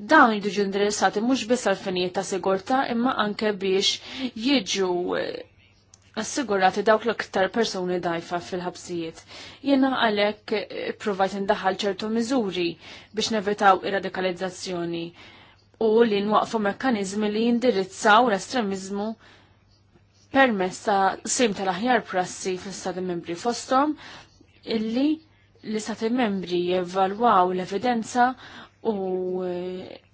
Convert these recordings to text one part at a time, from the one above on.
dawn jiġu indirizzati mhux biss għal finijiet ta' sigurtà imma anke biex jiġu eh, assigurati dawk l-iktar persuni dajfa fil-ħabsijiet. Jena għalek eh, provajt ndaħal ċertu miżuri biex nevitaw ir-radikalizzazzjoni u li nwaqfu mekkanizmi li jindirizzaw l-estremizmu permess ta' sim tal-aħjar prassi fil-stati membri fostom illi l Stati membri jevalwaw l-evidenza u s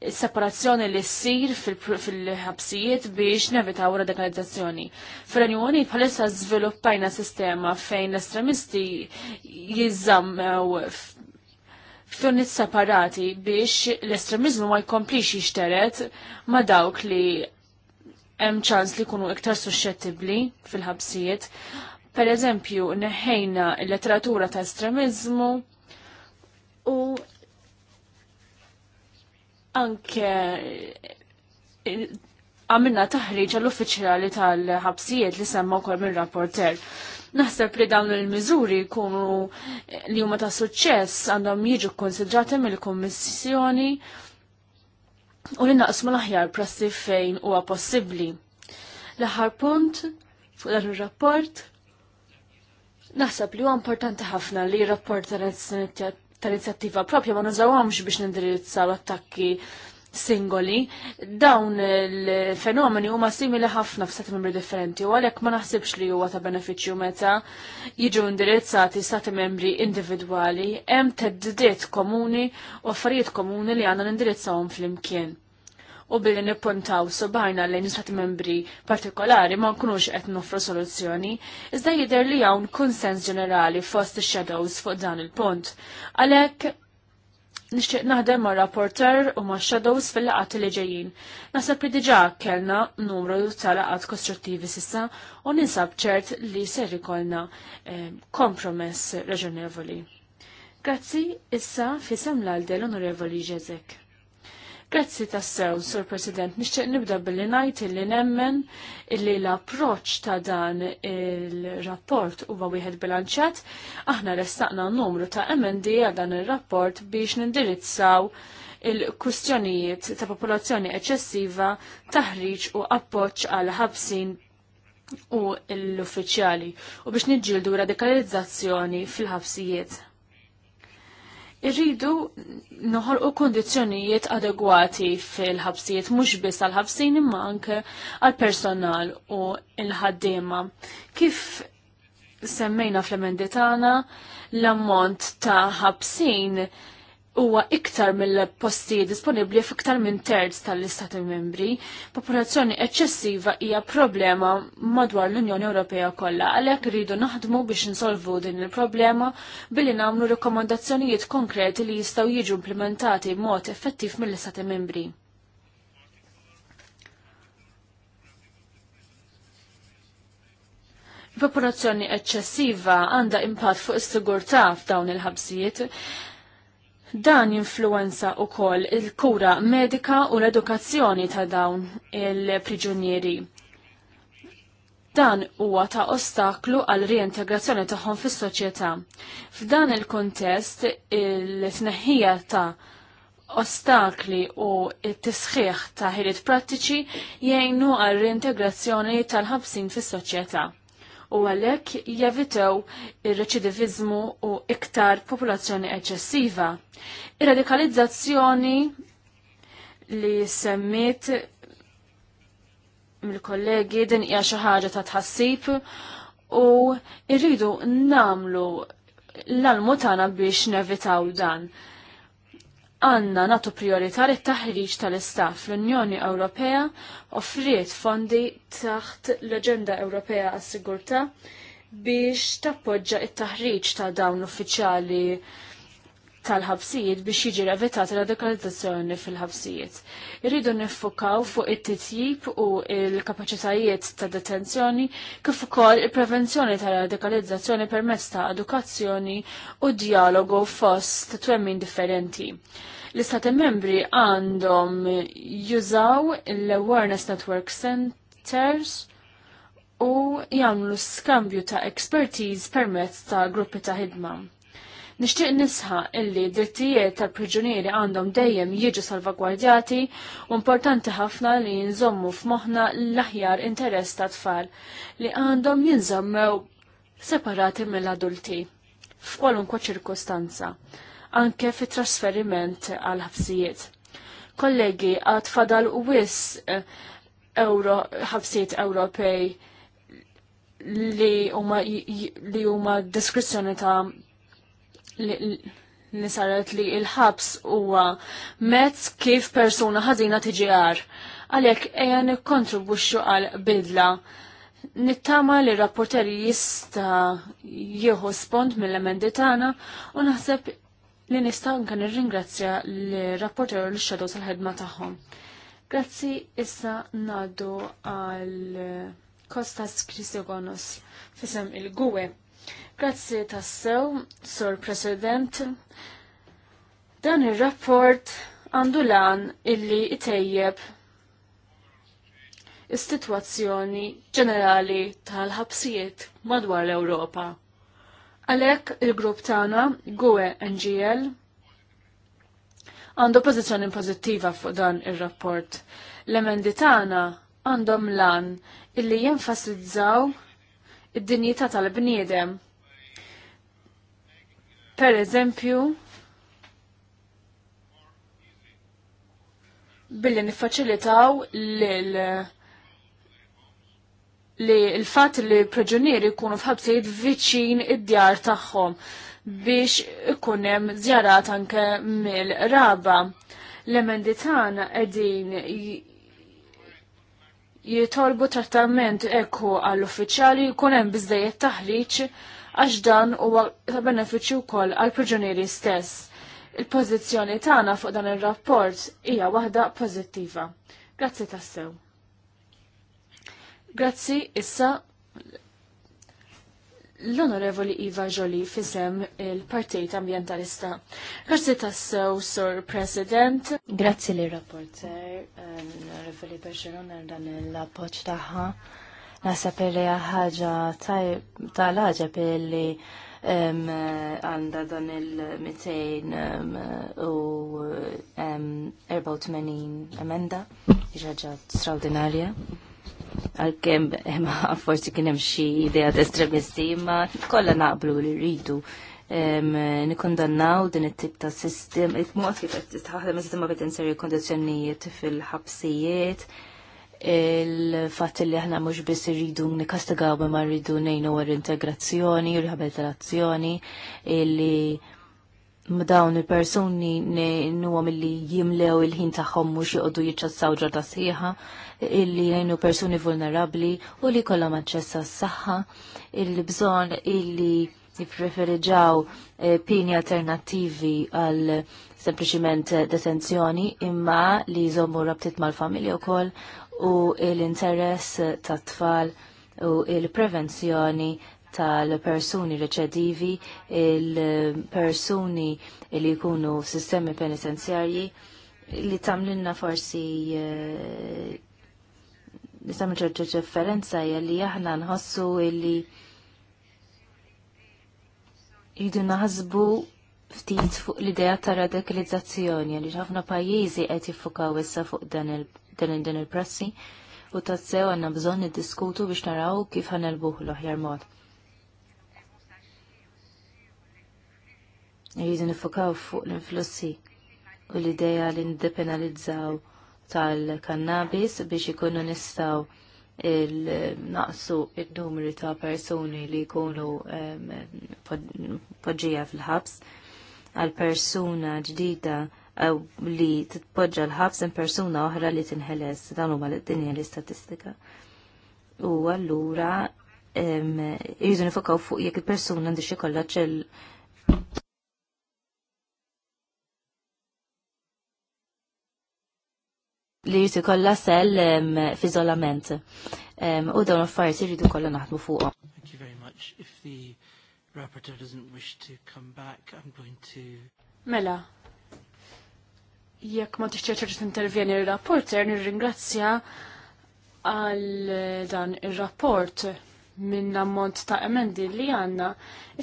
eh, separazzjoni li ssir fil-ħabsijiet biex nevitaw radikalizzazzjoni. Fil-Unjoni bħalissa żviluppajna sistema fejn l-estremisti jizzammew f'unit separati biex l-estremizmu ma jkomplix jixteret ma dawk li hemm ċans li jkunu iktar suscettibbli fil-ħabsijiet. Per eżempju, neħejna l-letteratura ta' estremizmu u anke eh, għamilna taħriġ għall-uffiċjali tal-ħabsijiet li semma wkoll minn rapporter. Naħseb li dawn il-miżuri jkunu eh, li huma ta' suċċess għandhom jiġu konsidrati mill-Kummissjoni u li naqsmu l-aħjar prassi fejn huwa possibbli. L-aħħar punt fuq dan ir-rapport Naħseb li huwa importanti ħafna li rapporter tal-inizjattiva propja ma nużawhomx biex nindirizzaw attakki singoli, dawn il-fenomeni huma simili ħafna f'stati membri differenti u għalhekk ma naħsibx li huwa ta' benefiċċju meta jiġu indirizzati stati membri individwali hemm teddidiet komuni u affarijiet komuni li għandna nindirizzawhom flimkien u billi nippuntaw subajna lejn istati membri partikolari ma nkunux qed nofru soluzzjoni, iżda jidher li hawn konsens ġenerali fost ix-shadows fuq dan il-punt. Għalhekk nixtieq naħdem ma' rapporter u ma' shadows fil-laqat li ġejjin. Nasab li diġà kellna numru ta' laqat kostruttivi sissa u ninsab ċert li ser ikolna eh, kompromess raġonevoli. Grazzi, issa fisem l għaldel l-onorevoli ġezek. Grazzi tassew, Sur President. Nixtieq nibda billi ngħid illi nemmen illi l-approċċ ta' dan il-rapport huwa wieħed bilanċat. Aħna restaqna numru ta' emendi għal dan ir-rapport biex nindirizzaw il-kustjonijiet ta' popolazzjoni eċessiva, taħriġ u appoċ għal ħabsin u l-uffiċjali u biex niġġieldu radikalizzazzjoni fil-ħabsijiet irridu noħolqu kondizjonijiet adegwati fil-ħabsijiet, mhux biss għal-ħabsin imma anke għal-personal u l-ħaddiema. Kif semmejna fl-emendi tagħna l-ammont ta' ħabsin huwa iktar mill-posti disponibbli f'iktar minn terz tal-Istati membri. Popolazzjoni eċċessiva hija problema madwar l-Unjoni Ewropea kollha, għalhekk rridu naħdmu biex insolvu din il-problema billi nagħmlu rikkomandazzjonijiet konkreti li jistgħu jiġu implementati b'mod effettiv mill-Istati membri. Popolazzjoni eċċessiva għandha impatt fuq is-sigurtà f'dawn il-ħabsijiet Dan influenza u koll il-kura medika u l-edukazzjoni ta' dawn il-priġunieri. Dan huwa ta' ostaklu għal riintegrazzjoni tagħhom fis-soċjetà. F'dan il-kontest il-tneħħija ta' ostakli u t-tisħiħ ta' ħiliet prattiċi jgħinu għal riintegrazzjoni tal-ħabsin fis-soċjetà u għalhekk jevitew ir-reċidivizmu u iktar popolazzjoni eċċessiva. Ir-radikalizzazzjoni li semmit mill-kollegi din hija xi ħaġa ta' tħassib u rridu namlu l almutana biex nevitaw dan għanna natu priorità li taħriġ tal-istaff l-Unjoni Ewropea offriet fondi taħt l-Aġenda Ewropea għas-Sigurtà biex tappoġġa it-taħriġ ta' dawn uffiċjali tal-ħabsijiet biex jiġi evitat radikalizzazzjoni fil-ħabsijiet. Irridu nifukaw fuq it-titjib u l-kapaċitajiet ta' detenzjoni kif ukoll il-prevenzjoni ta' radikalizzazzjoni permezz ta' edukazzjoni u dialogu fost twemmin differenti. L-istati membri għandhom jużaw l-Awareness Network Centers u jagħmlu skambju ta' expertise permezz ta' gruppi ta' ħidma. Nixtieq nisħa illi drittijiet tal-priġunieri għandhom dejjem jiġu salvagwardjati u importanti ħafna li jinżommu f'moħħna l-aħjar interess ta' tfal li għandhom jinżommew separati mill-adulti f'kwalunkwa ċirkostanza anke fit trasferiment għal ħabsijiet. Kollegi, għad fadal u wis eh, euro, ħabsijiet Ewropej li huma li huma deskrizzjoni ta' li saret li il-ħabs huwa mezz kif persuna ħażina tiġiar. Għalhekk ejja nikkontribwixxu għal bidla Nittama li rapporteri jista jieħu spont mill-emendi tagħna u naħseb li nista' anke nirringrazzja l-rapporter u l-xedows għal ħedma tagħhom. Grazzi issa naddu għal Kostas Kristogonos fisem il-Gwe. Grazzi tassew, Sur President. Dan ir-rapport għandu lan illi itejjeb is-sitwazzjoni ġenerali tal-ħabsijiet madwar l-Ewropa. Għalek il-grupp tana, GUE NGL, għandu pozizjoni pozittiva fuq dan il-rapport. L-emendi tana għandhom lan illi jenfasizzaw id-dinjità tal-bniedem. Per eżempju, billi nifaċilitaw lil li l-fat li preġunieri jkunu fħabsijiet viċin id-djar tagħhom biex ikunem zjarat anke mill-raba. L-emendi tagħna qegħdin jitolbu trattament ekku għall-uffiċjali jkun hemm biżdejjed taħriġ għax dan huwa ta' benefiċċju wkoll għall priġunieri stess. Il-pożizzjoni tagħna fuq dan ir-rapport hija waħda pożittiva. Grazzi tassew. Grazzi, issa l-Onorevoli Iva Joli fisem il-Partit Ambientalista. Grazzi tassew, Sur President. Grazzi li rapporter, l-Onorevoli ehm, Bergeron dan l-appoċ taħħa. Nasab li ħaġa tal-ħaġa billi ehm, għanda dan il-284 ehm, emenda, ħaġa straordinarja għal-kem eh, forsi kienem xie idea estremisti, ma kolla naqblu li rridu nikondannaw din it-tip ta' sistem, il-mod kif qed tistħaħdem is-sistema penitenzjarju kondizzjonijiet fil-ħabsijiet, il-fatt li aħna mhux biss irridu nikastigaw ma rridu ngħinu war integrazzjoni u rehabilitazzjoni illi Mdawn il n nuwam illi jimlew il-ħin taħħom mux joqdu jitċassaw ġodda sħiħa, illi jgħinu persuni vulnerabli u li kollha maċċessa s-saħħa, illi bżon illi jipreferiġaw eh, pini alternativi għal sempliciment detenzjoni imma li jżommu rabtit mal-familja u koll u l-interess tat-tfal u il-prevenzjoni tal-persuni reċedivi, il-persuni li jkunu sistemi penitenzjarji li tamlinna forsi eh, li tamil ċerċa ċefferenza li aħna nħossu li jidu naħzbu ftit fuq l-ideja ta' radikalizzazzjoni li ħafna pajjiżi qed jiffukaw issa fuq dan il-prassi u tassew għanna bżon diskutu biex naraw kif ħanelbuħ l-oħjar mod. Jridu nifokaw fuq l-influssi u l-ideja li ndepenalizzaw tal-kannabis biex ikunu nistaw il-naqsu il-numri ta' personi li jkunu podġija fil-ħabs għal persuna ġdida li titpoġġa l-ħabs in persuna oħra li tinħeles dan huma l-dinja l-istatistika. U allura jridu nifokaw fuq jekk il-persuna għandix ikollha ċell li jrid kolla sell f'iżolament. U dawn affarijiet irridu kollha naħdmu fuqhom. Thank you very much. If the rapporteur doesn't wish to come back, I'm going to Mela, jekk ma tixtieċ ċert intervjeni il-rapporter, nirringrazzja għal dan il-rapport minn ammont ta' emendi li għanna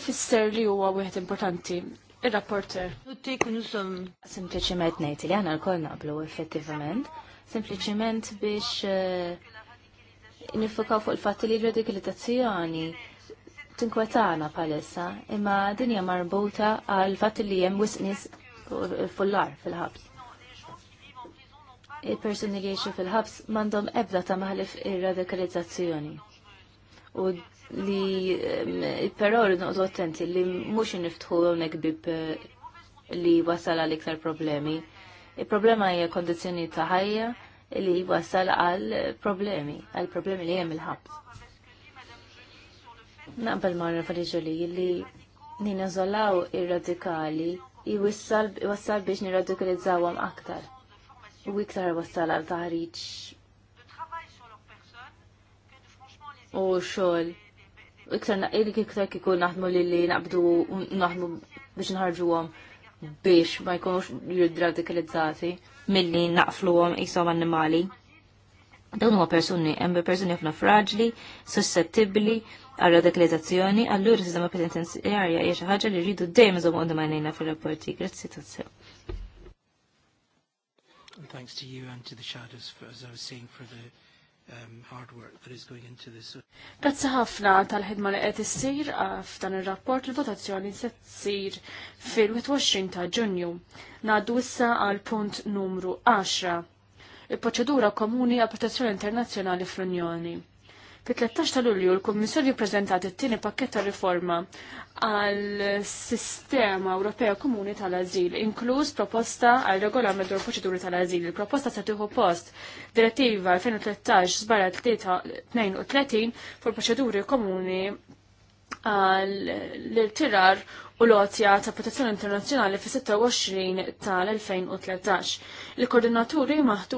ifisser li huwa wieħed importanti. Il-rapporter. Sempliciment nejt li għana l-kol naqblu effettivament. Sempliciment biex eh, nifukaw fuq il-fat li radikalizzazzjoni tinkwetana palessa imma dinja marbuta għal fat li jem wisnis fullar fil-ħabs. Il-personi li jiexu fil-ħabs mandom ebda ta' maħlif ir-radikalizzazzjoni u li però rridu noqgħdu attenti li mhux niftħu hawnhekk bib eh, li wasal għal iktar problemi. Il-problema hija kondizzjoni ta' ħajja li wasal għal problemi, għal problemi li hemm il-ħabs. Naqbel marra fariġoli li zolaw ir-radikali jwassal biex nirradikalizzawhom aktar. U iktar wassal għal taħriġ u xol. iktar naqilki iktar kiku naħdmu li li naqbdu naħdmu biex nħarġu għom biex ma jkunux mill-li naqflu għom jisom animali. Dawn huma persuni, hemm persuni ħafna fraġli, suscettibbli għal radikalizzazzjoni, allura s sistema penitenzjarja hija xi ħaġa li rridu dejjem żomm qudiem għajnejna fir-rapporti. Grazzi tassew. Thanks to you and to the shadows for, as I was saying, for the Um, hard work that is going into this. Grazzi ħafna tal-ħidma li qed issir uh, f'dan ir-rapport il-votazzjoni se tsir fil-21 ta' Ġunju. Ngħaddu issa għal punt numru 10. Il-proċedura komuni għal protezzjoni internazzjonali fl-Unjoni. Fit-13 ta' Lulju l-Kummissjoni ppreżentat it-tieni pakkett ta' riforma għal sistema Ewropea Komuni tal-Azil, inkluż proposta għal regolament dwar proċeduri tal-Azil. Il-proposta se tieħu post Direttiva 2013 sbarra 32 fuq proċeduri komuni l tirar u l-otja ta' protezzjoni internazzjonali fi 26 tal-2013. L-koordinaturi maħtu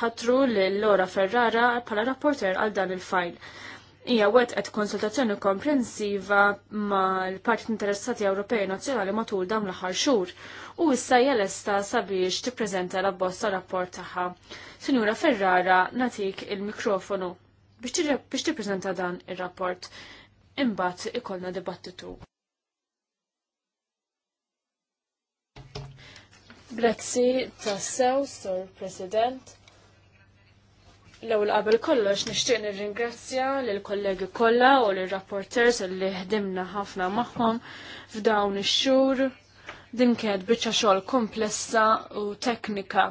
ħatru l-Lora Ferrara pala rapporter għal dan il-fajl. Ija wet għed konsultazzjoni komprensiva ma l-Partit Interessati Ewropej Nazzjonali matul dam l-ħar xur u issa jelesta sabiex tippreżenta l bosta rapport tagħha. Sinjura Ferrara natik il-mikrofonu biex tippreżenta dan ir-rapport imbagħad ikollna dibattitu. Grazzi tassew, Sur President. L-ewwel qabel kollox nixtieq nirringrazzja lill kollegi kollha u lir rapporters li ħdimna ħafna magħhom f'dawn ix-xhur. Din kienet biċċa xogħol komplessa u teknika.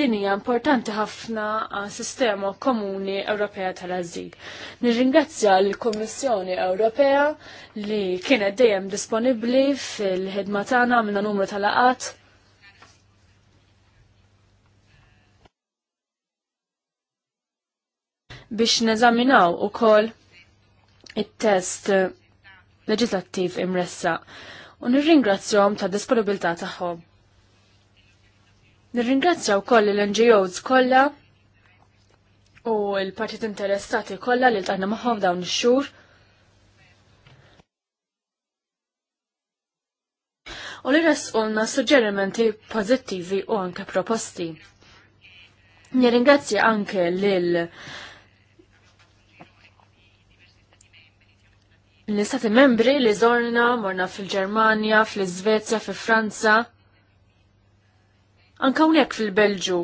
Din hija importanti ħafna sistema komuni Ewropea tal-Ażil. Nirringrazzja l-Kummissjoni Ewropea li kienet dejjem disponibbli fil-ħidma tagħna minn numru tal-laqat biex neżaminaw ukoll it-test leġislattiv imressa u nirringrazzjahom ta' disponibilità tagħhom. Nirringrazzja wkoll l-NGOs kollha u l-partit interessati kollha li ltqajna magħhom dawn ix-xhur. U li resqulna suġġerimenti pożittivi u anke proposti. Nirringrazzja anke lil l-istati membri li zorna, morna fil-Germania, fil-Svezja, fil-Franza, anka unjek fil-Belġu.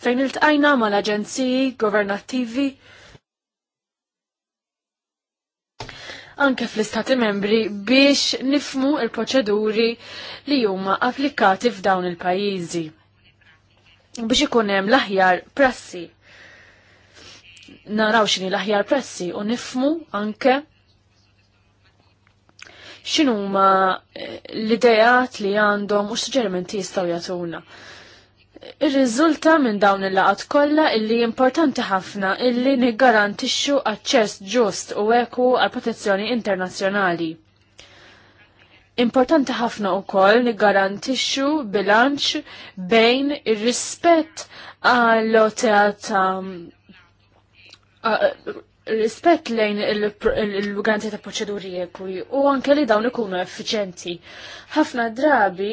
Fejn il-tqajna ma l-aġenziji governattivi, anke fl-istati membri biex nifmu il-proċeduri li huma applikati f'dawn il-pajjiżi biex ikunem hemm l-aħjar prassi naraw xini laħjar aħjar pressi u nifmu anke xinu ma eh, l-idejat li għandhom u suġġerimenti jistaw jatuna. Ir-riżulta minn dawn il-laqat kollha illi importanti ħafna illi niggarantixxu aċċess ġust u eku għal protezzjoni internazzjonali. Importanti ħafna wkoll niggarantixxu bilanċ bejn ir-rispett għall-oteata um, rispett lejn il-garanzija ta' proċeduri ekwi u anke li dawn ikunu effiċenti. Ħafna drabi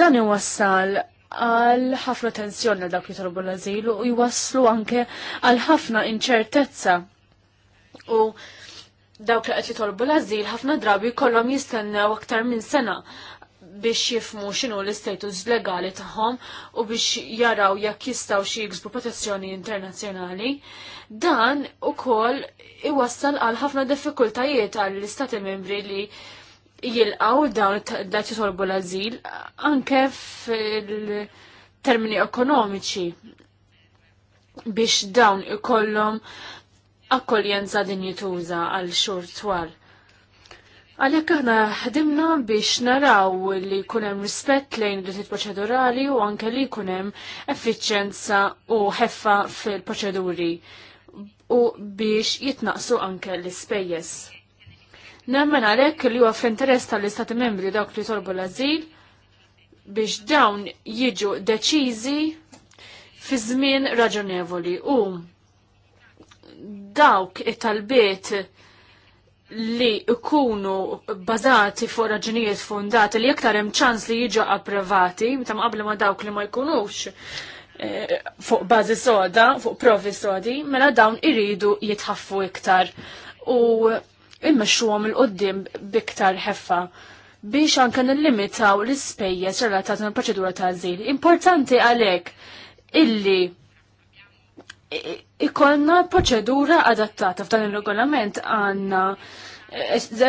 dan iwassal għal ħafna tensjoni għal dawk li jitolbu l-azil u jwasslu anke għal ħafna inċertezza. U dawk li qed jitolbu l-azil ħafna drabi kollhom jistennew aktar minn sena biex jifmu xinu l-istatus legali tagħhom u biex jaraw jekk jistgħu xi jiksbu protezzjoni internazzjonali, dan ukoll iwassal għal ħafna diffikultajiet għall istati membri li jilqaw dawn dak jitolbu l-azil anke fil-termini ekonomiċi biex dawn ikollhom akkoljenza din jituża għal xur twal Għalhekk aħna ħdimna biex naraw li jkun hemm rispett lejn id proċedurali u anke li jkun hemm u ħeffa fil-proċeduri u biex jitnaqsu anke l-ispejjeż. Nemmen għalhekk li huwa fl-interess tal-Istati Membri dawk li torbu l-ażil biex dawn jiġu deċiżi fi żmien raġonevoli u dawk it-talbiet li ikunu bazati fuq raġunijiet fundati li iktar hemm ċans li jiġu approvati meta qabel ma dawk li ma jkunux eh, fuq bażi soda, fuq provi sodi, mela dawn iridu jitħaffu iktar u immexxuhom il qoddim biktar ħeffa biex anke nillimitaw l-ispejjeż relatat mal-proċedura ta' żil. Importanti għalhekk illi ikonna proċedura adattata f'dan il-regolament għanna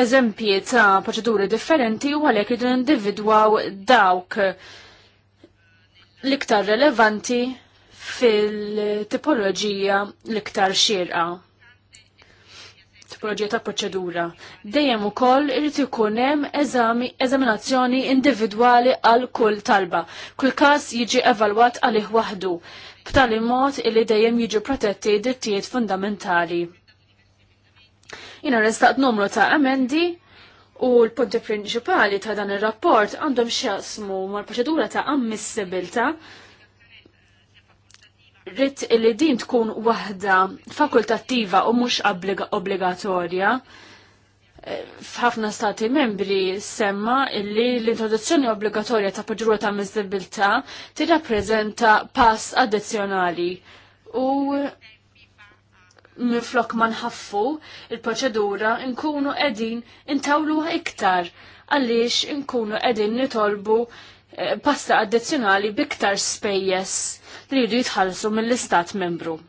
eżempji ta' proċeduri differenti u għalek jridu individwaw dawk l-iktar relevanti fil-tipoloġija l-iktar xirqa. Tipoloġija ta' proċedura. Dejjem ukoll irid ikun hemm eżaminazzjoni individwali għal kull talba. Kull każ jiġi evalwat għalih waħdu b'tali mod illi dejjem jiġu protetti drittijiet fundamentali. Jina restat numru ta' amendi u l-punti prinċipali ta' dan ir-rapport għandhom xjaqsmu mal-proċedura ta' ammissibilta rrit illi din tkun waħda fakultattiva u mhux obbligatorja f'ħafna stati membri semma illi l-introduzzjoni obbligatorja ta' proċedura ta' miżdibilità tirrappreżenta pass addizzjonali u minflok ma nħaffu il-proċedura nkunu qegħdin intawluha iktar għaliex nkunu qegħdin nitolbu eh, pasta addizzjonali biktar spejjeż li jridu jitħallsu mill-istat membru.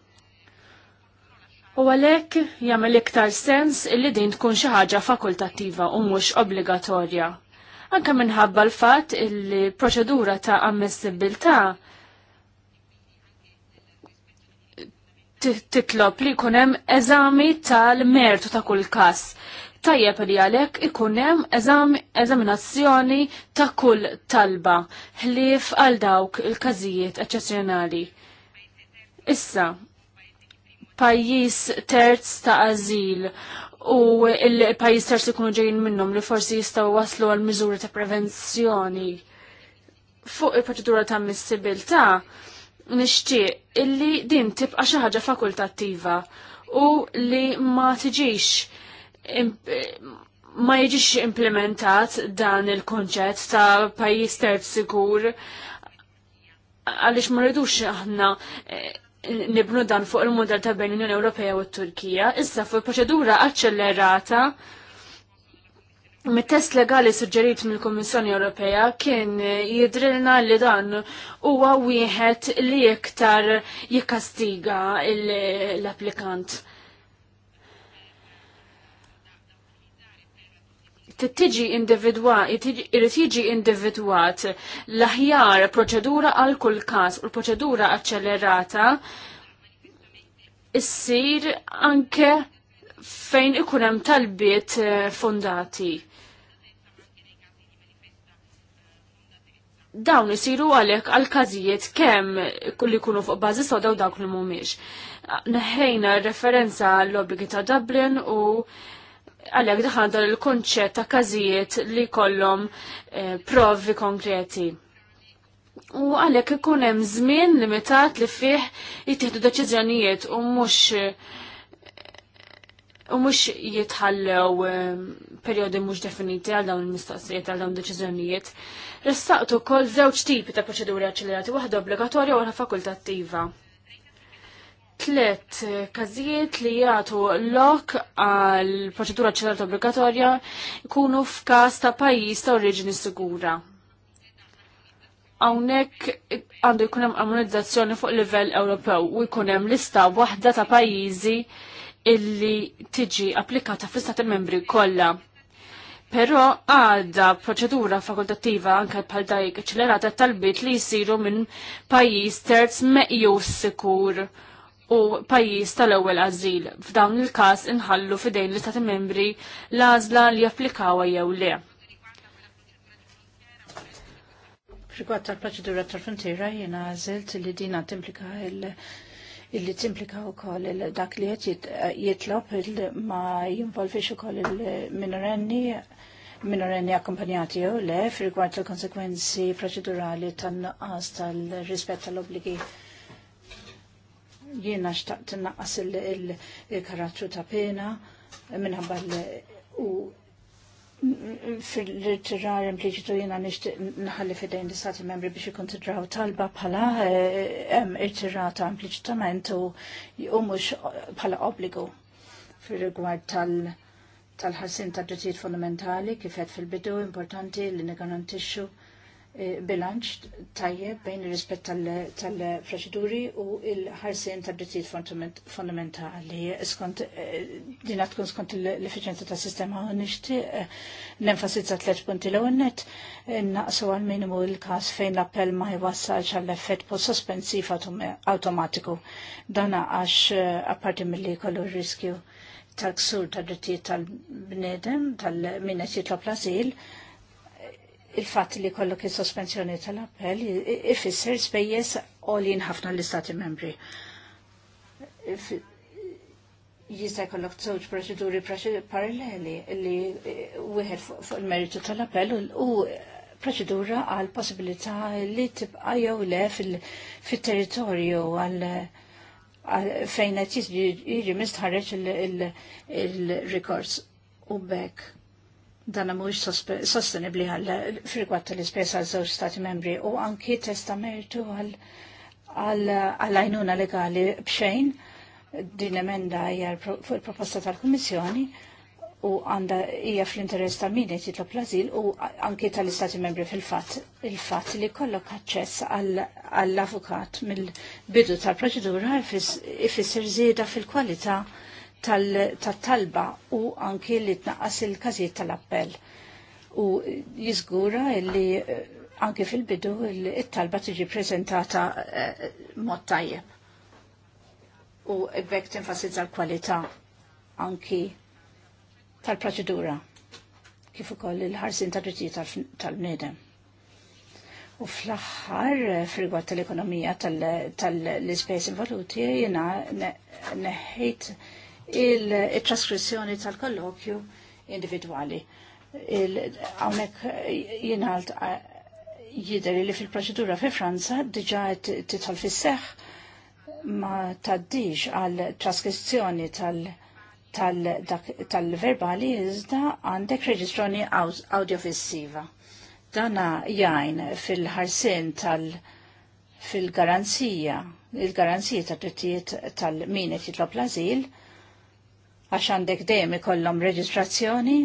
U għalhekk jagħmel iktar sens illi din tkun xi ħaġa fakultattiva u mhux obbligatorja. Anke minħabba l-fatt illi proċedura ta' ammissibilità titlob li kunem eżami tal-mertu ta' kull kas. Tajjeb li għalek ikunem eżaminazzjoni ta' kull talba ħlief għal dawk il-kazijiet eccezjonali. Issa, pajjiż terz ta' azil u il-pajis terz ikunu ġejjin minnhom li forsi jistgħu waslu għal miżuri ta' prevenzjoni fuq il-proċedura ta' missibilta nixtieq illi din tibqa' xi ħaġa fakultattiva u li ma tiġix ma jiġix implementat dan il-konċett ta' pajjiż terz sigur għaliex ma rridux aħna eh, nibnu dan fuq il-model ta' bejn l-Unjoni Ewropea u t-Turkija, issa fuq proċedura accelerata mit-test legali suġġerit mill-Kommissjoni Ewropea kien jidrilna li dan huwa wieħed li iktar jikkastiga l-applikant. tiġi individwat, irrid jiġi individwat l-aħjar proċedura għal kull każ u l-proċedura aċċelerata issir anke fejn ikun hemm talbiet eh, fondati. dawn isiru għalek għal każijiet kemm kulli kunu fuq bażi soda u dawk li mhumiex. Neħejna referenza l obbligi ta' Dublin u għalek daħandar il-konċett ta' kazijiet li kollom eh, provi konkreti. U għalek ikun hemm żmien limitat li fih jittieħdu deċiżjonijiet u mhux u mux jitħallew eh, perjodi mhux definiti għal dawn il-mistoqsijiet għal dawn deċiżjonijiet. Restaqtu kol żewġ tipi ta' proċeduri għacċelerati, waħda obbligatorja u waħda fakultattiva tlet każijiet li jagħtu lok għal proċedura ċelata obbligatorja jkunu f'każ ta' pajjiż ta' oriġini sigura. Hawnhekk għandu jkun hemm armonizzazzjoni fuq livell Ewropew u jkun hemm lista waħda ta' pajjiżi illi tiġi applikata fl-istati membri kollha. Però għadda proċedura fakultattiva anke bħal dajk ċelerata talbiet li jsiru minn pajjiż terz meqjus sikur u pajjiż tal-ewwel ażil. F'dawn il-każ inħallu fidejn l-istati membri l-għażla li applikawa jew le. Rigward tal-proċedura tal-frontiera jiena għażilt li dina timplika il- illi timplika u koll dak li jett jitlob ma jinvolvix u koll il-minorenni minorenni akkompanjati u le f'rigward tal-konsekwenzi proċedurali tan-nuqqas tal-rispett tal-obligi jiena xtaqt naqqas il-karattru ta' pena minħabba u fil-tirar impliċitu jiena nixtieq naħalli fidejn l-istati membri biex ikkonsidraw talba bħala eh, hemm irtirata impliċitament u mhux bħala obbligu fir-rigward tal- tal-ħarsin ta' drittijiet fundamentali kif qed fil-bidu importanti li nigarantixxu Eh, bilanċ tajjeb bejn ir-rispett tal-proċeduri u l-ħarsien tad-drittijiet fondamentali skont eh, din tkun skont l-effiċenza tas-sistema nixtieq eh, l-enfasizza tliet punti l net naqsu għal minimu l-każ fejn l-appell ma jwassalx għall effett post sospensiv awtomatiku dan għax apparti milli kollu riskju tal-ksur tad-drittijiet tal-bnedem tal-minnet jitlob l-asil. tal bnedem tal minnet jitlob l bnedem tal minnet il-fatt li kollok il-sospensjoni tal-appell ifisser spejjeż għolin ħafna l-istati membri. Jista' jkollok żewġ proċeduri paralleli li eh, wieħed fuq il-meritu tal-appell u proċedura għal possibilità li tibqa' jew le fit-territorju għal fejn qed jiġi mistħarreġ il-rikors u bekk dan mhuwiex sostenibbli għal frikwat tal-ispesa għal żewġ stati membri u anki testamentu għal għajnuna legali bxejn din emenda hija fuq il-proposta tal-Kummissjoni u għanda hija fl-interess ta' min qed jitlob l-azil u anki tal-Istati Membri fil-fatt il-fatt li kollok aċċess għall-avukat mill-bidu tal-proċedura ifisser żieda fil-kwalità fil kwalità tal-talba u anki li tnaqqas il-każijiet tal-appell. U jiżgura li eh, anki fil-bidu il-talba tiġi prezentata eh, mod tajjeb. U ebbek tinfasizza l-kwalità anki tal-proċedura kif ukoll il-ħarsin tad-drittijiet tal-bniedem. U fl-axħar, eh, frigwat tal-ekonomija tal-ispejs involuti, jena ne, il-traskrizzjoni tal-kollokju individuali. Għawnek eh, jinalt eh, jider li fil-proċedura fi Franza diġa titħol fis-seħ ma taddiġ għal traskrizzjoni tal-verbali iżda għandek reġistroni audiovisiva. Dana jajn fil-ħarsin tal- fil-garanzija, il-garanzija tal drittijiet tal minet qed jitlob l-azil, għax għandek dejjem ikollhom reġistrazzjoni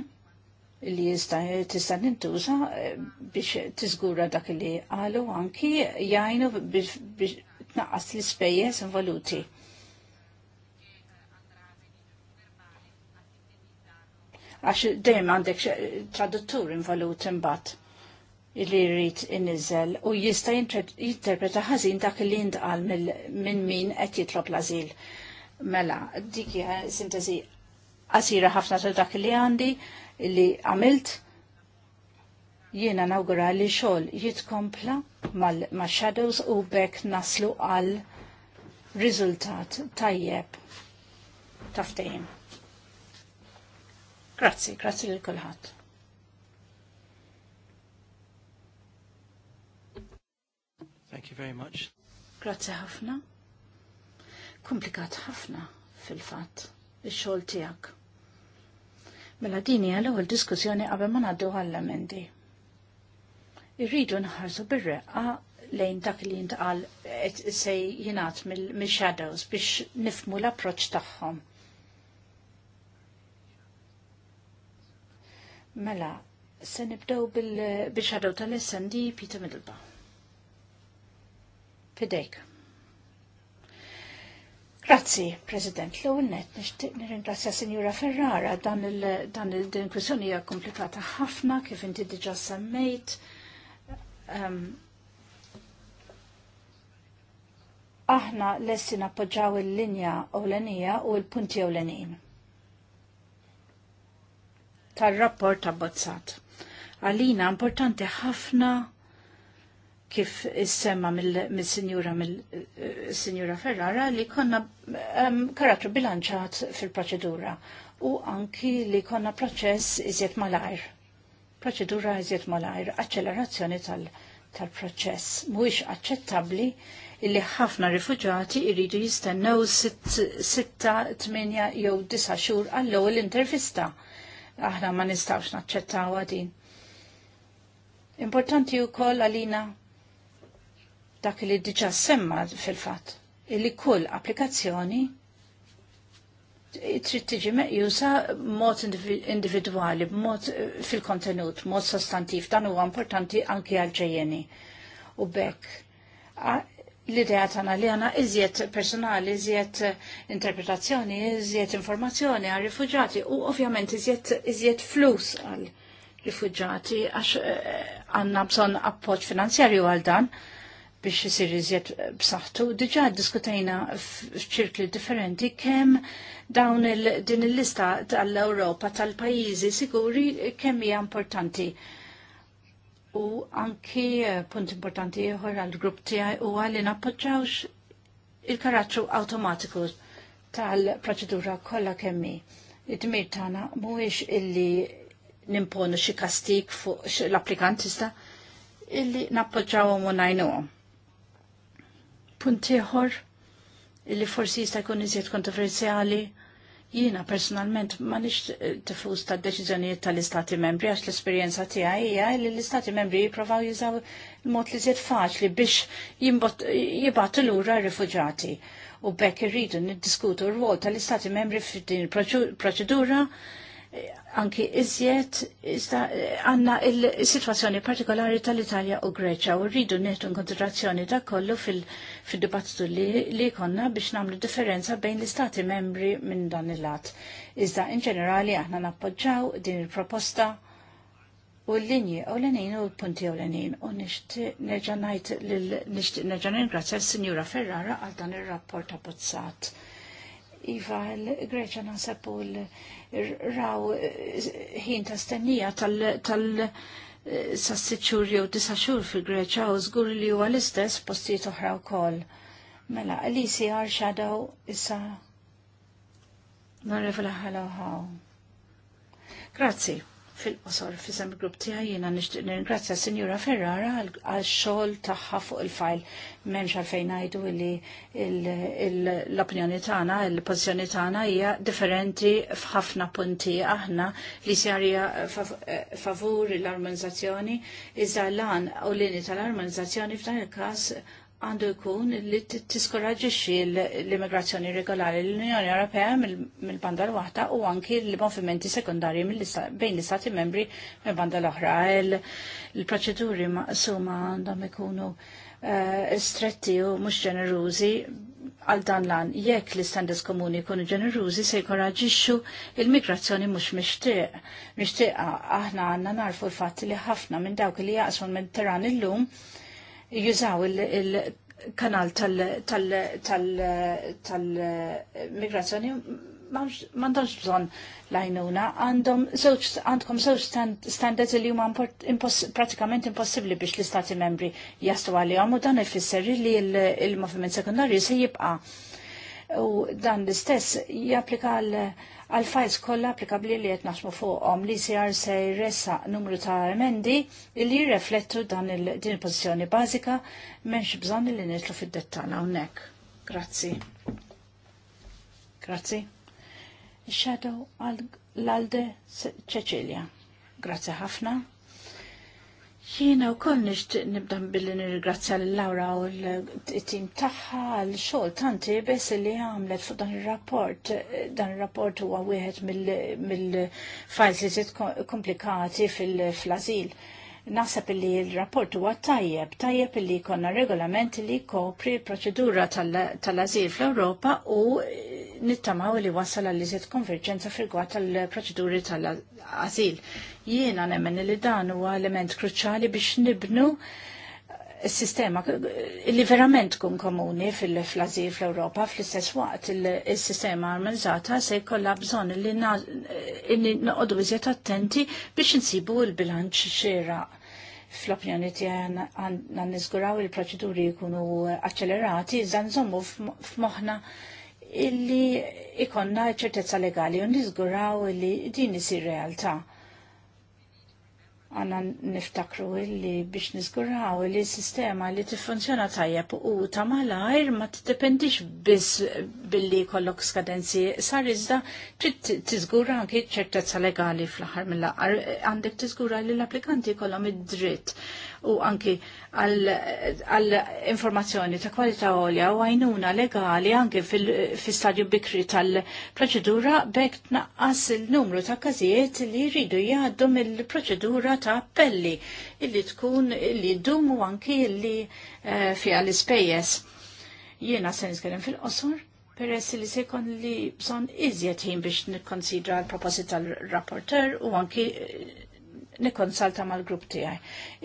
li jista' tista' nintuża eh, biex tiżgura dak li qalu anki jgħinu biex tnaqqas l-ispejjeż involuti. Għax dejjem għandek traduttur involut imbagħad li jrid inniżel u jista' jinterpreta ħażin dak li intqal minn min qed jitlob l-ażil. Mela, dik hija sintesi qasira ħafna ta' dak li għandi li għamilt jiena nawgura li xogħol jitkompla mal-shadows u bekk naslu għal riżultat tajjeb taftejn. Grazzi, grazzi lil kulħadd. Thank you very much. Grazzi ħafna. Komplikat ħafna fil-fatt ix-xogħol tiegħek. Mela din hija l-ewwel diskussjoni qabel ma ngħaddu għall-emendi. Irridu nħarsu bir-reqqa lejn dak li jintqal se jingħat mill-shadows biex nifmu l-approċċ tagħhom. Mela, se nibdew bil-shadow tal-SND Peter Middleba. Fidejk. Grazzi, President. L-ewwel nett nixtieq nirringrazzja Sinjura Ferrara dan il-din kwistjoni hija komplikata ħafna kif inti diġà semmejt. Ehm, aħna lessi nappoġġaw il-linja ewlenija u l-punti ewlenin tar-rapport abbozzat. Għalina importanti ħafna kif is-semma mill-Sinjura mill sinjura Ferrara li konna um, karattru bilanċat fil-proċedura u anki li konna proċess iżjed malajr. Proċedura iżjed malajr, accelerazzjoni tal-proċess. Tal Mhuwiex aċċettabbli illi ħafna rifuġati jridu jistennew 6-8 jew 9 xhur għall-ewwel intervista. Aħna ma nistawx naċċettaw din. Importanti wkoll għalina dak li diġa semma fil-fat, illi kull applikazzjoni trid tiġi meqjusa mod individwali, mod eh, fil-kontenut, mod sostantiv, dan huwa importanti anki għal-ġejjeni. U bekk l-idea tagħna li għana iżjed personali, iżjed eh, interpretazzjoni, iżjed informazzjoni għal rifuġati u ovvjament iżjed flus għal rifuġati għax eh, għanna bżon appoġġ finanzjarju għal dan. Uh, biex isir iżjed b'saħħtu. Diġà diskutajna f'ċirkli differenti kemm dawn din il-lista tal-Ewropa tal-pajjiżi siguri kemm hija importanti. U anki eh, punt importanti ieħor għall-grupp tiegħi huwa li nappoġġawx il-karattru awtomatiku tal-proċedura kollha kemmi. Id-dmir tagħna mhuwiex illi nimponu xi kastik fuq l applikantista illi nappoġġawhom u ngħinuhom. Punt ieħor li forsi jista' jkun iżjed kontroversjali jiena personalment ma nix tifus ta' deċiżjonijiet tal-Istati Membri għax l-esperjenza tiegħi hija li l-Istati Membri jippruvaw jużaw il-mod li żied faċli biex jibgħatu lura r-rifuġati. U bekk irridu niddiskutu r-rwol tal-Istati Membri f'din il-proċedura. proċedura anki iżjed għanna il-situazzjoni partikolari tal-Italja u Greċa u rridu nieħdu konsiderazzjoni ta' kollu fil-dibattitu li, li konna biex namlu differenza bejn l-istati membri minn dan il-lat. Iżda in ġenerali aħna nappoġġaw din il-proposta u l-linji u l-enin u l-punti u l-enin u neġanajt neġanin grazzja l-Sinjura Ferrara għal dan il-rapport abbozzat. Iva, l-Greċa nasabu l-, -greċa raw ħin ta' stennija tal- s-sitxur jew tisa' xur fil-Greċa u żgur li huwa l-istess postijiet oħra wkoll. Mela, Alisi għar xadaw issa narrifla ħalaw Grazzi fil-qosor fil-sem grupp tiegħi jiena nixtieq ningrazzja Sinjura Ferrara għal xogħol tagħha fuq il-fajl m'hemmx għalfejn ngħidu li l-opinjoni tagħna, il-pożizzjoni tagħna hija differenti f'ħafna punti aħna li sarja eh, eh, favur l-armonizzazzjoni iżda lan u lini tal-armonizzazzjoni f'dan il-każ għandu jkun li tiskoraġixxi l-immigrazzjoni regolari l-Unjoni Ewropea mill-banda l-waħda u anki l-movimenti sekundarji bejn l-istati membri mill-banda l-oħra. Il-proċeduri maqsuma għandhom ikunu eh, stretti u mhux ġenerużi għal dan lan jekk l istandes komuni jkunu ġenerużi se jkoraġixxu il-migrazzjoni mhux mixtieq. Mixtieqa aħna għandna narfu l-fatt li ħafna minn dawk li jaqsmu l-Mediterran illum lum jużaw il-kanal tal-migrazzjoni m'għandhomx bżonn lajnuna, għandhom għandkom żewġ standards li huma pratikament impossibbli biex l-istati membri jastu għalihom u dan ifisser li il moviment sekundarju se jibqa' u dan l-istess japplika għal għal files kollha applikabli li qed fuqom fuqhom li sejar se jressa numru ta' emendi li jirreflettu dan din il-pożizzjoni bażika m'hemmx bżonn li nitlu fid-dettall hawnhekk. Grazzi. Grazzi. Shadow għal l-alde Cecilia. Grazzi ħafna. Jiena u koll nishtiq nibda billi nirgrazzja l-Laura u l-tim taħħa l-xol tanti bes li għamlet fuq dan il-rapport. Dan il-rapport huwa wieħed mill zid komplikati fil-azil. Nasab li il-rapport huwa tajjeb, tajjeb li konna regolamenti li kopri proċedura tal-azil fl-Europa u nittamaw li wasal għal liżiet konverġenza firgwat tal-proċeduri tal-azil. Jiena nemmen li dan huwa element kruċali biex nibnu il-sistema li verament kun komuni fil-flazir fl-Europa fl-istess waqt il-sistema armonizzata se kolla bżon li noqogħdu iżjed attenti biex insibu il-bilanċ xieraq fl-opinjoni tiegħi għan nizguraw il-proċeduri jkunu aċċelerati, iżda nżommu f- illi ikonna ċertezza legali u nizguraw illi din isir realtà. Għanna niftakru illi biex nizguraw illi sistema li tiffunzjona tajjeb u ta' malajr ma t-dependix biz billi kollok skadenzi sar iżda trid tiżgura anki ċertezza legali fl-aħħar mill-aħħar għandek tiżgura li l-applikanti kollhom id-dritt u anki għal informazzjoni ta' kwalità għolja u għajnuna legali anki fil-stadju bikri tal-proċedura bekk tnaqqas il-numru ta' każijiet li jridu jgħaddu mill-proċedura ta' appelli illi tkun illi dum u anki illi eh, fiha l-ispejjeż. Jiena se nitkellem fil-qosor peress li se jkun li bżonn iżjed ħin biex nikkonsidra l-proposit tal-rapporter u anki eh, nikonsalta mal-grupp tiegħi.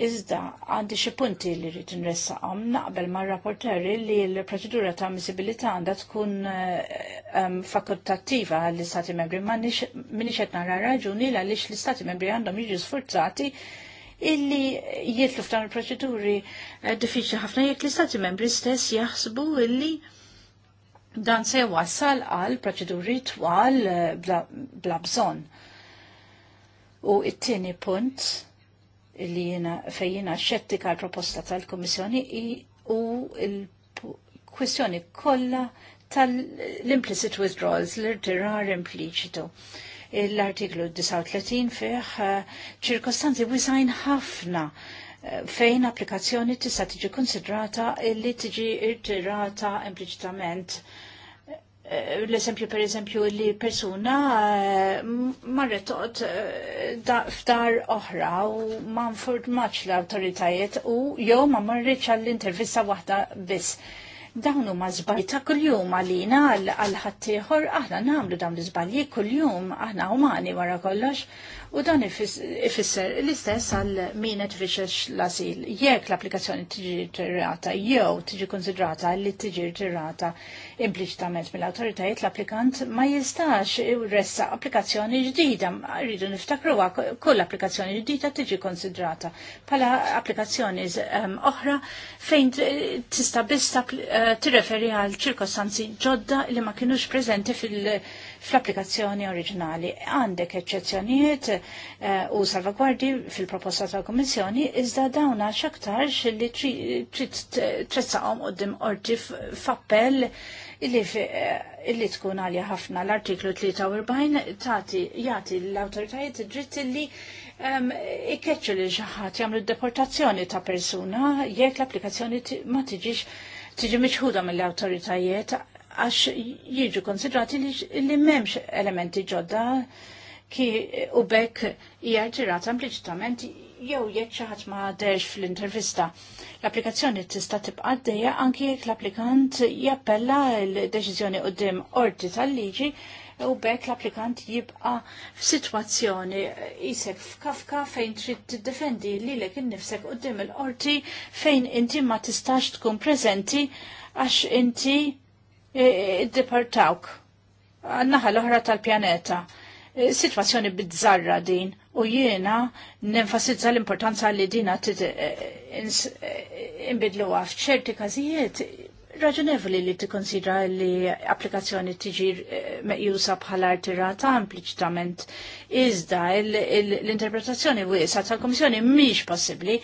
Iżda għandi xi punti li nressa għom naqbel mar-rapporteri li l-proċedura ta' ammissibilità għandha tkun eh, fakultattiva għall-Istati Membri ma minix qed nara raġuni għaliex l-Istati Membri għandhom jiġu sforzati illi jitlu f'dan il-proċeduri eh, diffiċli ħafna jek l-Istati Membri stess jaħsbu illi dan se wassal għal proċeduri twal eh, bla bżonn U it-tieni punt li jena fejjina xettika l-proposta tal-Komissjoni u l-kwestjoni kollha tal-implicit withdrawals, l-irtirar impliċitu. L-artiklu 39 fih eh, ċirkostanzi wisajn ħafna eh, fejn applikazzjoni tista' tiġi konsidrata li tiġi irtirata impliċitament Eh, l-eżempju per eżempju li persuna eh, marret toqgħod eh, f'dar oħra u ma nfurt maċ l-awtoritajiet u jew ma marritx għall-intervista waħda biss. Dawn huma żbalji ta' kuljum għalina għal ħaddieħor aħna nagħmlu dawn l-iżbalji kuljum aħna umani wara kollox U dan ifisser l-istess għal min qed l-asil. Jekk l-applikazzjoni tiġi tirrata jew tiġi konsidrata li tiġi tirrata impliċitament mill-awtoritajiet l-applikant ma jistax ressa applikazzjoni ġdida. Rridu għak kull applikazzjoni ġdida tiġi konsidrata bħala applikazzjoni ehm, oħra fejn tista' biss eh, tirreferi għal ċirkostanzi ġodda li ma kienux prezenti fil- fl-applikazzjoni oriġinali. Għandek eċċezzjonijiet eh, u salvaguardi fil-proposta tal komissjoni iżda dawna xaktarx li trezzaqom dim orti f'appell eh, illi tkun għalja ħafna l-artiklu 43 tati jati l-autoritajiet dritt illi Um, ikkeċċu li ġaħat jamlu deportazzjoni ta' persuna jekk l-applikazzjoni ma tiġix tiġi miċħuda mill-autoritajiet għax jiġu konsidrati li, memx elementi ġodda ki u bekk hija ġirata impliċitament jew jekk xi ħadd ma dex fl-intervista. L-applikazzjoni tista' tibqa' għaddejja anki jekk l-applikant jappella l-deċiżjoni qudiem orti tal-liġi u bekk l-applikant jibqa' f'sitwazzjoni isek f'kafka fejn trid tiddefendi lilek innifsek qudiem il-qorti fejn inti ma tistax tkun preżenti għax inti id-departawk e, e, għannaħa l-oħra tal-pjaneta. E, situazzjoni bizzarra din u jiena nenfasizza l-importanza li dina imbidlu għaf ċerti kazijiet raġunevoli li tikkonsidra li applikazzjoni tiġi meqjusa bħala artirata impliċitament iżda l-interpretazzjoni wiesa tal-Komissjoni mhix possibbli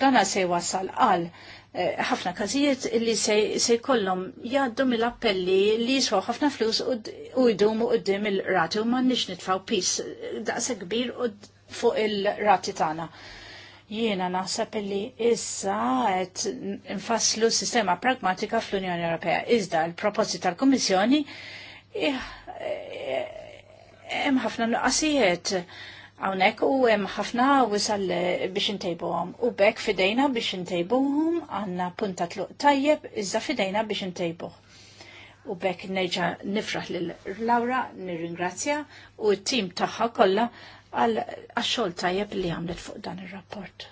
dana se wasal għal Eh, ħafna każijiet li se jkollhom jgħaddu mill-appelli li jisħu ħafna flus u jdum u qudiem il-rati u m'għandniex nitfgħu pis eh, daqsa kbir fuq il-rati tagħna. Jiena naħseb li issa qed nfasslu sistema pragmatika fl-Unjoni Ewropea. Iżda l-proposti tal-Kummissjoni eh, hemm ħafna nuqqasijiet għawnek u hemm ħafna wisal eh, biex intejbuhom. U bekk fidejna biex intejbuhom għanna punta tluq tajjeb iżda fidejna biex intejbuh. U bekk neġa nifraħ lil Laura, nirringrazzja u t-tim tagħha kollha għal għaxxol tajjeb li għamlet fuq dan ir-rapport.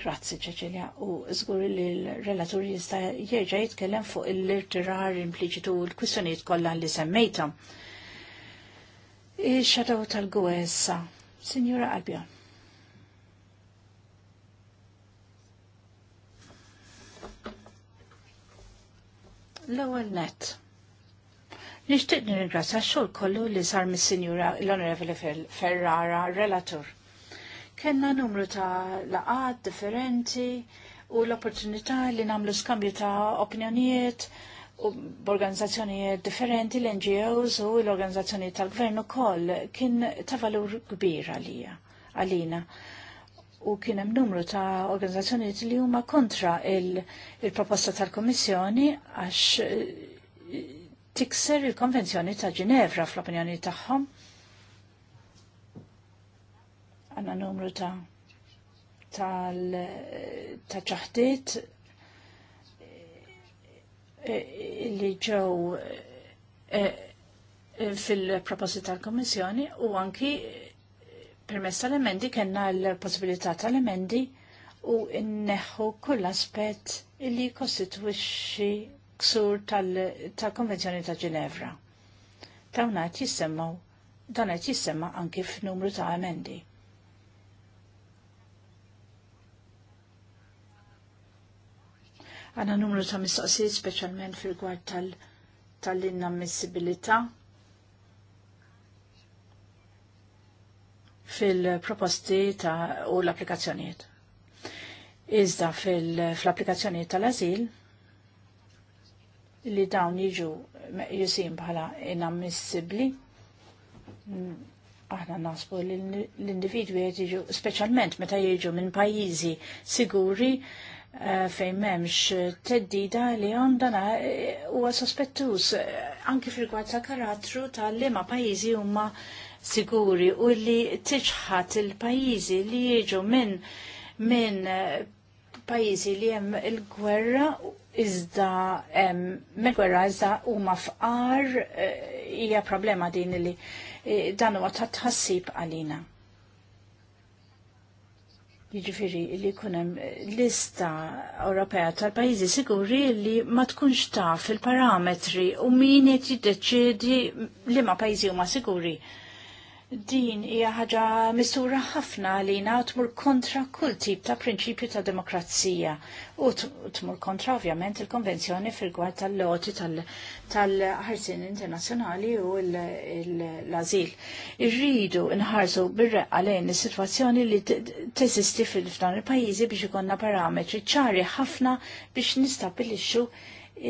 Grazzi ċeċilja u żgur li l-relaturi jista' jerġa' jitkellem fuq il-irtirar impliċitu u l kwissjoniet kollha li semmejthom. Ix-xadaw tal-gwessa, Signora Albion. L-ewwel net. Nixtieq nirringrazzja x-xogħol kollu li sar mis-Sinjura l-Onorevoli Ferrara, relatur. Kenna numru ta' laqad differenti u l-opportunità li nagħmlu skambju ta' opinjonijiet u b'organizzazzjonijiet differenti, l-NGOs u l organizzazzjoni tal-gvern ukoll kien ta' valur kbir għalija għalina. U kien hemm numru ta' organizzazzjonijiet li huma kontra il-proposta il tal-Kummissjoni għax eh, tikser il-Konvenzjoni ta' Ginevra fl-opinjoni tagħhom. Għanna numru ta' tal-ċaħdiet eh, ta Eh, li ġew eh, eh, fil-proposit tal-Komissjoni u anki permess tal-emendi kena l-possibilità tal-emendi u inneħu kull aspet li kostitwixxi ksur tal-Konvenzjoni ta' Ginevra. Dawn qed jissemmaw dan qed jissemma anki f'numru ta' emendi. Għana numru ta' mistoqsijiet speċjalment fil-gwad gwar tal innammissibilità fil proposti ta' u l-applikazzjonijiet. Iżda fil-applikazzjonijiet tal-azil li dawn jiġu jisim bħala inammissibli aħna nasbu l-individwi jiġu specialment meta jiġu minn pajizi siguri, Eh, fejn memx teddida li għandana eh, huwa sospettuż eh, anki fil-gwad ta' karattru ta' liema pajjiżi huma siguri u li tiċħat il-pajjiżi li jiġu minn minn pajjiżi li hemm il-gwerra iżda me gwerra iżda huma fqar hija problema din li dan huwa ta' tħassib għalina. Jiġifieri li jkun hemm lista Ewropea tal-pajjiżi siguri li ma tkunx taf il-parametri u min qed jiddeċiedi li ma pajjiżi huma siguri. Din hija ħaġa misura ħafna għalina u tmur kontra kull tip ta' prinċipju ta' demokrazija u tmur kontra ovvjament il-konvenzjoni fil-gwar tal-loti tal-ħarsin internazzjonali u l-azil. Irridu nħarsu bir-reqqa lejn is-sitwazzjoni li teżisti fil-fdan il-pajjiżi biex ikonna parametri ċari ħafna biex nistabilixxu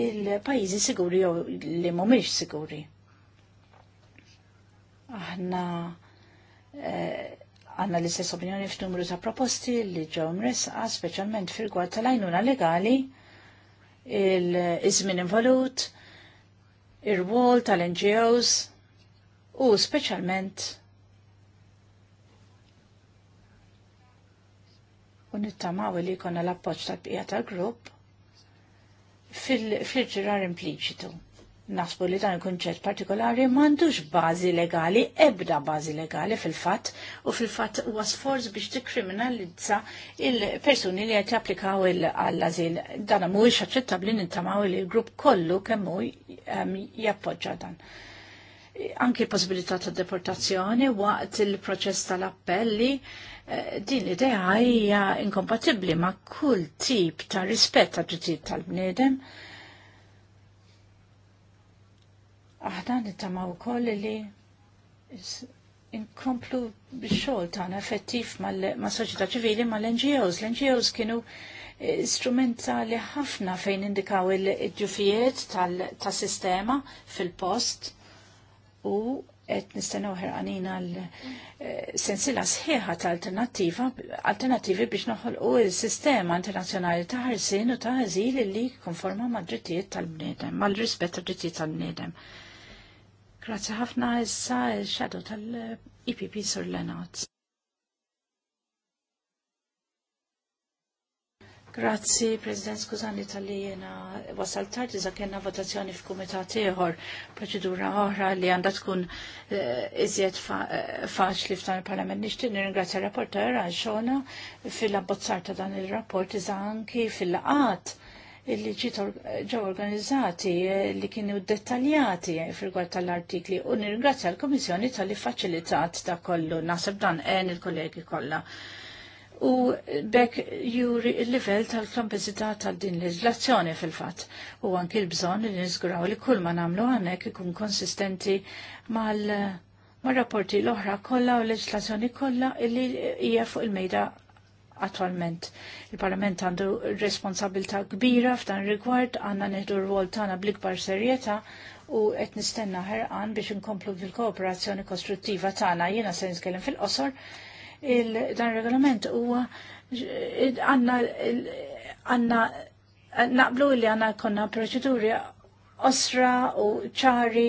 il-pajizi siguri jew li mhumiex siguri. Aħna eh, għanna l-istess opinjoni f'numru ta' proposti li ġew mresqa, speċjalment fil-gwad tal-għajnuna legali, il-izmin involut, ir-wol tal-NGOs u speċjalment u nittamaw li konna l-appoċ tal-bqija tal-grupp fil-ġirar impliċitu nasbu li dan il-kunċett partikolari m'għandux bażi legali, ebda bażi legali fil-fatt, u fil-fatt huwa sforz biex tikkriminalizza il-persuni li qed japplikaw għall-azil. Dan mhuwiex aċċettabbli blin li l-grupp kollu kemm hu ehm, jappoġġa dan anki possibilità ta' deportazzjoni waqt il-proċess tal-appelli eh, din idea hija inkompatibbli ma' kull tip ta' rispett ta' drittijiet tal-bniedem Aħna nittamaw ukoll li inkomplu bix-xogħol tagħna effettiv mas-soċjetà ċivili mal-NGOs. L-NGOs kienu eh, li ħafna fejn indikaw il-ġufijiet tas-sistema fil-post u qed nistenu ħerqanina l eh, sensila sħiħa ta' alternattiva alternattivi biex noħolqu il-sistema internazzjonali ta' ħarsien u ta' eżil li konforma mad-drittijiet tal-bniedem, mal-rispett tad-drittijiet tal-bniedem. tal bnedem ma' l-rispet tal tal bniedem mal rispett tad drittijiet tal bniedem Grazzi ħafna issa il-xadu tal-IPP Sur Lenat. Grazzi, President, skużani tal-li jena wasal tardi za kena votazzjoni f'kumitat ieħor, proċedura oħra li għandha tkun eh, iżjed eh, faċli f'dan il-Parlament. Nixtieq nirringrazzja r-rapporter għal xogħla fil-abbozzar ta' dan il-rapport iżda anki fil-laqat li ġew organizzati eh, li kienu dettaljati fil-gwar tal-artikli u nirringrazzja l-Komissjoni tal-li faċilitat ta' kollu nasib dan en eh, il-kollegi kollha. U bekk juri il-livell tal-kompensità tal din leġlazzjoni fil-fatt u anki l-bżonn li niżguraw li kull ma nagħmlu għandek ikun konsistenti mal eh, rapporti l-oħra kollha u leġislazzjoni kollha li hija fuq il-mejda attualment. Il-Parlament għandu responsabilta kbira f'dan rigward għanna neħdu r-rwol tagħna bl-ikbar serjetà u qed nistenna ħerqan biex inkomplu fil-kooperazzjoni kostruttiva tagħna. Jiena se nitkellem fil-qosor dan regolament huwa għanna għanna naqblu li għanna konna proċeduri osra u ċari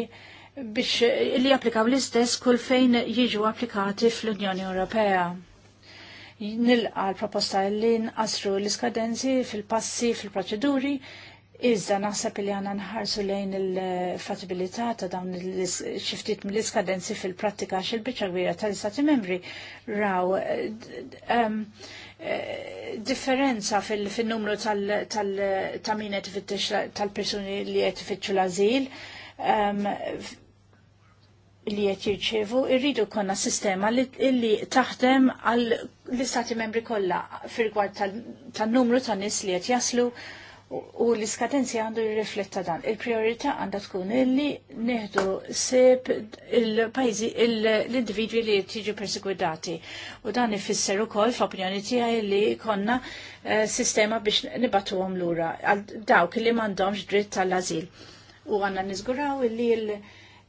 biex li applikaw l-istess kull fejn jiġu applikati fl-Unjoni Ewropea nilqa l-proposta li nqasru l-iskadenzi fil-passi fil-proċeduri Iżda naħseb li għana nħarsu lejn il-fattibilità ta' dawn il-xiftit mill-iskadenzi fil-prattika xil biċa gbira tal-istati membri raw ehm, differenza fil-numru tal taminet tal-personi li jett fitxu l-azil ehm, li qed jirċevu rridu konna sistema li, taħdem għal l-istati membri kollha fir tan-numru ta' nies li qed jaslu u l-iskadenzi għandu jirrifletta dan. Il-priorità għandha tkun illi neħdu seb il-pajzi l-individwi li jtiġu persegwidati. U dan ifisser ukoll f'opinjoni tiegħi li konna eh, sistema biex nibatuhom lura għal dawk li m'għandhomx dritt tal-ażil. U għandna niżguraw illi l-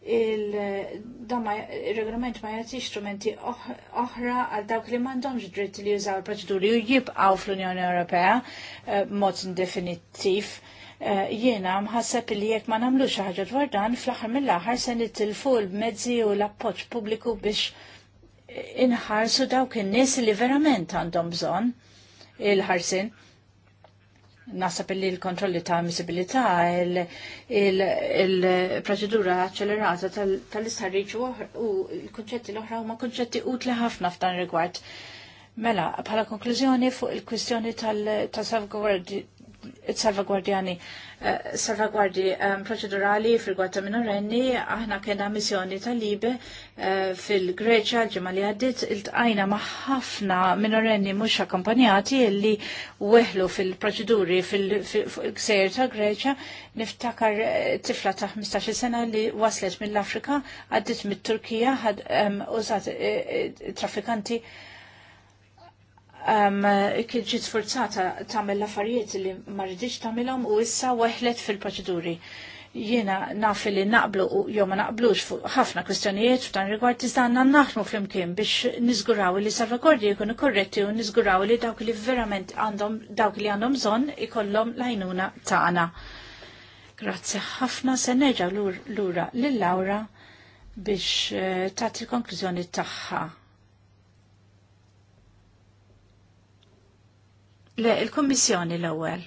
il-regolament ma jgħati strumenti oħra għal dawk li m'għandhomx dritt li jużaw il-proċeduri u jibqgħu fl-Unjoni Ewropea eh, mod definittiv, eh, Jiena mħasseb li jekk ma nagħmlux ħaġa dwar dan fl-aħħar mill-aħħar se nittilfu l-mezzi u l-appoġġ pubbliku biex inħarsu dawk in-nies li verament għandhom bżonn il-ħarsin Nasab li l-kontrolli ta' ammissibilità il-proċedura accelerata tal istarriċ u l-konċetti l-oħra huma konċetti utli ħafna f'dan rigward. Mela, bħala konklużjoni fuq il-kwistjoni tal-salvgwardi salvagwardjani eh, salvaguardi eh, proċedurali fil-gwatta minorenni, aħna kena missjoni tal-libe eh, fil-Greċa ġemma li għaddit il tajna maħħafna minorenni mux akkompanjati li weħlu fil-proċeduri fil-gżer ta' Greċa niftakar tifla ta' 15 sena li waslet mill-Afrika għaddit mit-Turkija użat trafikanti kien ġiet sforzata tagħmel l-affarijiet li ma rridix tagħmilhom u issa weħlet fil-proċeduri. Jiena naf li naqblu u jew ma naqblux fuq ħafna kwistjonijiet f'dan rigward iżda għandna naħdmu flimkien biex niżguraw li salvakordi jkunu korretti u niżguraw li dawk li verament għandhom dawk li għandhom bżonn ikollhom lajnuna ta'. tagħna. Grazzi ħafna se l lura lil Laura biex eh, tagħti l-konklużjoni tagħha. Le, il-Kommissjoni l-ewwel.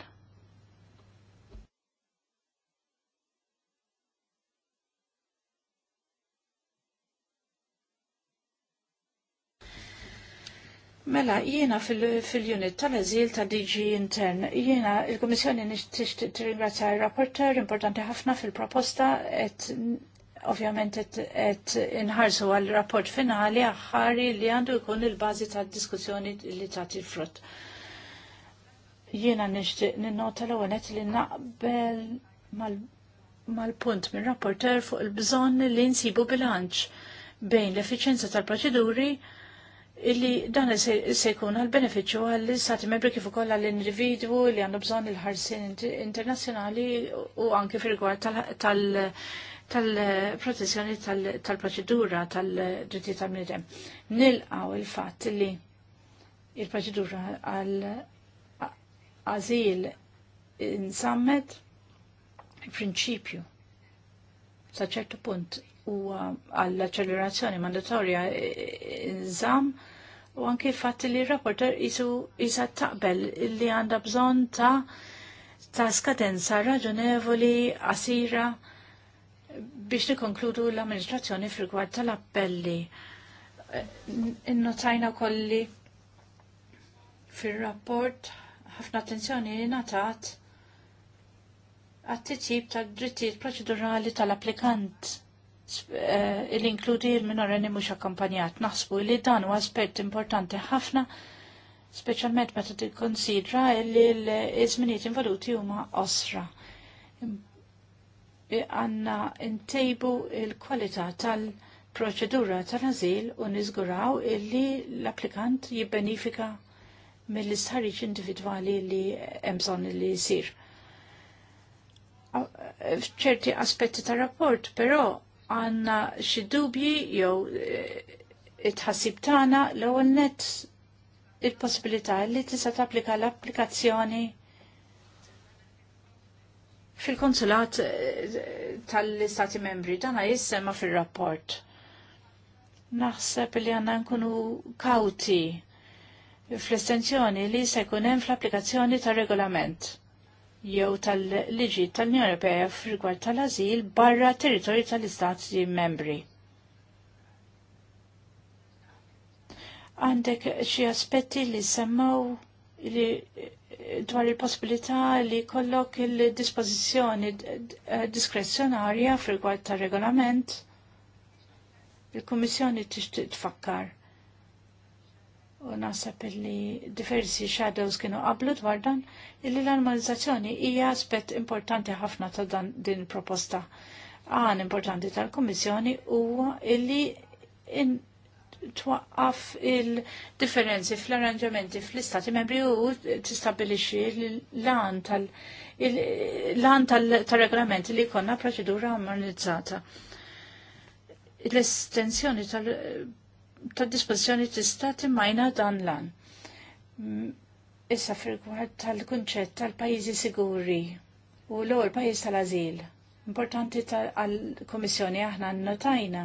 Mela, jiena fil-unit tal-azil ta' DG intern, jiena il-Komissjoni nixtiex tirringrazzja il-rapporter importanti ħafna fil-proposta et ovvjament et inħarsu għal-rapport finali għaxħari li għandu jkun il-bazi ta' diskussjoni li ta' frott Jiena nixtieq ninnota l-ewwel li naqbel mal-punt mal minn rapporter fuq il-bżonn li nsibu bilanċ bejn l-effiċenza tal-proċeduri illi dan se jkun għal-beneficju għall-istati membri kif ukoll għall-individwu li għandu bżonn il-ħarsin internazzjonali u anke fil-rigward tal-protezzjoni tal-proċedura tal-ġittijiet tal-bniedem. Nilqaw il-fatt li il-proċedura għal għazil insammet il-prinċipju sa ċertu punt u għall-accelerazzjoni mandatorja eh, nżam u anke fatt li r-rapporter jisu jisa taqbel li għanda bżon ta' ta' skadenza raġonevoli għasira biex nikonkludu l-amministrazzjoni fil tal-appelli. Innotajna eh, kolli fil-rapport ħafna attenzjoni li natat għat-titjib tal-drittijiet proċedurali tal-applikant eh, il inkludi l-minorenni mhux akkampanjat. Naħsbu li dan huwa aspett importanti ħafna speċjalment meta tikkonsidra li l-iżminijiet involuti huma osra. Għanna ntejbu il-kwalità tal-proċedura tal-azil u nizguraw illi l-applikant jibbenifika mill istħarriċ individwali li hemm bżonn li jsir. F'ċerti aspetti tar rapport, però għandna xi dubji jew eh, itħassib ħassib tagħna l-ewwel il-possibilità li tista' tapplika l-applikazzjoni fil-konsulat eh, tal-istati membri dana jissema fil-rapport. Naħseb li għanna nkunu kauti fl-estensjoni li se jkun hemm fl-applikazzjoni tar-regolament jew tal-liġi tal-Unjoni Ewropea f'rigward tal-azil barra territorju tal-istati membri. Għandek xi aspetti li semmaw li eh, dwar il-possibilità li kollok il-dispożizzjoni eh, diskrezzjonarja f'rigward tal-regolament. Il-Kummissjoni tixtieq tfakkar u nasab li diversi shadows kienu qablu dwar dan illi l-armonizzazzjoni hija aspett importanti ħafna ta' dan din proposta. Għan importanti tal komissjoni huwa illi in twaqqaf il-differenzi fl-arranġamenti fl-istati membri u t-istabilixi l għan tal-regolament li konna proċedura armonizzata. L-estensjoni tal ta' dispożizzjoni tista' timmajna dan lan. Mm, issa firgħad tal-kunċett tal-pajjiżi siguri u l-ewwel pajjiż tal-ażil. Importanti tal-Komissjoni aħna notajna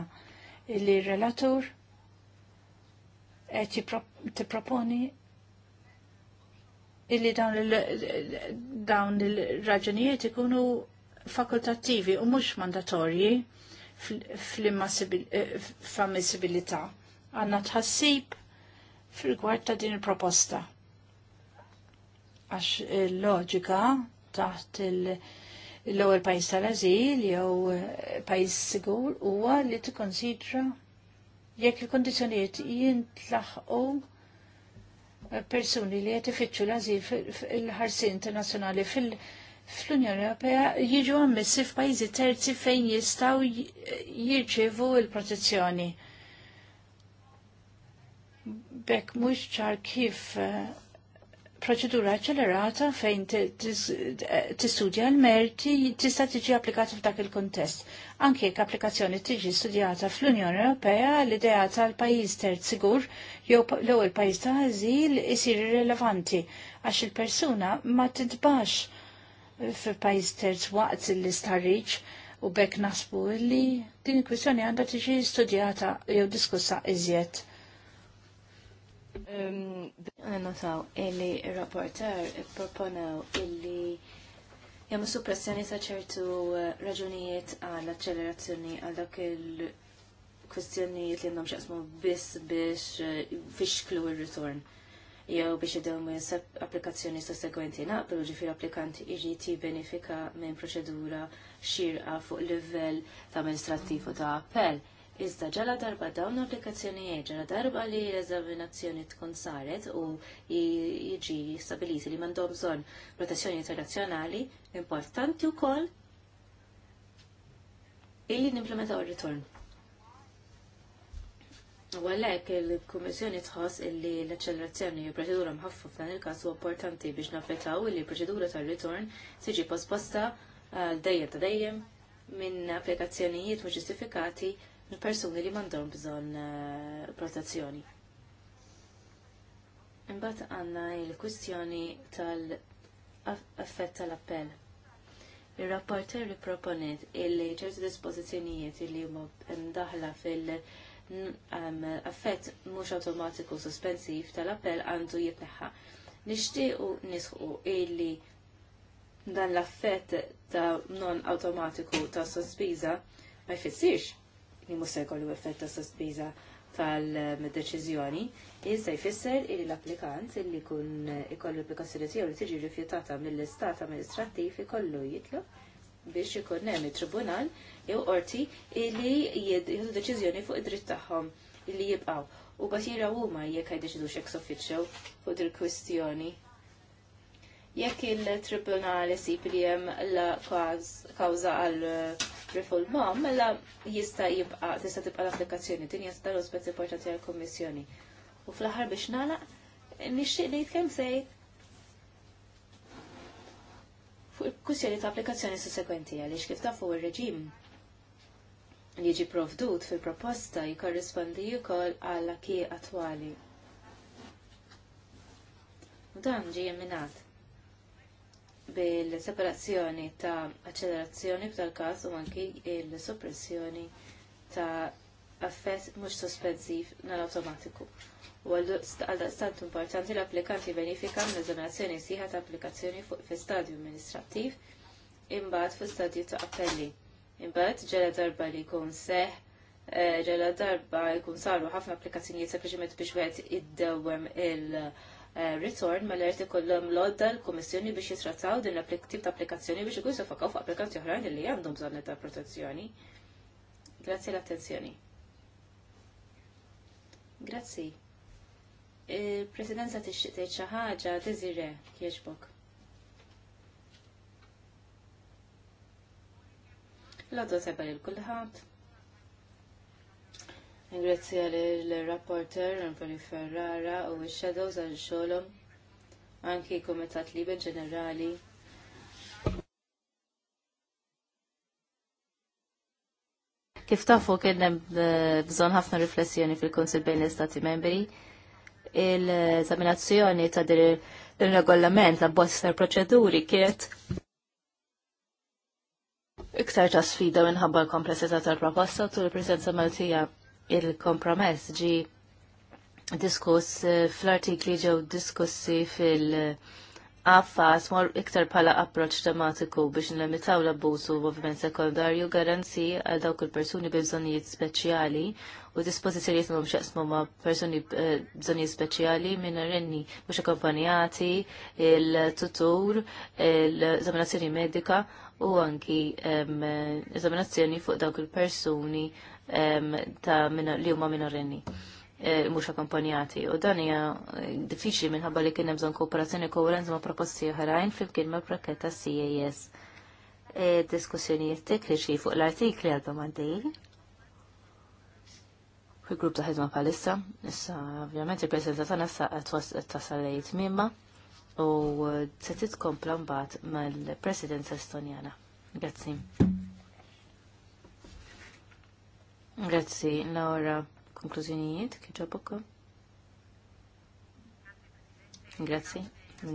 li relatur qed tipproponi illi dawn il-raġunijiet ikunu fakultattivi u mhux mandatorji fl-ammissibilità għanna tħassib fil-gwart ta' din il-proposta. Għax il-loġika taħt l-ewwel pajjiż tal-azil jew pajjiż sigur huwa li tikkonsidra jekk il-kondizzjonijiet jintlaħqu persuni li qed ifittxu l-azil fil-ħarsin internazzjonali fil- fl-Unjoni Ewropea jiġu ammessi f'pajjiżi terzi fejn jistgħu jirċevu l-protezzjoni bekk mhux ċar kif eh, proċedura ċelerata fejn tistudja l-merti tista' tiġi applikata f'dak il-kontest. Anke jekk applikazzjoni tiġi studjata fl-Unjoni Ewropea, l-idea tal-pajjiż terzigur jew l-ewwel pajjiż ta' għazil isir irrelevanti għax il-persuna ma tintbax fil-pajjiż terz waqt l-istarriġ u bekk nasbu li din il-kwistjoni għandha tiġi studjata jew diskussa iżjed Um, notaw illi il-rapporter proponaw illi jemmu suppressjoni ta' ċertu uh, raġunijiet għall accelerazzjoni għal dak il-kwestjonijiet li għandhom xaqsmu biss biex uh, fixklu il-return jew biex id minn applikazzjoni sosegwenti naqblu ġifir iġi ti benefika minn proċedura xirqa fuq livell ta' amministrattiv u ta' appell. Iżda ġala darba dawn applikazzjonijiet ġala darba li l-eżaminazzjoni tkun saret u jiġi stabiliti li mandom bżonn protezzjoni internazzjonali importanti wkoll illi nimplementaw ir-ritorn. U għalhekk il-Kummissjoni tħoss illi l-accelerazzjoni u proċedura mħaffu f'dan il-każ huwa importanti biex naffettaw illi l-proċedura tar-ritorn tiġi posposta għal dejjem ta' dejjem minn applikazzjonijiet mhux ġustifikati persuni li mandom bżon eh, protezzjoni. Imbagħad għandna il-kwistjoni tal affett tal-appell. Ir-rapporter li proponiet illi ċerti dispożizzjonijiet illi huma mdaħla fil-affett mhux awtomatiku suspensiv tal-appell għandu jitneħħa. Nixtiequ nisħu illi dan l-affett ta' non awtomatiku ta' sospiża ma jfissirx li mhux se jkollu effett ta' sospiża tal-deċiżjoni, jista' jfisser li l-applikant li kun ikollu l-applikazzjoni tiegħu li tiġi rifjutata mill-istat amministrattiv ikollu jitlu biex ikun hemm it tribunal jew qorti li jieħdu deċiżjoni fuq id-dritt tagħhom li jibqgħu. U basira huma jekk jiddeċidu x'ex soffiċċew fuq il kwistjoni Jekk il-tribunal isib li hemm la kawża għal referral mela jista jibqa, tista tibqa l-applikazzjoni, din jista l-ospet importanti għal-kommissjoni. U fl-ħar biex nagħlaq nixtieq li kemm sejt. fuq il-kussjoni ta' applikazzjoni sussekwenti għaliex kif fuq ir-reġim li jiġi provdut fil-proposta jikorrispondi wkoll għall-aki attwali. U dan ġie minat bil-separazzjoni ta' accelerazzjoni f'tal każ u anki il-suppressjoni ta' affett mhux sospensiv nal-automatiku. U għal stant importanti l-applikanti verifika mill-eżonerazzjoni sieħa ta' applikazzjoni fuq fi stadju amministrattiv imbagħad fi stadju ta' appelli. Imbagħad ġela darba li jkun seħ eh, ġela darba jkun saru ħafna applikazzjonijiet sempliċement biex wieħed iddewwem il- Eh, return mela jrid ikollhom lodda l-Kummissjoni biex jitrattaw din l-tip ta' applikazzjoni biex ikun sofakaw fuq applikanti oħrajn li għandhom bżonn ta' protezzjoni. Grazzi l-attenzjoni. Grazzi. Il-Presidenza tixtieq tgħid xi ħaġa Desire jieġbok. L-għaddu tebel il-kulħadd għal il rapporter Anthony Ferrara u il shadows għal xolom anki komitat libe ġenerali. Kif tafu kien hemm bżonn ħafna riflessjoni fil konsil bejn l-Istati membri, il-eżaminazzjoni ta' dir regolament la bosta proċeduri kiet. iktar ta' sfida minħabba l-komplessità tal-proposta tul l-preżenza Maltija il-kompromess ġi diskuss eh, fl-artikli ġew diskussi fil-affas mor iktar pala approċ tematiku biex nlimitaw l abbużu u moviment sekondarju garanzi għal dawk il-persuni bizzonijiet speċjali u dispożizzjonijiet ma mxaqsmu ma' persuni eh, bżonijiet speċjali minn rinni mhux akkompanjati il-tutur, il-eżaminazzjoni medika u anki eżaminazzjoni fuq dawk il-persuni ta' li huma minorenni e, mhux akkompanjati. U dan hija e, diffiċli minħabba li kien hemm bżonn kooperazzjoni koerenza ma' proposti oħrajn flimkien mal ta' CAS. E, diskussjonijiet tekniċi fuq l-artikli għal għaddej. Fi grupp ta' ħidma bħalissa, issa ovvjament il-presenza tagħna sa' tasal lejt mimma u se titkompla mbagħad mal-Presidenza Estonjana. Grazzi. Grazzi, Laura. Konklużjonijiet, kħiġabokko? Grazzi.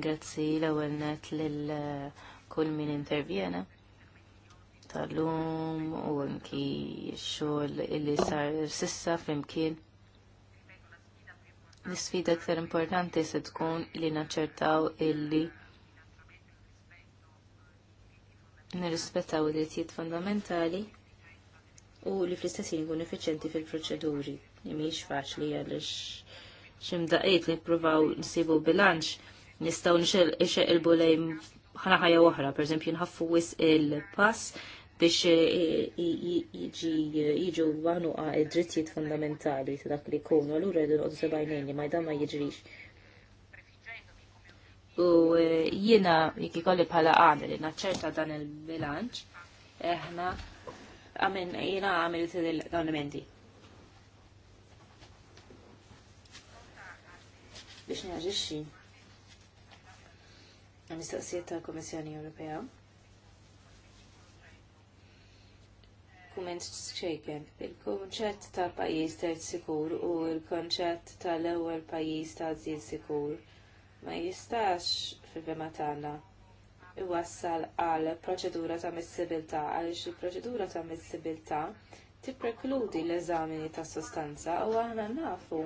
Grazzi l-ewel net l-kull eh, min intervjena tal-lum u anki xogħol illi sar sissa flimkien. L-sfida aktar importanti se tkun li naċċertaw illi nirrispettaw id-drittijiet fundamentali u li fl-istessin ikun effiċenti fil-proċeduri. Mhix faċli għaliex ximdaqiet li provaw nsibu bilanċ nistaw nixeqilbu lejn ħana ħajja oħra, pereżempju nħaffu wis il-pass biex jiġu għanu id-drittijiet fundamentali ta' dak li jkunu, allura n noqdu sebajnejn li ma jdan ma jiġrix. U e, jiena jek ikolli bħala għamil, naċċerta dan il-bilanċ, eħna għamen jina għamil dawn l-emendi. Biex neħġiċi għal-mistoqsijiet ta' Komissjoni Ewropea. Kumment ċejken, il-konċett ta' pajis terz sikur u il-konċett tal-ewel pajis ta' zil sikur ma jistax fil-vema tagħna iwassal għal proċedura ta' missibilta, għaliex il-proċedura ta' missibilta tipprekludi l-eżamini ta' sostanza u aħna nafu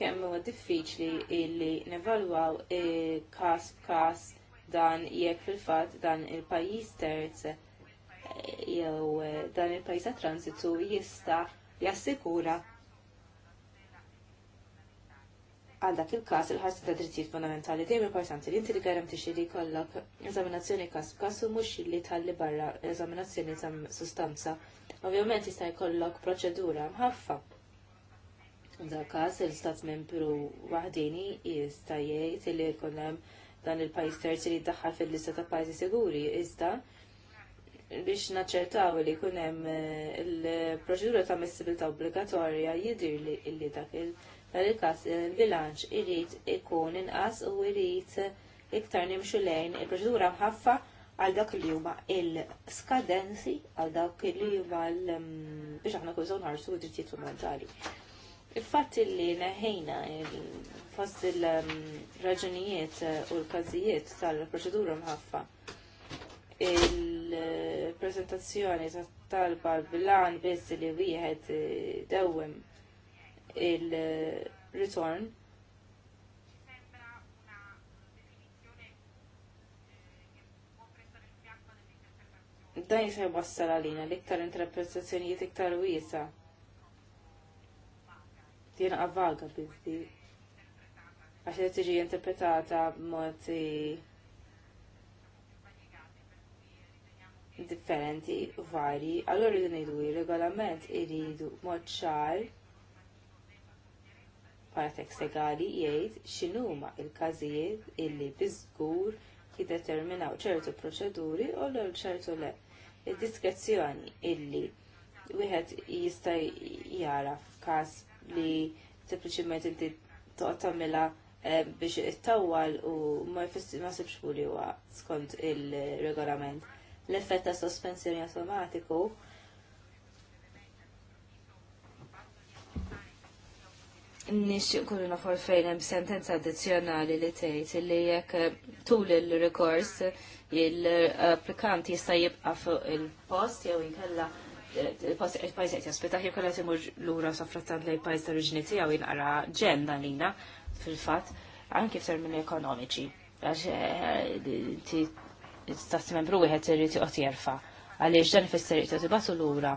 kemm huwa diffiċli illi nevalwaw każ b'każ dan jekk fil-fatt dan il-pajjiż terz eh, jew eh, dan il-pajjiż ta' transitu jista' jassikura għal dak il-każ il-ħarsi ta' drittijiet fundamentali dejjem importanti li inti li garantixxi li jkollok eżaminazzjoni każ b'każ u mhux li tħalli barra eżaminazzjoni ta' sustanza. Ovvjament jista' jkollok proċedura mħaffa. Dak każ il-Stat Membru waħdini jista' jgħid li jkun hemm dan il-pajjiż terzi li jiddaħħal fil-lista ta' pajjiżi siguri iżda biex naċċertaw li jkun hemm il-proċedura ta' missibilità obbligatorja jidir li dak il- Dan il-każ il-bilanċ irid ikun inqas u irid iktar nimxu lejn il-proċedura mħaffa għal dak li huma il-skadenzi għal dak li huma mm, biex aħna kull żon ħarsu d-drittijiet fundamentali. Il-fatt li neħejna fost il-raġunijiet u l-każijiet tal-proċedura mħaffa il-prezentazzjoni tal-talba bilan biss li wieħed dewwem il-return. Dan jisa jwassal għalina l-iktar interpretazzjonijiet iktar wiesa. Tiena għavaga bizdi. Għaxħe tiġi interpretata moti differenti u vari, allora li nejdu il-regolament iridu mod ċar Paratek segali jgħid x'inhuma l-każijiet illi biżgur jiddeterminaw ċertu proċeduri u l ċertu le. Id-diskrezzjoni illi wieħed jista' jara f'każ li sempliċiment inti tagħmilha eh, biex ittawwal u ma sibx kuli huwa skont il-regolament. L-effett ta' sospensjoni automatiku nixtieq kullu nafor fejn hemm sentenza addizzjonali li tgħid li jekk eh, tul il-rikors il-applikant jista' jibqa' fuq il-post jew inkella eh, il-pajz qed jospitaħ jew kellha timur lura soffrattant lejn pajz ta' oriġini tiegħu jinqara ġenda lina fil-fatt anki f'termini ekonomiċi għax eh, tista' tmembru wieħed irid joqgħod jerfa' għaliex dan ifisser irid tibatu lura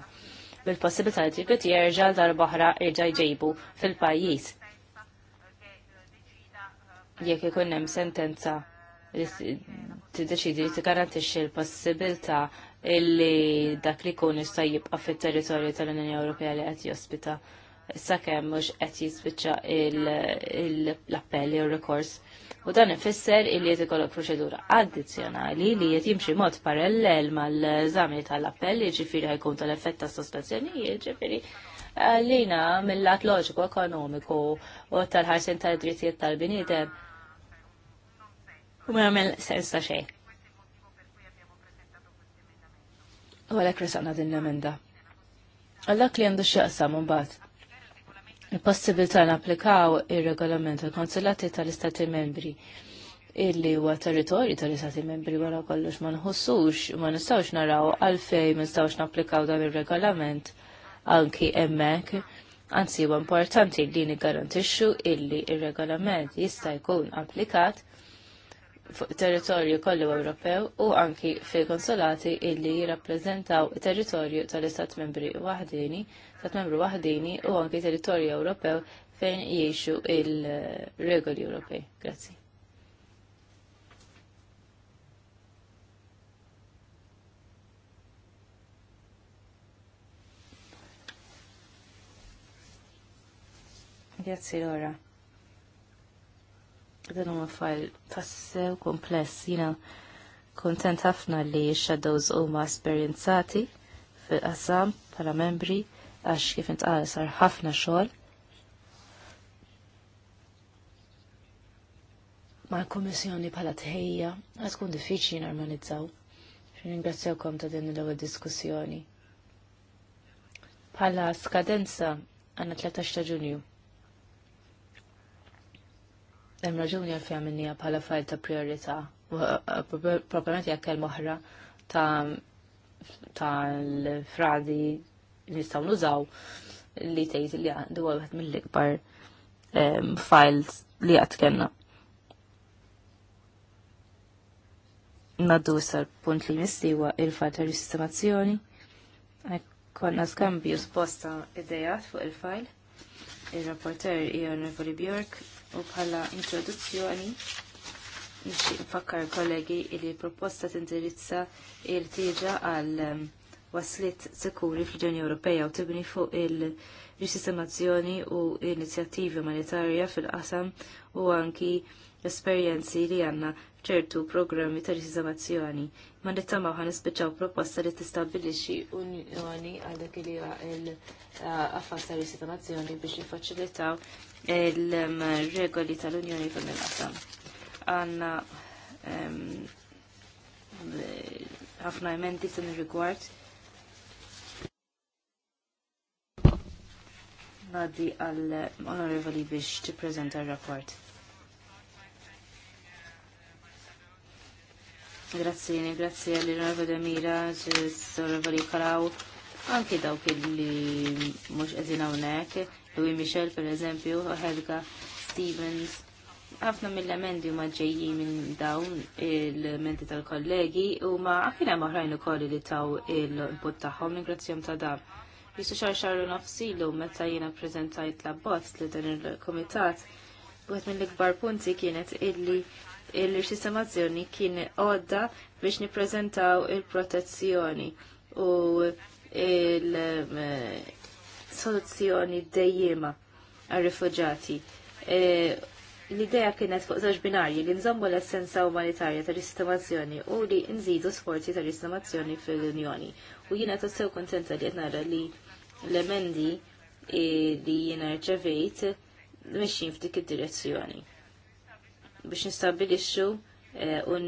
bil-possibilità li ġibet jerġa' darbaħra jerġa' jġejbu fil-pajjiż. Jekk ikun hemm sentenza tiddeċidi li tigarantixxi l-possibilità illi dak li jkun jista' jibqa' fit-territorju tal-Unjoni Ewropea li qed jospita sakemm mhux qed jispiċċa l-appell jew rikors U dan ifisser illi qed ikollok proċedura addizzjonali li qed jimxi mod parallel mal-żami tal-appell, jiġifieri ħajkun tal-effett ta' sostazzjonijiet, ġifieri eh, lina mill-lat loġiku ekonomiku u tal-ħarsin tal-drittijiet tal-biniedem. U ma jagħmel sens ta' xejn. U għalhekk resaqna din l-emenda. Għallak li għandu x'jaqsam mbagħad il-possibilità napplikaw ir-regolament tal-konsulati tal-Istati membri illi huwa territorju tal-Istati membri wara kollox ma nħossux ma nistgħux naraw għalfej ma nistgħux napplikaw dan ir-regolament anki hemmhekk. Anzi huwa importanti li niggarantixxu illi ir-regolament jista' jkun applikat fuq territorju kollu Ewropew u anki fil konsolati illi jirrappreżentaw territorju tal-Istat membri waħdini stat membru waħdini u anke territorju Ewropew fejn jiexu il-regoli Ewropej. Grazzi. Grazzi Lora. Dan huwa fajl tassew kompless, jina kontent ħafna li x-shadows huma esperjenzati fil-qasam bħala membri għax kif intqal sar ħafna xogħol. Ma' l-Kummissjoni bħala tħejja għad tkun diffiċli normalizzaw. Ringrazzjawkom ta' din l-ewwel diskussjoni. Bħala skadenza għandna 13 ta' Ġunju. Hemm raġuni għal fejn minnija bħala fajl ta' priorità u proprjament jekk oħra ta' tal-fradi nistaw nużaw li tejt li għandu wieħed mill-ikbar ehm, files li għat kellna. Naddu issa punt li mistiwa il fat ta' risistemazzjoni. Konna skambju sposta idejat fuq il-fajl. Il-rapporter hija Nervoli Bjork u bħala introduzzjoni nixtieq nfakkar kollegi li proposta tindirizza il-tieġa għal ehm, waslit sekuri fl-Unjoni Ewropea u tibni fuq il-risistemazzjoni u inizjattivi umanitarja fil-qasam u anki esperjenzi li għanna ċertu programmi ta' risistemazzjoni. Ma nittama għan ispeċaw proposta li t-istabilixi unjoni għal dak li għaffas ta' risistemazzjoni biex jifaċilitaw il-regoli tal-Unjoni fil qasam Għanna ħafna emendi fil rigward Nadi għal onorevoli biex ti prezenta il-rapport. Grazzini, grazzi għall onorevoli Mira, onorevoli Karaw, anki dawk li mux għedin għonek, Louis Michel per eżempju, Helga Stevens, għafna mill-emendi ma ġejji minn dawn il-menti tal-kollegi u ma għafina maħrajnu kolli li taw il bottaħom ingrazzjom ta' dawn. Jisu xar xarru nafsilu meta jina prezentajt la bots li dan il-komitat. Għet minn l-ikbar punti kienet illi il-sistemazzjoni kien għodda biex niprezentaw il-protezzjoni u il-soluzzjoni eh, dejjema għal-rifugġati. E, L-ideja kienet fuq żewġ binarji li nżommu l-essenza umanitarja ta' istamazzjoni u li nżidu sforzi ta' istamazzjoni fil-Unjoni. U jiena tassew kontenta li qed nara li l-emendi li jena rċevejt meċin f'dik id-direzzjoni. Biex nistabilixxu eh, un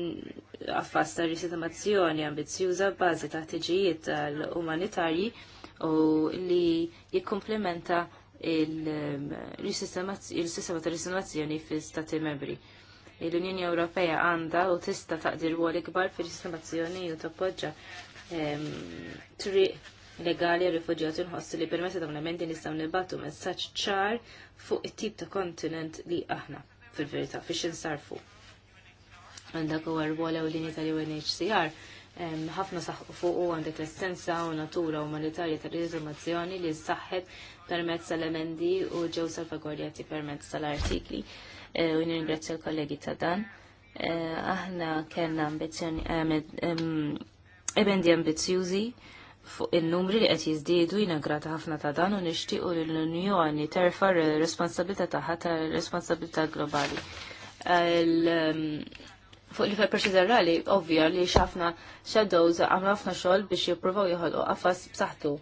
għaffas ta' risistemazzjoni ambizjuża bazi ta' tiġijiet tal-umanitarji u li jikkomplementa il-sistema ta' risistemazzjoni fi stati membri. L-Unjoni Ewropea għandha u tista' taqdir wol ikbar fir-risistemazzjoni u toppoġġa ehm, triq legali għal rifugjati nħossi li permessa ta' l nistaw nibatu nibatu saċ ċar fuq it-tip ta' kontinent li aħna fil-verità fiex insarfu. Għandak huwa rwol ewlieni tal-UNHCR ħafna saħqu fuq u għandek l-essenza u natura umanitarja tal-riżumazzjoni li s-saħħet permezz tal-emendi u ġew salvagwardjati permezz tal-artikli e, u nirringrazzja l-kollegi ta' dan. E, aħna kellna ambizjoni, emendi ambizjuzi fuq il-numri li qed jiżdiedu jina ħafna ta' dan u nixtiequ li l-Unjoni terfa' responsabilità tagħha ta' responsabilità globali. Um, fuq livell proċedurali, ovvja li xafna shadows għamlu ħafna xogħol biex jippruvaw jħolqu qafas b'saħħtu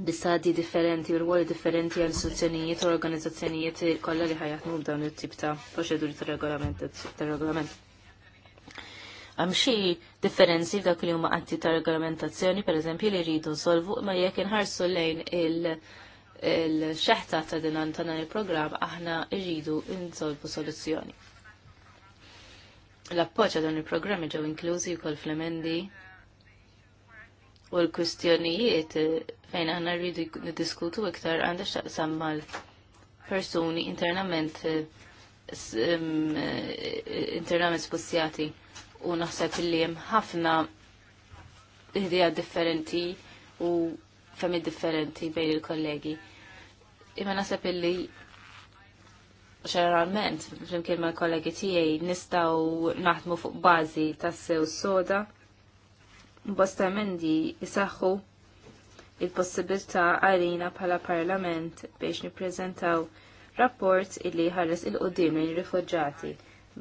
Bissadi differenti, rwoli differenti għal istituzzjonijiet u organizzazzjonijiet kollha li ħajatmu b'dawn it-tip ta' proċeduri ta' regolament. Hemm differenzi f'dak li huma atti ta' regolamentazzjoni, per eżempju, li rridu solvu, ma jekk inħarsu lejn il- il-xeħta ta' dinan ta' dan il-programm aħna irridu insolvu soluzzjoni. L-appoċa dan il-programmi ġew inklużi wkoll fl-emendi u l-kwistjonijiet fejn aħna rridu niddiskutu iktar għandha x'taqsam mal-persuni internament internament spussjati u naħseb li hemm ħafna idea differenti u femi differenti bejn il-kollegi. Imma naħseb illi ġeneralment flimkien ma' kollegi tiegħi nistgħu naħdmu fuq bażi tas sew soda. Bosta emendi jisaxħu il-possibilità għalina bħala parlament biex nippreżentaw rapport illi ħares il-qudiem lil rifuġġati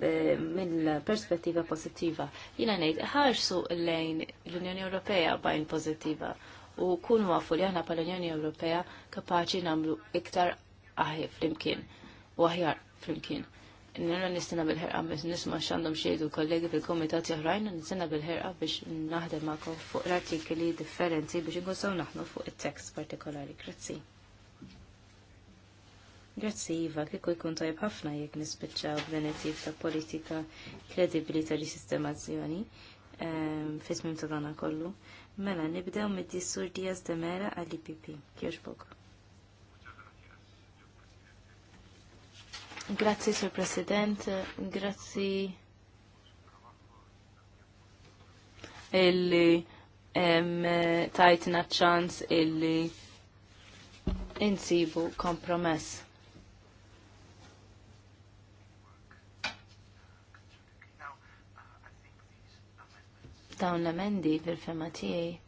Eh, mill-perspettiva pozittiva. Jina ngħid ħarsu lejn l-Unjoni Ewropea bajn pozittiva u kunu għafu li aħna pal-Unjoni Ewropea kapaċi nagħmlu iktar aħi flimkien u aħjar flimkien. Nara nistina bil-ħerqa biex nisma x'għandhom xiedu kollegi fil-komitat oħrajn u nistina bil-ħerqa biex naħdem magħkom fuq l-artikli differenti biex inkun naħnu fuq it-tekst partikolari. Grazzi. Grazzi Iva, kieku jkun tajb ħafna jekk nispiċċaw u it ta' politika kredibli ta' risistemazzjoni ehm, fis-mim ta' dana kollu. Mela, nibdew mid-dissur Diaz de Mera għal ipp bok. Grazzi, Sur President, grazzi illi ehm, tajtina ċans illi insibu kompromess dawn l-emendi fil-fema tiegħi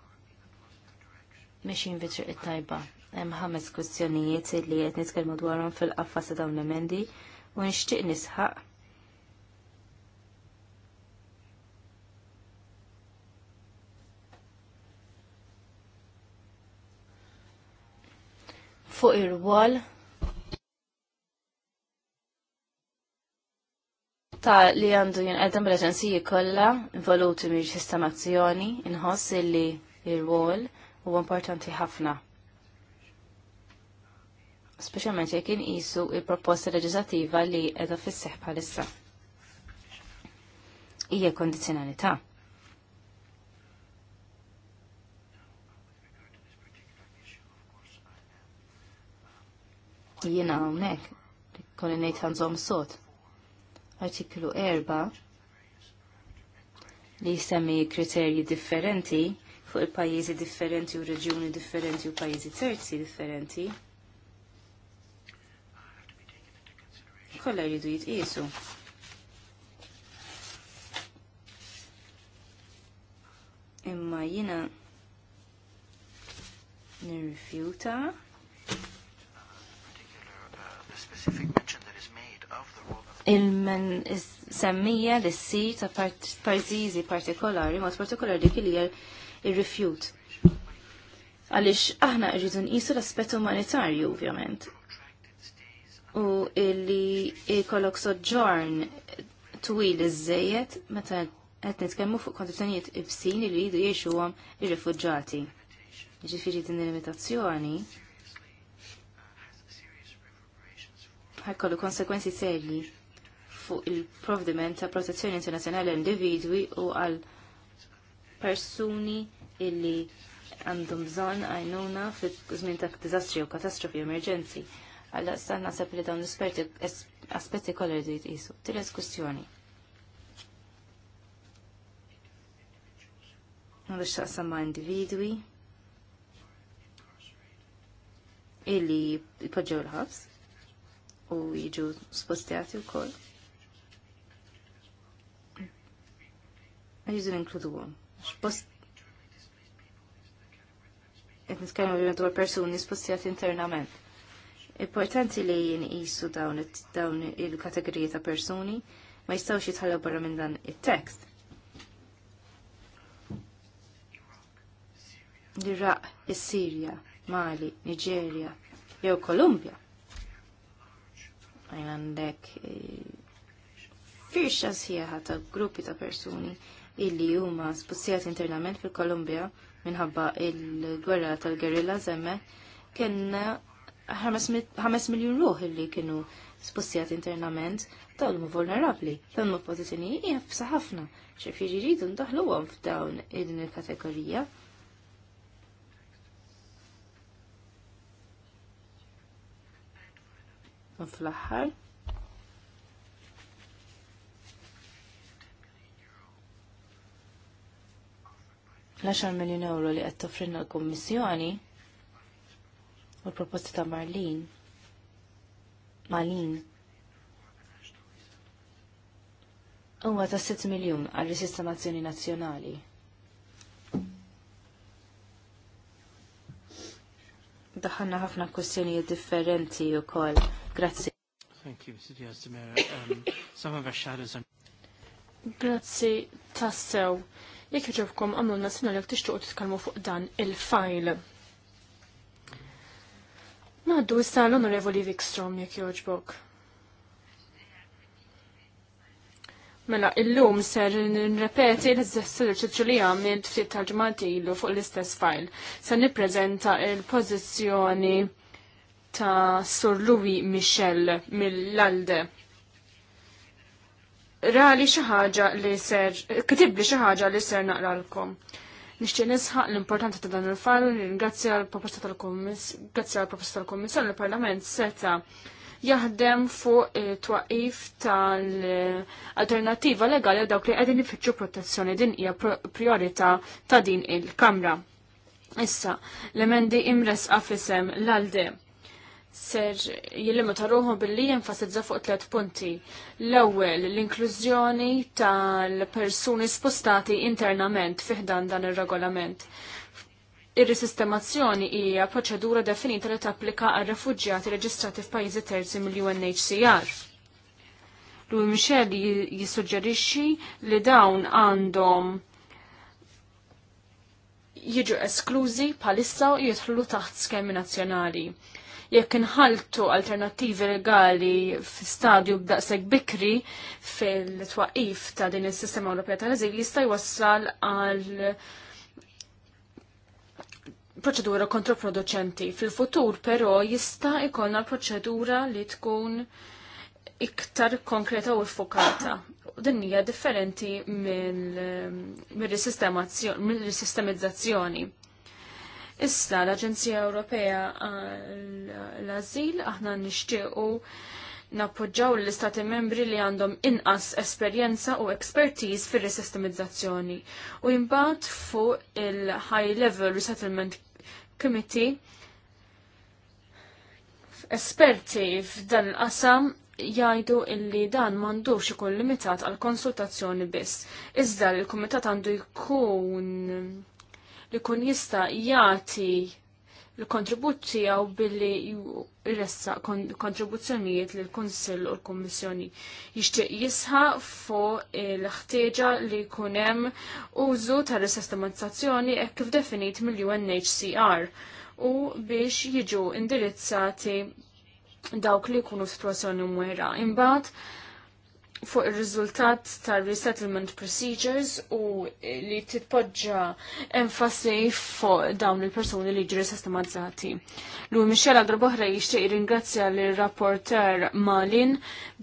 mhix bitriq it-tajba. Hemm ħames kwistjonijiet li qed nitkellmu dwarhom fil-qaffas ta' dawn l-emendi u nixtieq nisħaq fuq ir-wall ta' li għandu jinqedem bil-aġenziji kollha involuti miex sistemazzjoni inħoss li il-wol huwa importanti ħafna. Speċjalment jekk inqisu il-proposta leġislattiva li qiegħda fisseħ bħalissa. Hija kondizzjonalità. Jiena hawnhekk kolli ngħid ħanżhom sod. Artiklu 4 li jsemmi kriterji differenti fuq il-pajjiżi differenti u reġjuni differenti u pajjiżi terzi differenti. Kolla jridu jitqisu. Imma jina nirrifjuta. specific il-men semmija l si ta' partizi partikolari, mod partikolari dik li il rifjut Għalix aħna rridu nqisu l-aspett umanitarju, ovvjament. U illi ikollok soġġorn twil iż-żejjed meta qed nitkellmu fuq kondizzjonijiet ibsin li jridu jgħixuhom ir-rifuġġati. Ġifieri din il-limitazzjoni ħajkollu konsekwenzi serji fuq il-provdiment ta' protezzjoni internazzjonali individwi u għal persuni illi għandhom bżonn għajnuna fit żmien ta' diżastri u katastrofi u emerġenzi. Għalla stanna naħseb li dawn l-esperti aspetti kollha li jitqisu. Tielet kwestjoni. Għandu ta' ma' individwi illi jpoġġew l-ħabs u jiġu spostjati u koll. Għajżu inkludu Et niskajmu qed nitkellmu dwar persuni spostijat internament. Importanti li jinqisu dawn dawn il-kategoriji ta' persuni ma jistgħux jitħallew barra minn dan it text L-Iraq, is-Sirja, Mali, Niġerja, jew Kolumbja. Għajlandek eh, firxa sħiħa ta' gruppi ta' persuni illi huma spussijati internament fil-Kolumbja minħabba il-gwerra tal-gerilla zemme kien 5 miljon ruħ illi kienu spussijat internament dawn huma vulnerabbli, dawn huma pożizzjoni jafsa ħafna, ċifieri jridu ndaħluhom f'dawn din il-kategorija. fl-aħħar l-10 miljon euro li qed toffrinna l-Kummissjoni u l-proposta ta' Marlin Malin huwa ta' 6 miljun għal sistemazzjoni nazzjonali. Daħanna ħafna kwestjonijiet differenti u koll. Grazzi. Thank you, Mr. Diaz Um, some of our shadows are... Grazzi, tassew. Jekk iġobkom għamlu nazzjonali jekk tixtuqu titkellmu fuq dan il-fajl. Naddu issa l-Onorevoli Wikstrom jekk joġbok. Mela, illum ser nirrepeti l-eżerċizzju li għamilt fit tal-ġmati ilu fuq l-istess fajl. Se nippreżenta il-pożizzjoni ta' Sur Louis Michel mill-Alde rali xi ħaġa li ser kitibli xi ħaġa li ser naqralkom. Nixtieq nisħaq l-importanti ta' dan il-fall li ringrazzja l-proposta tal-Kummissar l-Parlament seta' jaħdem fuq eh, twaqif tal-alternativa legali għal dawk li qegħdin ifittxu protezzjoni din hija priorità ta' din il-Kamra. Issa, l-emendi imres għafisem l-għalde ser ta' ruħu billi jenfasizza fuq tliet punti. L-ewwel l-inklużjoni tal-persuni spostati internament fiħdan dan ir-regolament. Ir-risistemazzjoni hija proċedura definita li tapplika għal refuġjati reġistrati f'pajjiżi terzi mill-UNHCR. Lui Michel jissuġġerixxi li dawn għandhom jiġu esklużi bħalissa u jidħlu taħt skemi nazzjonali jekk inħaltu alternattivi legali f'stadju b'daqshekk bikri fil-twaqif ta' din is-sistema Ewropea tal-Eżil jista' jwassal għal proċedura kontraproducenti. Fil-futur però jista' jkollna proċedura li tkun iktar konkreta u fokata. Din hija differenti mill-sistemizzazzjoni. Mil Issa l-Aġenzija Ewropea l-Azil aħna nixtiequ nappoġġaw l-istati membri li għandhom inqas esperjenza u expertise fir resistemizzazzjoni u jimbagħad fuq il-High Level Resettlement Committee esperti f'dan il-qasam jgħidu illi dan mandux ikun limitat għal konsultazzjoni biss. Iżda l-Kumitat għandu jkun li kun jista' jagħti l kontributi għaw billi jressa kontribuzzjonijiet l kunsill u l-Kummissjoni. Jixtieq jisħa fuq l-ħtieġa li jkun hemm użu tar-sistematizzazzjoni hekk kif definit mill-UNHCR u biex jiġu indirizzati dawk li jkunu situazzjoni mwera. Imbagħad fuq il-rizultat tal resettlement procedures u li titpoġġa enfasi fuq dawn il-persuni li ġiri sistematizzati. Lui Michel Agrabohra jixtieq ringrazzja l rapporter Malin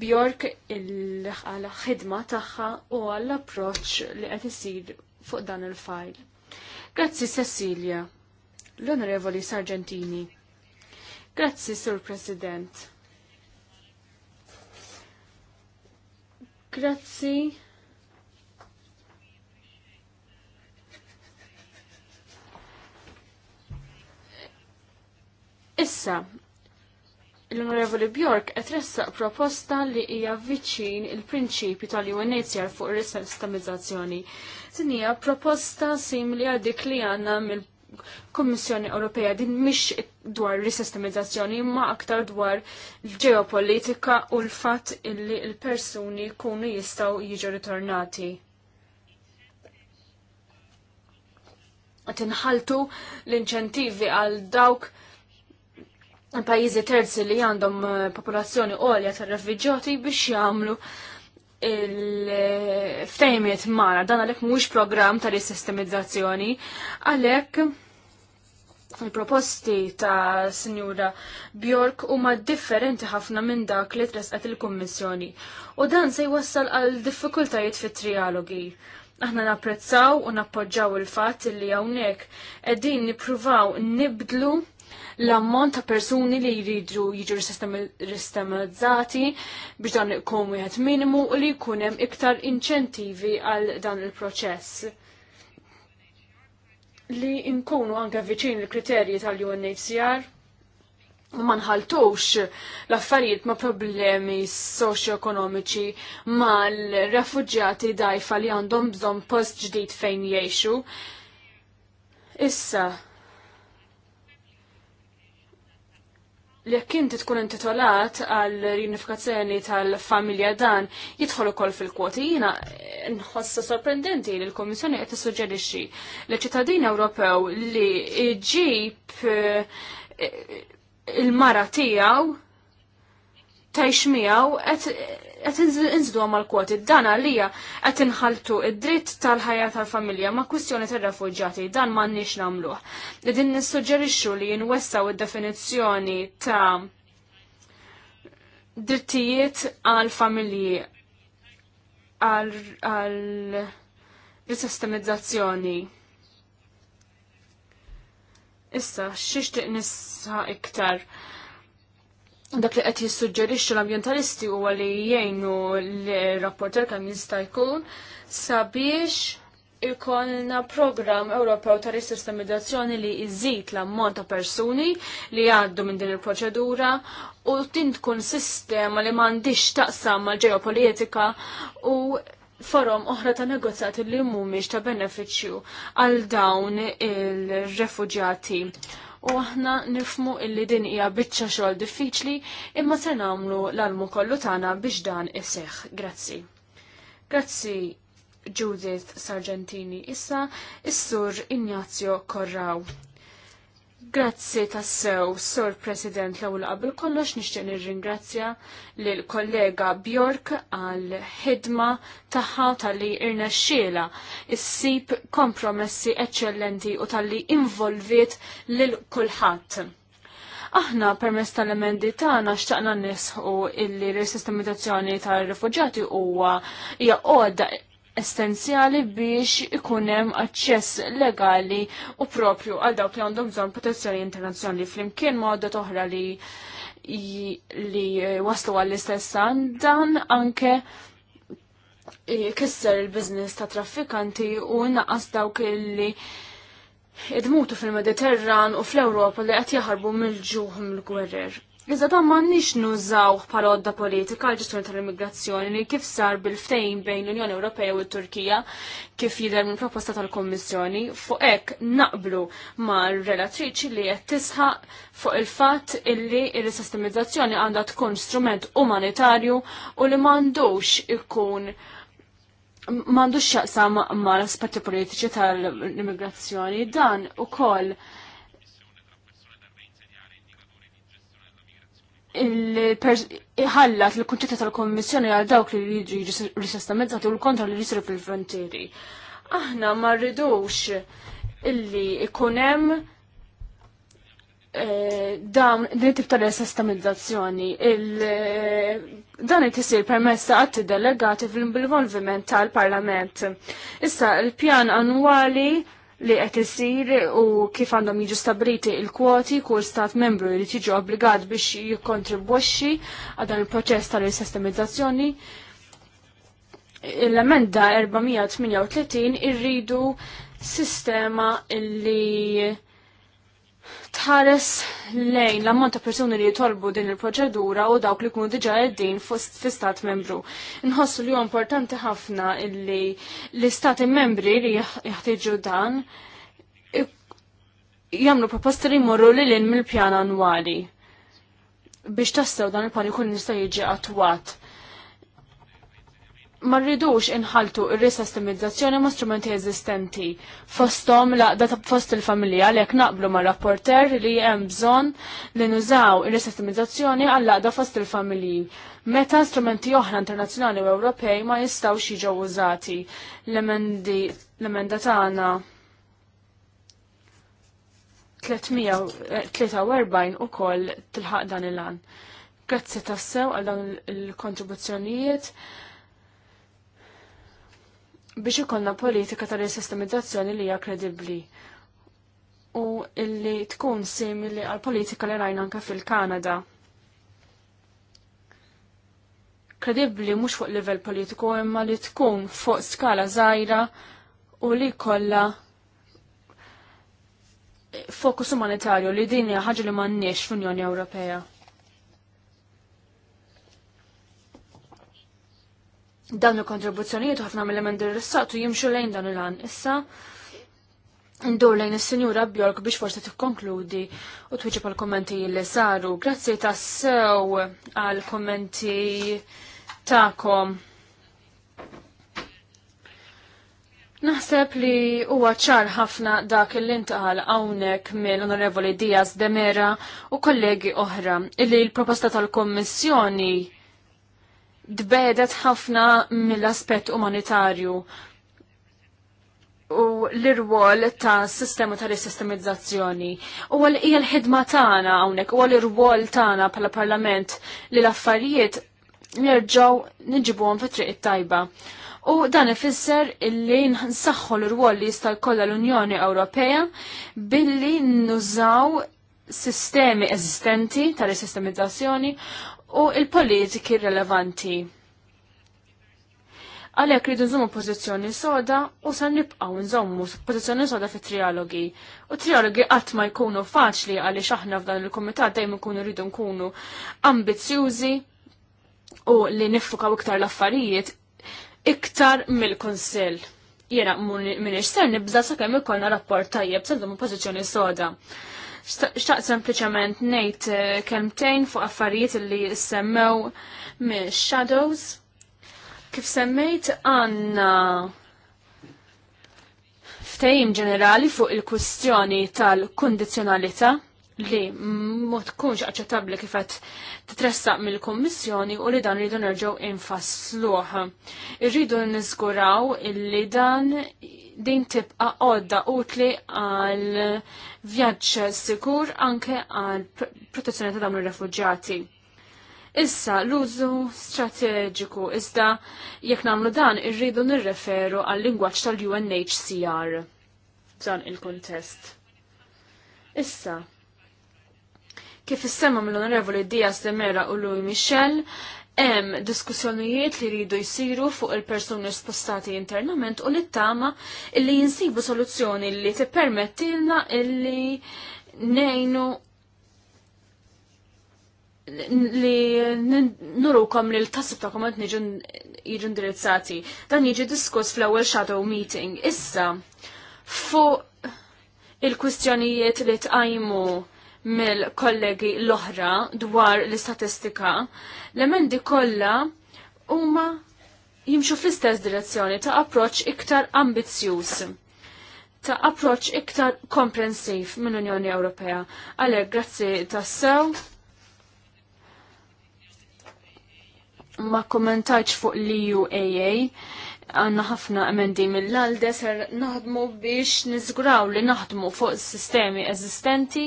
Bjork il-ħidma tagħha u għall-approċċ li qed isir fuq dan il-fajl. Grazzi Cecilia, l-Onorevoli Sargentini. Grazzi Sur President Grazzi. Issa, l-Onorevoli Bjork qed proposta li hija viċin il-prinċipju tal-UNHCR fuq ir-resestamizzazzjoni. Din hija proposta simli għal dik li għandna mill Kommissjoni Ewropea din mhix dwar risistemizzazzjoni imma aktar dwar l-ġeopolitika u l-fatt illi l-persuni jkunu jistgħu jiġu ritornati. Tinħaltu l-inċentivi għal dawk pajjiżi terzi li għandhom popolazzjoni għolja tar refuġjati biex jagħmlu il-ftejmiet mara dan għalek mux program ta' risistemizzazzjoni għalek il-proposti ta' Sinjura Bjork huma differenti ħafna minn dak li tresqet il-Kummissjoni u dan se jwassal għal diffikultajiet fit-trialogi. Aħna napprezzaw u nappoġġaw il-fatt li hawnhekk qegħdin nippruvaw nibdlu l-ammont ta' persuni li jridu jiġu sistemizzati biex dan ikun wieħed minimu u li jkun hemm iktar inċentivi għal dan il-proċess. Li nkunu anke viċin il-kriterji tal-UNHCR u ma nħaltux l-affarijiet ma' problemi soċjoekonomiċi mal-refugġjati dajfa li għandhom bżonn post ġdid fejn jgħixu. Issa, jekk inti tkun intitolat għal riunifikazzjoni tal-familja dan jidħol ukoll fil-kwoti, jina nħossa sorprendenti li l-Komissjoni qed tissuġġerixxi li ċittadin Ewropew li jġib eh, il-mara tiegħu tajx miegħu qed inżdu għamal kwoti dan għalija qed inħaltu id-dritt tal-ħajja tal-familja ma' kwistjoni tar refugġati dan m'għandniex nagħmluh. din nissuġġerixxu li jinwessaw id-definizzjoni ta' drittijiet għal familji għal risistemizzazzjoni. Issa, xiex tiqnissa iktar? dak li qed jissuġġerixxu l-ambjentalisti huwa li jgħinu l-rapporter kemm jista' jkun sabiex ikolna programm Ewropew ta' risistemizzazzjoni li jżid l-ammont ta' persuni li għaddu minn din il-proċedura u tint tkun sistema li m'għandix taqsam mal-ġeopolitika u forom oħra ta' negozjati li mhumiex ta' benefiċċju għal dawn il-refuġjati u aħna nifmu illi din hija biċċa xogħol diffiċli imma se nagħmlu l-almu kollu tagħna biex dan iseħħ. Grazzi. Grazzi Judith Sargentini issa is-sur Ignazio Corrao. Grazzi tassew, Sur President l-ewwel qabel kollox nixtieq nirringrazzja lil kollega Bjork għal ħidma tagħha tal-li irnexxiela issib kompromessi eċċellenti u tal-li involviet lil kulħadd. Aħna permezz tal-emendi tagħna xtaqna nisħu illi r-sistemizzazzjoni tar-rifuġjati huwa hija essenzjali biex ikun hemm aċċess legali u propju għal dawk li għandhom bżonn protezzjoni internazzjonali flimkien modda oħra li li waslu għall-istess dan anke kisser il-biznis ta' traffikanti u naqas dawk li idmutu fil-Mediterran u fl-Ewropa li qed jaħarbu mill-ġuħ mill-gwerer. Iżda ma m'għandniex nużaw parodda politika għal ġestjoni tal-immigrazzjoni li kif sar bil-ftejn bejn l-Unjoni Ewropea u t-Turkija kif jidher mill proposta tal-Kommissjoni fuq hekk naqblu mal-relatriċi li qed tisħaq fuq il-fatt illi il sistemizzazzjoni għandha tkun strument umanitarju u li m'għandux ikun m'għandux xaqsam mal aspetti politiċi tal-immigrazzjoni dan ukoll koll il ħallat l-kunċetta tal-Kommissjoni għal dawk li jiġu risestamenzzati u l-kontra li jisru fil-frontieri. Aħna ma rridux illi ikunem eh, dawn din tip ta' resestamizzazzjoni. Dan qed isir permessa għat delegati fil-involviment tal-Parlament. Issa l-pjan annwali li qed isir u kif għandhom jiġu stabriti il-kwoti kull stat membru li tiġu obbligat biex jikkontribwexxi għal dan il-proċess tal-sistemizzazzjoni. L-emenda 438 irridu sistema li tħares lejn l-ammont ta' persuni li jitolbu din il-proċedura u dawk li kunu diġa għeddin fi stat membru. Nħossu li importanti ħafna illi l-istati membri li jaħtiġu dan jamlu proposti li jmorru li l-in mill-pjan annwali biex tassew dan il pani kun nista' jiġi attwat ma rridux inħaltu ir-risestimizzazzjoni ma' strumenti eżistenti. Fostom la' data fost il-familja għalhekk naqblu ma' rapporter li hemm bżonn li nużaw ir-risestimizzazzjoni għall laqda fost il-familji. Meta strumenti oħra internazzjonali u Ewropej ma jistgħux jiġu użati. L-emenda tagħna 343 eh, ukoll tilħaq dan il għan Grazzi tassew għal dawn il-kontribuzzjonijiet. il kontribuzzjonijiet biex ikollna politika tal-sistemizzazzjoni li hija kredibbli u illi tkun simili għal politika li rajna anka fil-Kanada. Kredibbli mhux fuq livell politiku imma li tkun fuq skala żgħira u li kollha fokus umanitarju li din hija ħaġa li m'għandniex fl-Unjoni Ewropea. dawn il-kontribuzzjonijiet ħafna mill-emendi rissaqtu jimxu lejn dan il-għan. Issa, ndur lejn il-Sinjura Bjork biex forse tikkonkludi u twiġi pal kommenti li saru. Grazzi ta' sew għal kommenti ta'kom. Naħseb li huwa ċar ħafna dak il intqal hawnhekk mill-Onorevoli Diaz Demera u kollegi oħra illi l-proposta tal-Kommissjoni dbedet ħafna mill-aspett umanitarju u l-irwol ta' sistema ta' risistemizzazzjoni. U għal hija l-ħidma tagħna hawnhekk, u għal irwol tagħna bħala parlament li l-affarijiet nerġgħu niġibuhom fi triq tajba. U dan ifisser illi nsaħħu l-irwol li jista' jkollha l-Unjoni Ewropea billi nużaw sistemi eżistenti ta' resistemizzazzjoni u il-politiki relevanti. Għalek rridu nżommu pozizjoni soda u san nibqaw nżommu pozizjoni soda fit trialogi. U trialogi qatt ma jkunu faċli għaliex aħna f'dan il-komitat dejjem ikunu rridu nkunu ambizzjużi u li niffukaw iktar l-affarijiet iktar mill konsil Jena minix ser nibża sakemm ikollna rapport tajjeb sa nżommu pożizzjoni soda. Xtaqt sempliciment nejt eh, kemtejn fuq affarijiet li semmew me Shadows. Kif semmejt għanna ftejim ġenerali fuq il-kustjoni tal kondizjonalita li ma tkunx aċċettabbli kif qed titressaq mill-Kummissjoni u li dan rridu nerġgħu infassluh. Irridu niżguraw illi dan din tibqa' għodda utli għal vjaġġ sikur anke għal protezzjoni ta' dawn ir-refuġjati. Issa l-użu strateġiku iżda jekk nagħmlu dan irridu nirreferu għal lingwaġġ tal-UNHCR f'dan il-kuntest. Issa, Kif is-semma mill-Onorevoli Diaz de Mera u Louis Michel, hemm diskussjonijiet li rridu jsiru fuq il-persuni spostati internament u l-ittama illi jinsibu soluzzjoni li tippermettilna illi nejnu li nurukom li l-tasib ta' komand jiġu indirizzati. Dan jiġi diskuss fl-ewwel shadow meeting. Issa, fuq il-kwistjonijiet li tqajmu mill-kollegi l-oħra dwar l-istatistika, l-emendi kollha huma jimxu fl-istess direzzjoni ta' approċ iktar ambizzjuż ta' approċ iktar komprensiv minn Unjoni Ewropea. Għalek, grazzi tassew. Ma kommentajċ fuq l-UAA għanna ħafna emendi mill-għalde ser naħdmu biex nizguraw li naħdmu fuq sistemi eżistenti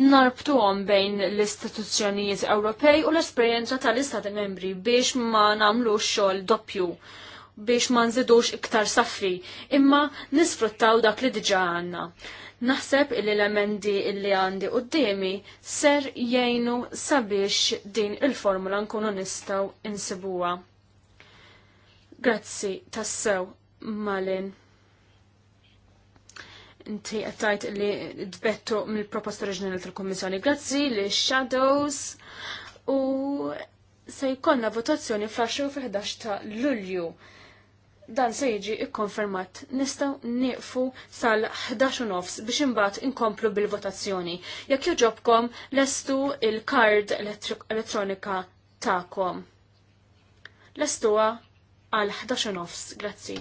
narbtuhom bejn l-istituzzjonijiet Ewropej u l-esperjenza tal-Istati membri biex ma nagħmlux xogħol doppju biex ma nżidux iktar saffi, imma nisfruttaw dak li diġa għanna. Naħseb il elementi illi għandi d-demi ser jgħinu sabiex din il-formula nkunu nistaw insibuwa. Grazzi, tassew, Malin. Inti għattajt li dbettu mill-proposta oriġinali tal-Kommissjoni. Grazzi li Shadows u se jkollna votazzjoni fl-10 u 11 ta' Lulju. Dan se jiġi ikkonfermat. Nistgħu nieqfu sal-11 nofs biex imbagħad inkomplu bil-votazzjoni. Jekk joġobkom lestu il-kard elettronika tagħkom. Lestuha għal 11 nofs. Grazzi.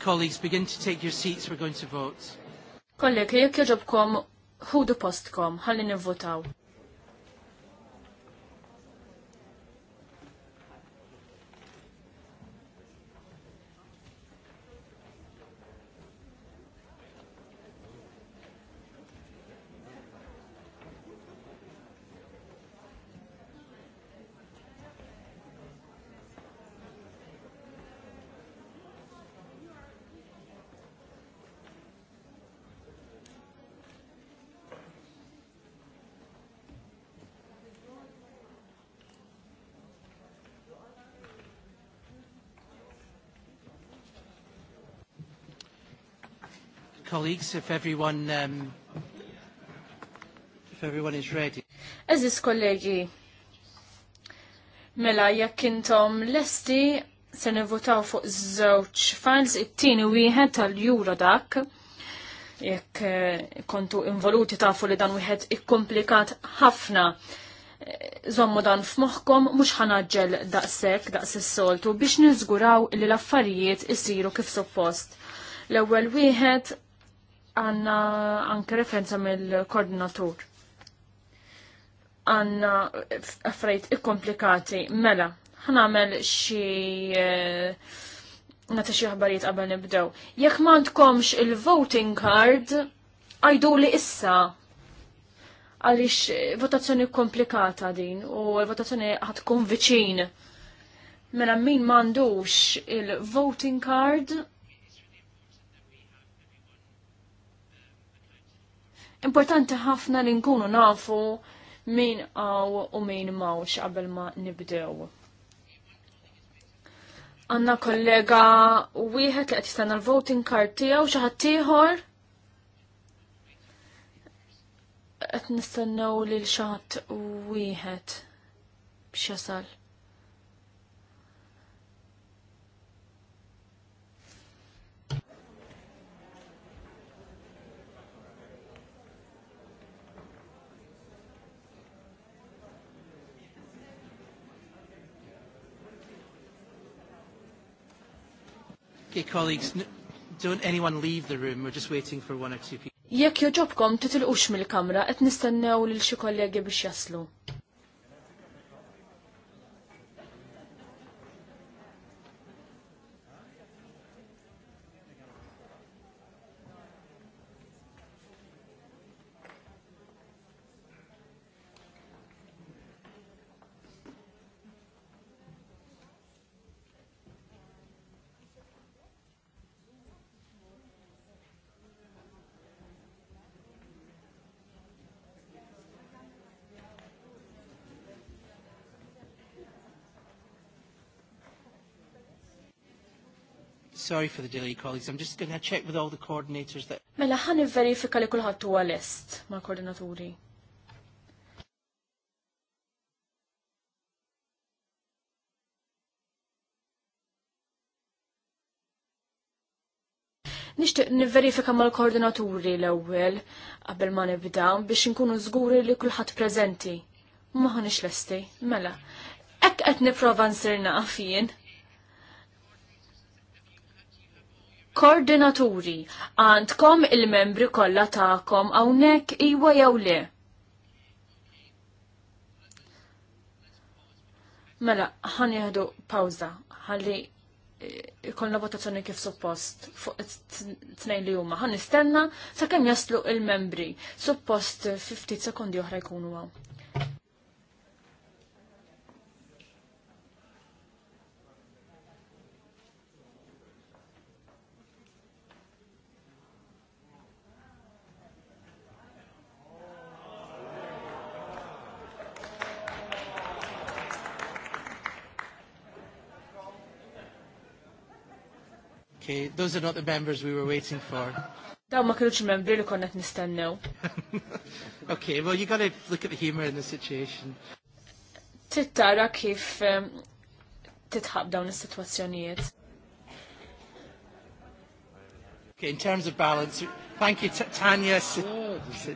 colleagues begin to take your seats, we're going to vote. Kollegi, jekk joġobkom, ħudu postkom, ħalli nivvotaw. colleagues, if everyone, um, if everyone is ready. Eżis kollegi, mela jekk intom lesti se nivvotaw fuq żewġ files it-tieni wieħed tal jura dak jekk eh, kontu involuti tafu li dan wieħed ikkomplikat ħafna eh, zommu dan f'moħkom mhux ħanaġġel daqshekk daqs is-soltu biex niżguraw li l-affarijiet isiru kif suppost. L-ewwel wieħed għanna anke referenza mill-koordinatur. Għanna affrajt ikkomplikati, mela, ħanamel xie eh, nata xie ħbarijiet qabel nibdew. Jekk ma il-voting card, għajdu li issa għalix votazzjoni komplikata din u votazzjoni ħatkun viċin. Mela min mandux il-voting card, Importanti ħafna li nkunu nafu min għaw u min mawx qabel ma nibdew. Għanna kollega wieħed li qed jistana l-voting card tiegħu xi ħadd ieħor qed nistennew lil xi ħadd wieħed biex jasal. Okay, colleagues, don't anyone leave the room. We're just waiting for one or two people. Jekk joġobkom titilqux mill-kamra qed nistennew lil xi kollegi biex jaslu. sorry for the delay, colleagues. I'm just going to check with all the coordinators that... Mela, ħan verifika li kullħat huwa lest ma' koordinaturi. Nishtiq niverifika mal-koordinaturi l-ewwel qabel ma nibda biex inkunu żguri li kulħadd preżenti. Ma ħanix lesti, mela. Ek qed nipprova nsir naqaf jien. Koordinaturi, għandkom il-membri kollha tagħkom hawnhekk iwa jew le. Mela, ħan jihdu pawza, ħalli eh, ikollna votazzjoni kif suppost fuq t-tnejn li huma. Ħan nistenna sakemm jaslu il-membri. Suppost 50 sekundi oħra jkunu għaw. Okay, those are not the members we were waiting for. Daw ma kienux membri li konnet nistennew. okay, well you gotta look at the humor in the situation. Tittara kif um, titħab dawn is-sitwazzjonijiet. Okay, in terms of balance, thank you, Tanya. Oh, uh,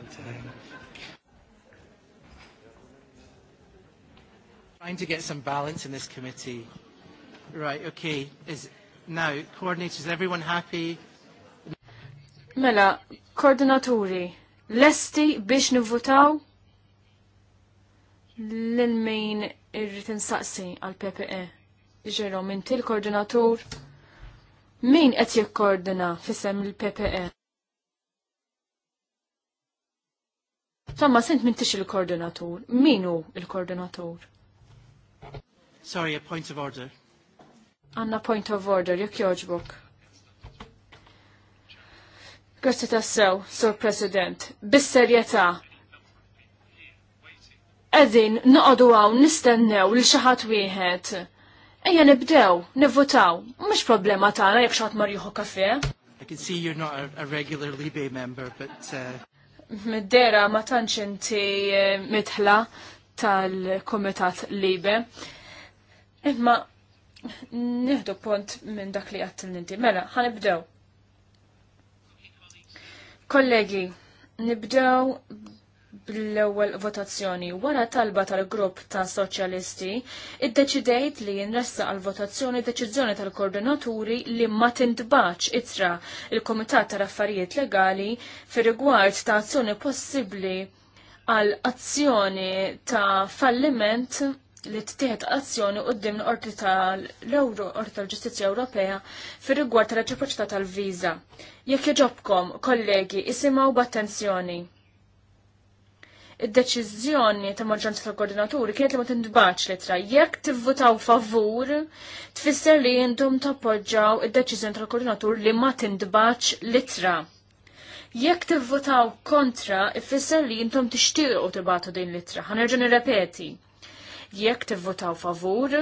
trying to get some balance in this committee. Right, okay. Is, Now, coordinators, is everyone happy? Mela, koordinaturi, lesti biex nivvutaw l-min irrit insaqsi għal PPE. Ġero, minn til koordinatur, min qed jikkoordina fisem il-PPE? Tamma, sent min tix il-koordinatur, min hu il-koordinatur? Sorry, a point of order. Għanna point of order, jekk joġbuk. Grazzi tassew, Sur President, bis-serjetà. Edin, noqodu għaw, nistennew li xaħat wieħed. Ejja nibdew, nivvotaw, mux problema tagħna jekk xaħat marjuħu kafe. I can see you're not a, a regular Libe member, but... Uh... Middera ma tantx inti eh, mitħla tal-Komitat Libe. Imma nieħdu pont minn dak li għattin ninti. Mela, ħanibdew. Kollegi, nibdew bl-ewwel votazzjoni. Wara talba tal-grupp ta' soċjalisti, id-deċidejt li jinressa għal votazzjoni deċiżjoni tal-koordinaturi li ma tintbaċ itra il-Komitat tal-Affarijiet Legali fir-rigward ta' azzjoni possibbli għal azzjoni ta' falliment li ttieħed azzjoni qudiem l-Qorti tal-Euro, Qorti tal-Ġustizzja Ewropea fir rigward tal-reċiproċità tal-viża. Jekk jogħġobkom, kollegi, isimgħu b'attenzjoni. Id-deċiżjoni ta' maġġoranza tal-koordinaturi kienet li ma tintbaċ li tra jekk tivvutaw favur, tfisser li intom tappoġġaw id-deċiżjoni tal-koordinatur li ma li tra. Jekk tivvutaw kontra, ifisser li intom tixtiequ tibatu din litra. Ħanerġa' nirrepeti jekk tivvotaw favur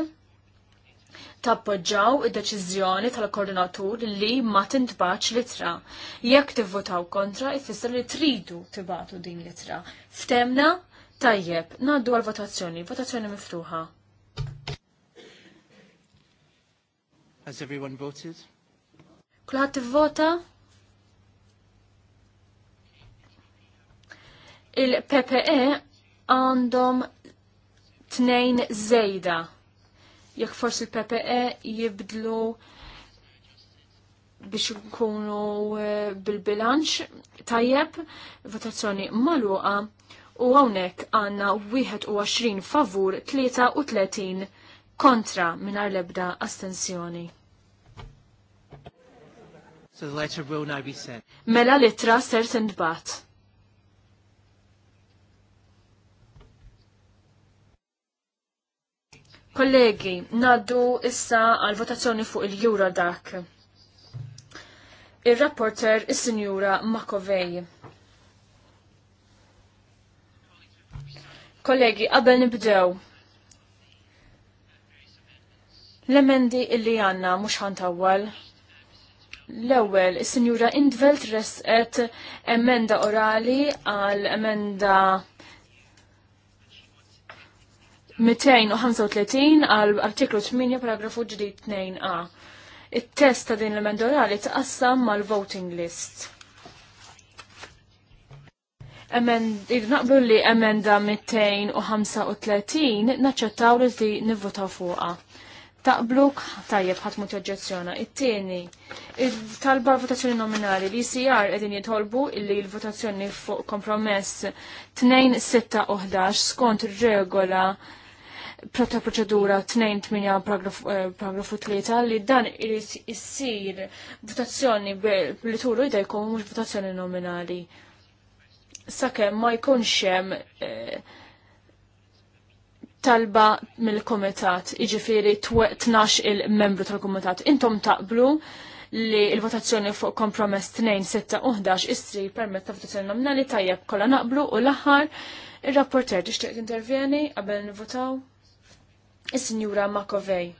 tappoġġaw id-deċiżjoni tal-koordinatur li ma tintbaċ litra. Jekk tivvotaw kontra, jfisser li tridu tibatu din litra. Ftemna, tajjeb, naddu għal-votazzjoni, votazzjoni miftuħa. Has everyone voted? Kulħat tivvota? Il-PPE għandhom tnejn zejda. Jekk forsi l-PPE jibdlu biex nkunu e, bil-bilanċ tajjeb, votazzjoni maluqa u hawnhekk għandna 21 favur 33 kontra mingħajr l-ebda astensjoni. So the letter will now be sent. Mela litra ser sendbat. Kollegi, naddu issa għal votazzjoni fuq il-jura dak. Il-rapporter is-sinjura Makovej. Kollegi, qabel nibdew. L-emendi illi għanna mux tawwal. L-ewel, il-Sinjura Indvelt resqet emenda orali għal emenda 235 għal artiklu 8 paragrafu ġdid 2a. It-test ta' din l-emenda orali tqassam mal-voting list. Naqblu li emenda 235 naċċettaw li li nivvotaw fuqa. Taqbluk, tajjeb, ħatmu t-oġġezzjona. It-tieni, talba votazzjoni nominali li CR edin jitolbu illi l-votazzjoni fuq kompromess 2611 11 skont regola prota proċedura 2-8 paragrafu 3 eh, li dan irrit issir votazzjoni li turu jda jkun mux votazzjoni nominali. Sakke ma jkunx hemm eh, talba mill-komitat, iġifiri 12 il-membru tal-komitat. Intom taqblu li il-votazzjoni fuq kompromess 2-6-11 istri permett ta' votazzjoni nominali tajjeb kolla naqblu u l-aħħar il-rapporter tixtieq intervjeni qabel nivotaw. Is-Sinjura Makovej.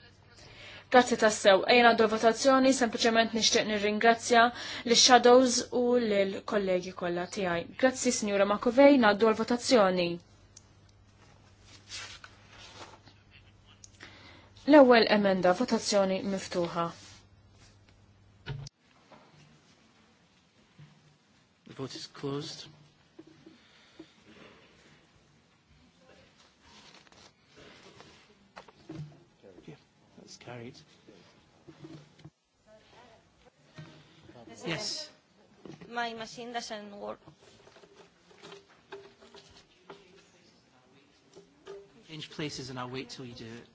Grazzi tassew, ejna do votazzjoni, sempliciment nishtiq nir-ringrazzja li shadows u l-kollegi kollha tiegħi. Grazzi Sinjura Makovej, naddu l-votazzjoni. L-ewwel emenda votazzjoni miftuħa. The vote is closed. carried. Yes. My machine doesn't work. Change places and I'll wait till you do it.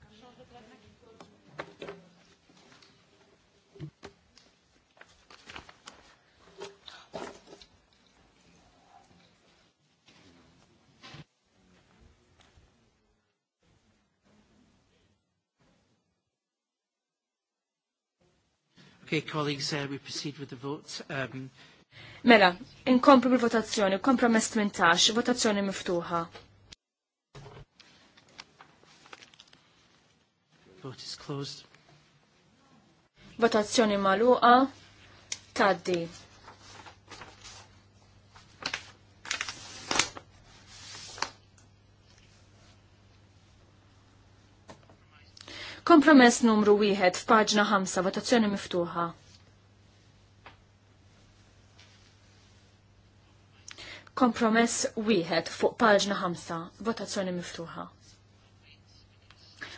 Okay, colleagues, uh, we proceed with the vote. Um... Mela, inkomplu bil-votazzjoni, kompromess 18, votazzjoni miftuħa. Vote is closed. Votazzjoni maluqa, taddi. Kompromess numru wieħed f'paġna 5, votazzjoni miftuħa. Kompromess wieħed fuq paġna 5, votazzjoni miftuħa.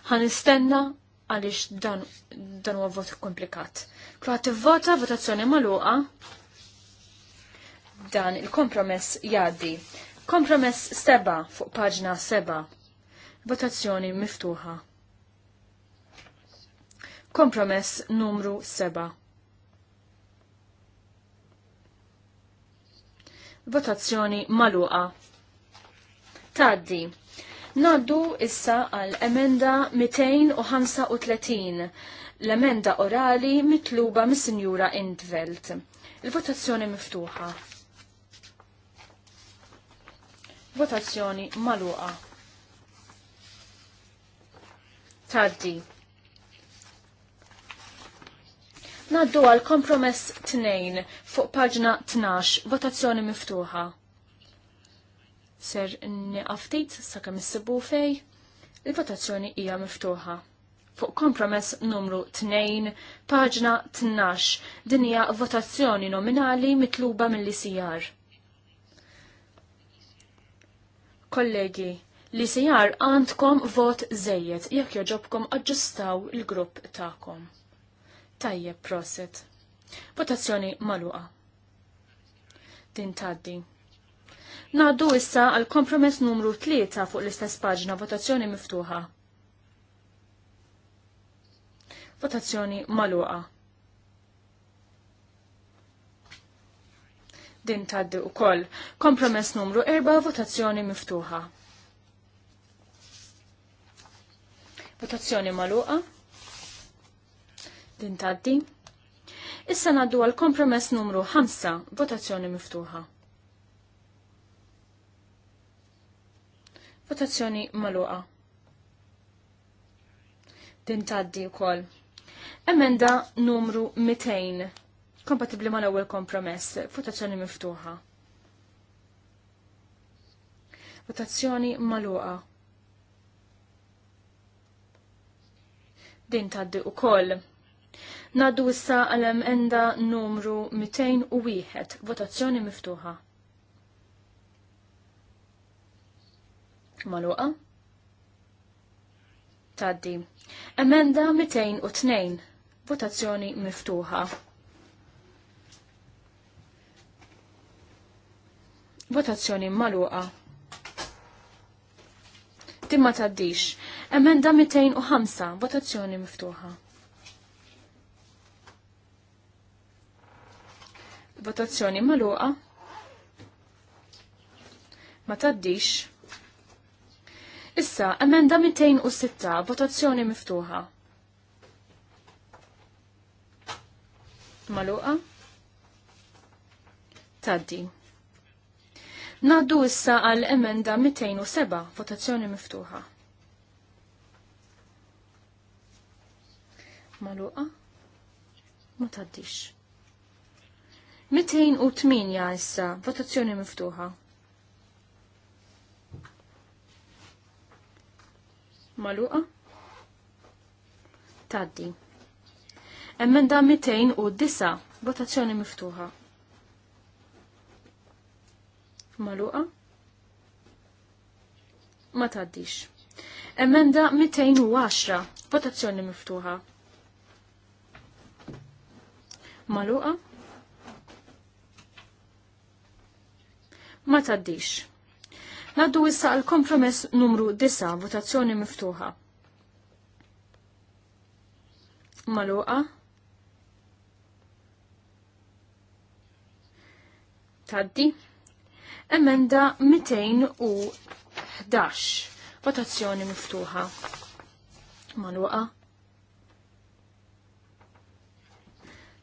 Ħan nistenna għaliex dan dan huwa vot komplikat. Kwa tivvota votazzjoni magħluqa dan il-kompromess jgħaddi. Kompromess seba fuq paġna seba. Votazzjoni miftuħa. Kompromess numru 7. Votazzjoni maluqa. Taddi. Naddu issa għal emenda 235 l-emenda orali mitluba mis-Sinjura Intvelt. Il-votazzjoni miftuħa. Votazzjoni maluqa. Taddi. Naddu għal kompromess tnejn fuq paġna 12, votazzjoni miftuħa. Ser n-għaftit sakemm issibu fej, il-votazzjoni hija miftuħa. Fuq kompromess numru 2, paġna 12, din hija votazzjoni nominali mitluba mill-ICR. Kollegi, l-ICR għandkom vot żejjed jekk joġobkom aġġustaw il-grupp tagħkom. Tajjeb, proset. Votazzjoni maluqa. Din taddi. Naddu issa għal kompromess numru 3 fuq l-istess paġna votazzjoni miftuħa. Votazzjoni maluqa. Din taddi u koll. Kompromess numru 4 votazzjoni miftuħa. Votazzjoni maluqa din taddi. Issa naddu għal kompromess numru 5, votazzjoni miftuħa. Votazzjoni maluqa. Din taddi wkoll. Emenda numru 200, kompatibli mal ewwel kompromess, votazzjoni miftuħa. Votazzjoni maluqa. Din taddi wkoll. koll Naddu issa għal-emenda numru 201, votazzjoni miftuħa. Maluqa? Taddi. Emenda 202, votazzjoni miftuħa. Votazzjoni maluqa. Timma taddix. Emenda 205, votazzjoni miftuħa. Votazzjoni maluqa. Ma taddix. Issa, emenda 206, votazzjoni miftuħa. Maluqa. Taddi. Naddu issa għal emenda 207, votazzjoni miftuħa. Maluqa. Ma taddix. 208 issa, votazzjoni miftuħa. Maluqa? Taddi. Emenda 209, votazzjoni miftuħa. Maluqa? Ma taddix. Emenda 210, votazzjoni miftuħa. Maluqa? ma taddix. Naddu issa għal kompromess numru 9, votazzjoni miftuħa. Maluqa. Taddi. Emenda 211, votazzjoni miftuħa. Maluqa.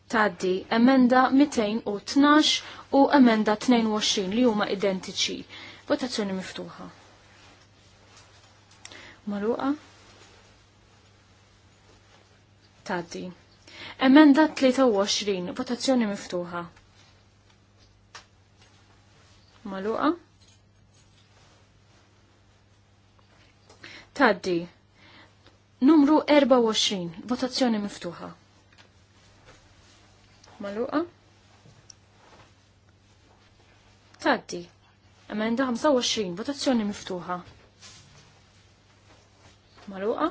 taddi emenda 212 u emenda 22 li huma identiċi. Votazzjoni miftuħa. Maruqa? Taddi. Emenda 23, votazzjoni miftuħa. Maluqa. Taddi. Numru 24, votazzjoni miftuħa maluqa. Taddi. Emenda 25, votazzjoni miftuħa. Maluqa.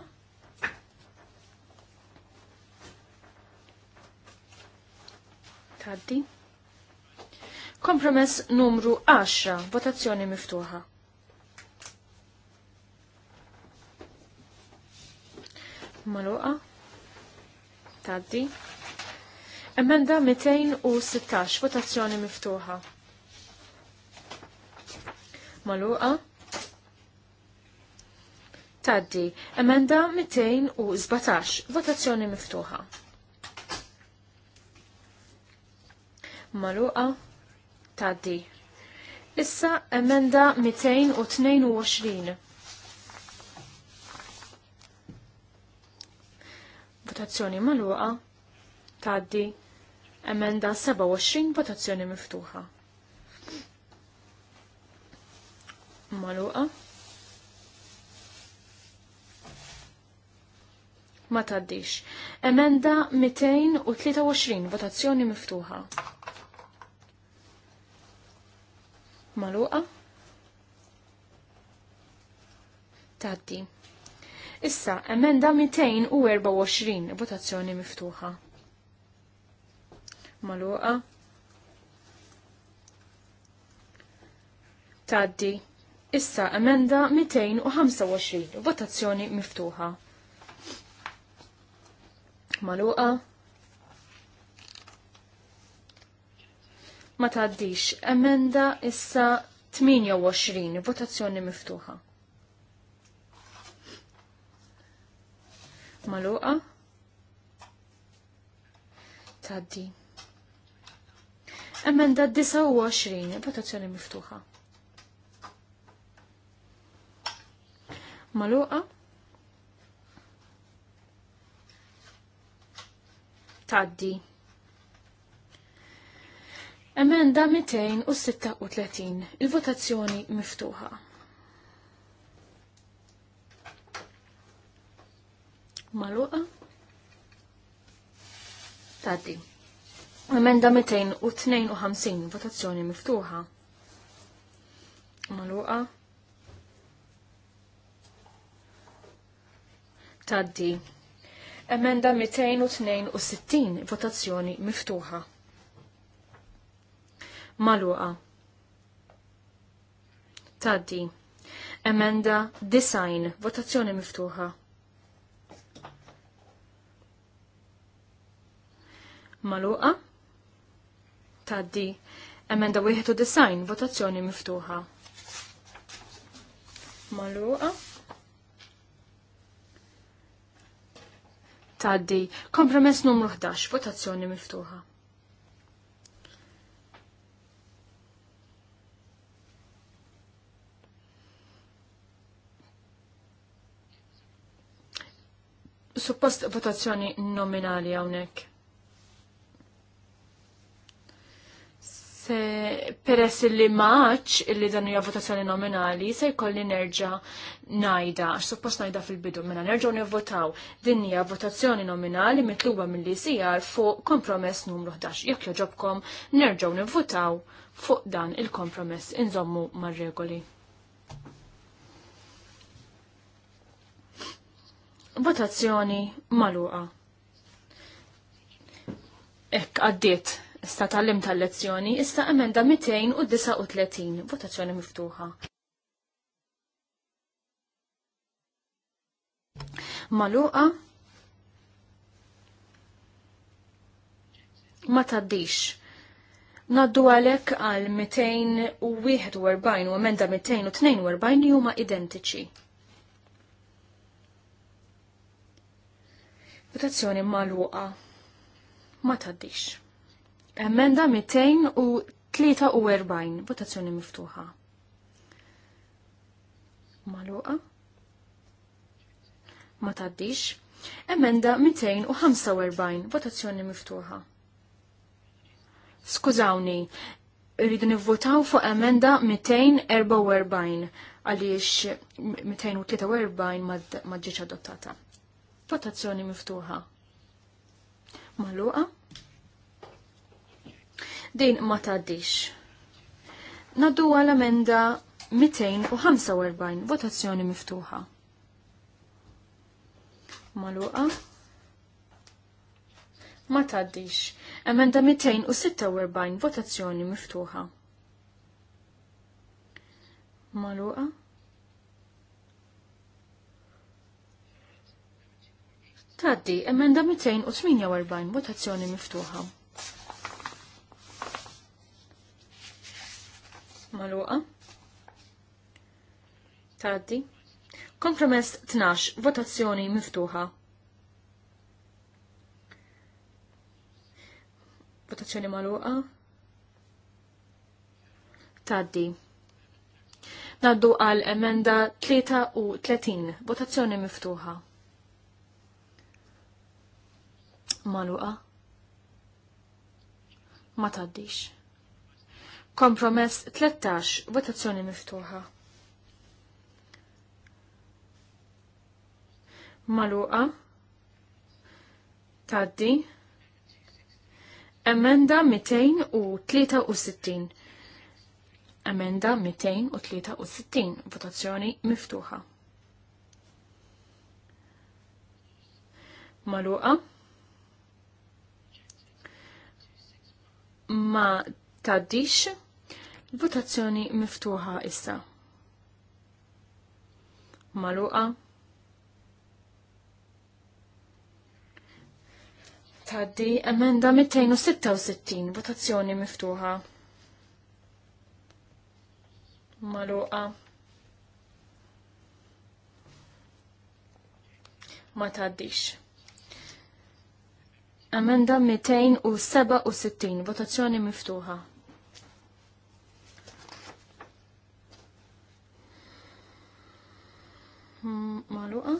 Taddi. Kompromess numru 10, votazzjoni miftuħa. Maluqa. Taddi. Emenda 216, votazzjoni miftuħa. Maluqa. Taddi, emenda 217, votazzjoni miftuħa. Maluqa. Taddi. Issa emenda 222. Votazzjoni maluqa. Taddi. Emenda 27 votazzjoni miftuħa. Maluqa. Ma taddix. Emenda 223 votazzjoni miftuħa. Maluqa. Taddi. Issa, emenda 224 votazzjoni miftuħa maluqa. Taddi. Issa emenda 225. Votazzjoni miftuħa. Maluqa. Ma taddix. Emenda issa 28. Votazzjoni miftuħa. Maluqa. Taddi. Emenda 29, votazzjoni miftuħa. Maluqa. Taddi. Emenda 236, il-votazzjoni miftuħa. Maluqa. Taddi. Emenda 252, votazzjoni miftuħa. Maluqa. Taddi. Emenda 262, votazzjoni miftuħa. Maluqa. Taddi. Emenda design, votazzjoni miftuħa. Maluqa taddi. Emenda wieħed u votazzjoni miftuħa. Maluqa. Taddi. Kompromess numru 11, votazzjoni miftuħa. Suppost votazzjoni nominali hawnhekk. Se peress li maċ illi dan hija votazzjoni nominali se jkolli nerġa' ngħidha għax suppost ngħidha fil-bidu minna mela nerġgħu nivvotaw din hija votazzjoni nominali mitluba milli sijar fuq kompromess numru 11. Jekk joġobkom nerġgħu nivvotaw fuq dan il-kompromess inżommu mar-regoli. Votazzjoni magħluqa. Ekk għaddiet sta tal-lim tal-lezzjoni, issa emenda 239, votazzjoni miftuħa. Maluqa ma taddix. Naddu għalek għal 241 u emenda 242 li huma identiċi. Votazzjoni maluqa ma taddix. Emenda 243, votazzjoni miftuħa. Maluqa. Ma taddix. Emenda 245, votazzjoni miftuħa. Skużawni, rridu nivvotaw fuq emenda 244 għaliex 243 ma ġiċ adottata. Votazzjoni miftuħa. Maluqa? din ma taddix. Naddu għal-emenda 245, votazzjoni miftuħa. Maluqa. Ma taddix. Emenda 246, votazzjoni miftuħa. Maluqa. Taddi, emenda 248, votazzjoni miftuħa. maluqa. Taddi. Kompromess 12, votazzjoni miftuħa. Votazzjoni maluqa. Taddi. Naddu għal emenda 33, votazzjoni miftuħa. Maluqa. Ma taddix. Kompromess 13, votazzjoni miftuħa. Maluqa. Taddi. Emenda 263. Emenda 263, votazzjoni miftuħa. Maluqa. Ma taddix. Votazzjoni miftuħa issa. Maluqa. Taddi emenda 266 votazzjoni miftuħa. Maluqa. Ma taddix. Emenda 267 votazzjoni miftuħa. maluqa.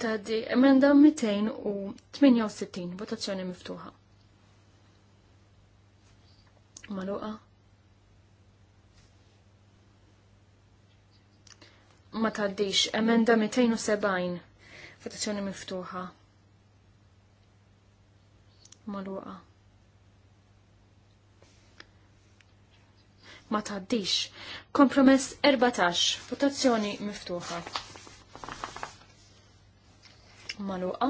Taddi emenda 268 votazzjoni miftuħa. Maluqa. Ma taddix emenda 270 votazzjoni miftuħa. Maluqa. ma taddix. Kompromess 14, votazzjoni miftuħa. Maluqa.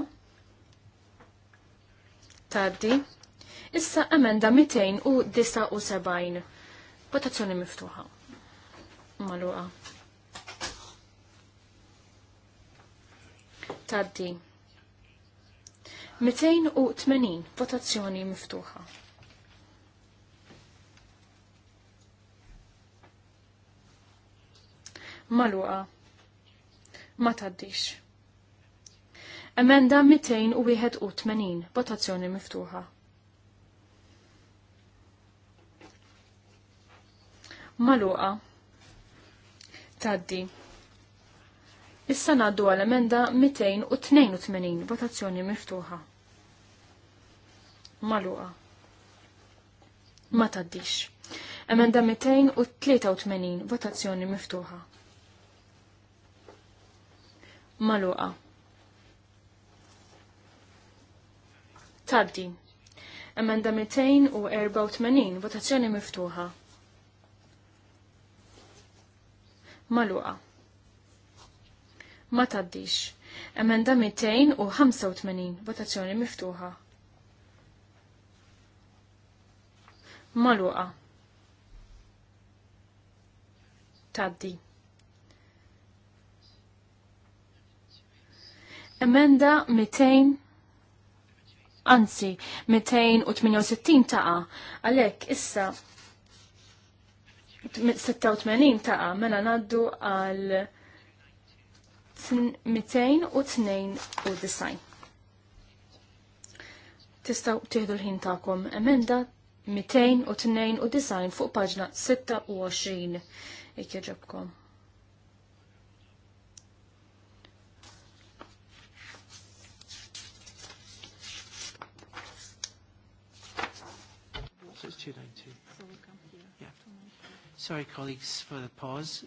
Taddi. Issa emenda 279. Votazzjoni miftuħa. Maluqa. Taddi. 280 votazzjoni miftuħa. maluqa. Ma taddix. Emenda 281, votazzjoni miftuħa. Maluqa. Taddi. Issa naddu għal emenda 282, votazzjoni miftuħa. Maluqa. Ma taddix. Emenda 283, votazzjoni miftuħa maluqa. Taddi. Emenda 284, votazzjoni miftuħa. Maluqa. Ma taddix. Emenda 285, votazzjoni miftuħa. Maluqa. Taddi. Emenda 200 anzi 268 taqa għalek issa 86 taqa mela naddu għal 292 tistaw tieħdu l-ħin tagħkom emenda 292 fuq paġna 26 jekk Sorry, colleagues, for the pause.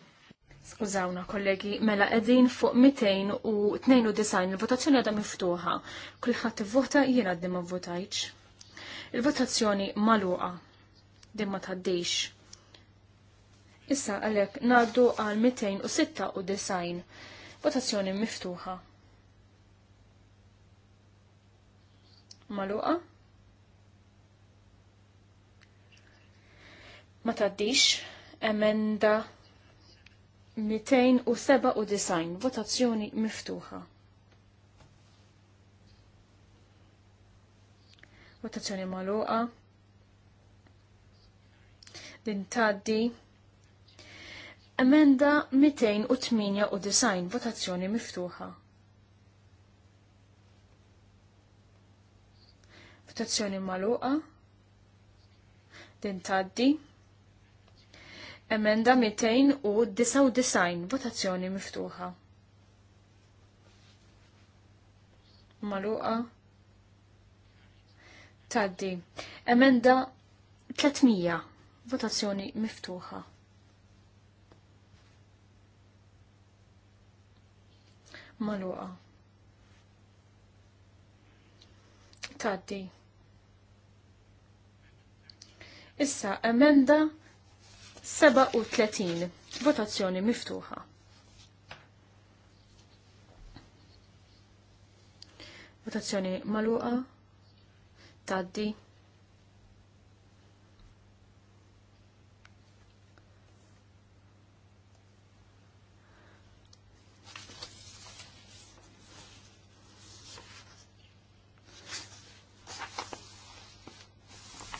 Skużawna, kollegi, mela edin fuq 292 il-votazzjoni għadha miftuħa. Kulħadd ivvota jien għaddim ma votajċ. Il-votazzjoni maluqa din ma tgħaddix. Issa għalhekk ngħaddu għal 296 votazzjoni miftuħa. maluqa. Ma tgħaddix? emenda 297 votazzjoni miftuħa. Votazzjoni maluqa. Din Emenda 298 votazzjoni miftuħa. Votazzjoni maluqa. Din Dintaddi. Emenda 299, votazzjoni miftuħa. Maluqa. Taddi. Emenda 300, votazzjoni miftuħa. Maluqa. Taddi. Issa, emenda 37. Votazzjoni miftuħa. Votazzjoni maluqa. Taddi.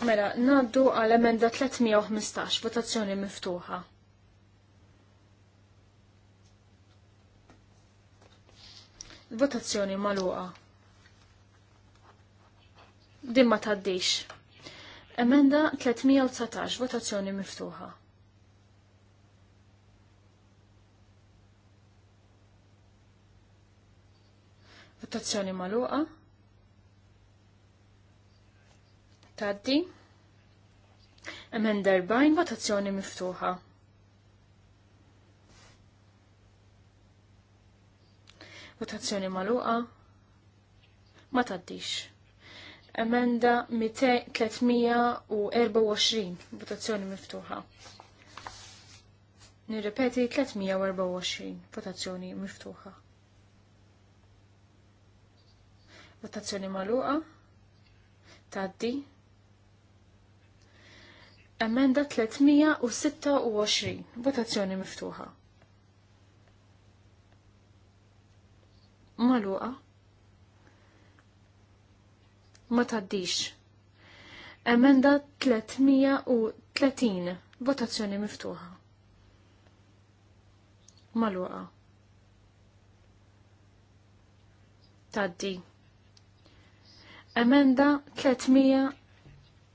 Mela, naddu għal emenda 315, votazzjoni miftuħa. Votazzjoni maluqa. Din ma taddix. Emenda 319, votazzjoni miftuħa. Votazzjoni maluqa. Taddi. Emenda darbajn votazzjoni miftuħa. Votazzjoni maluqa. Ma taddix. Emenda 324, votazzjoni miftuħa. Nirrepeti 324, votazzjoni miftuħa. Votazzjoni maluqa. Taddi. Emenda 326. Votazzjoni miftuħa. Maluqa. Ma taddix. Emenda 330. Votazzjoni miftuħa. Maluqa. Taddi. Emenda 300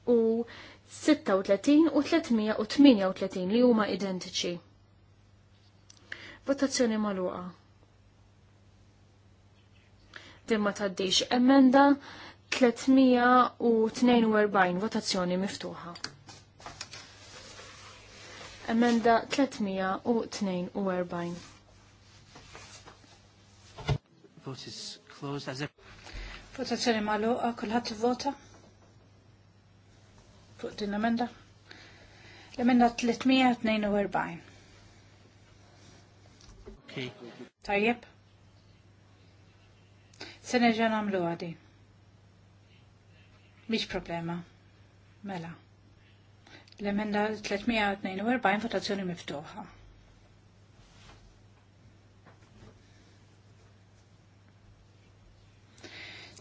u 36 u 338 li huma identiċi. Votazzjoni magħluqa. Din ma tgħaddix emenda 342 votazzjoni miftuħa. Emenda 342. Votazzjoni magħluqa kulħadd ivvota? fuq din l-emenda. L-emenda 342. Tajjeb. Seneġan għamlu għadi. Miex problema. Mela. L-emenda 342 votazzjoni miftuħa.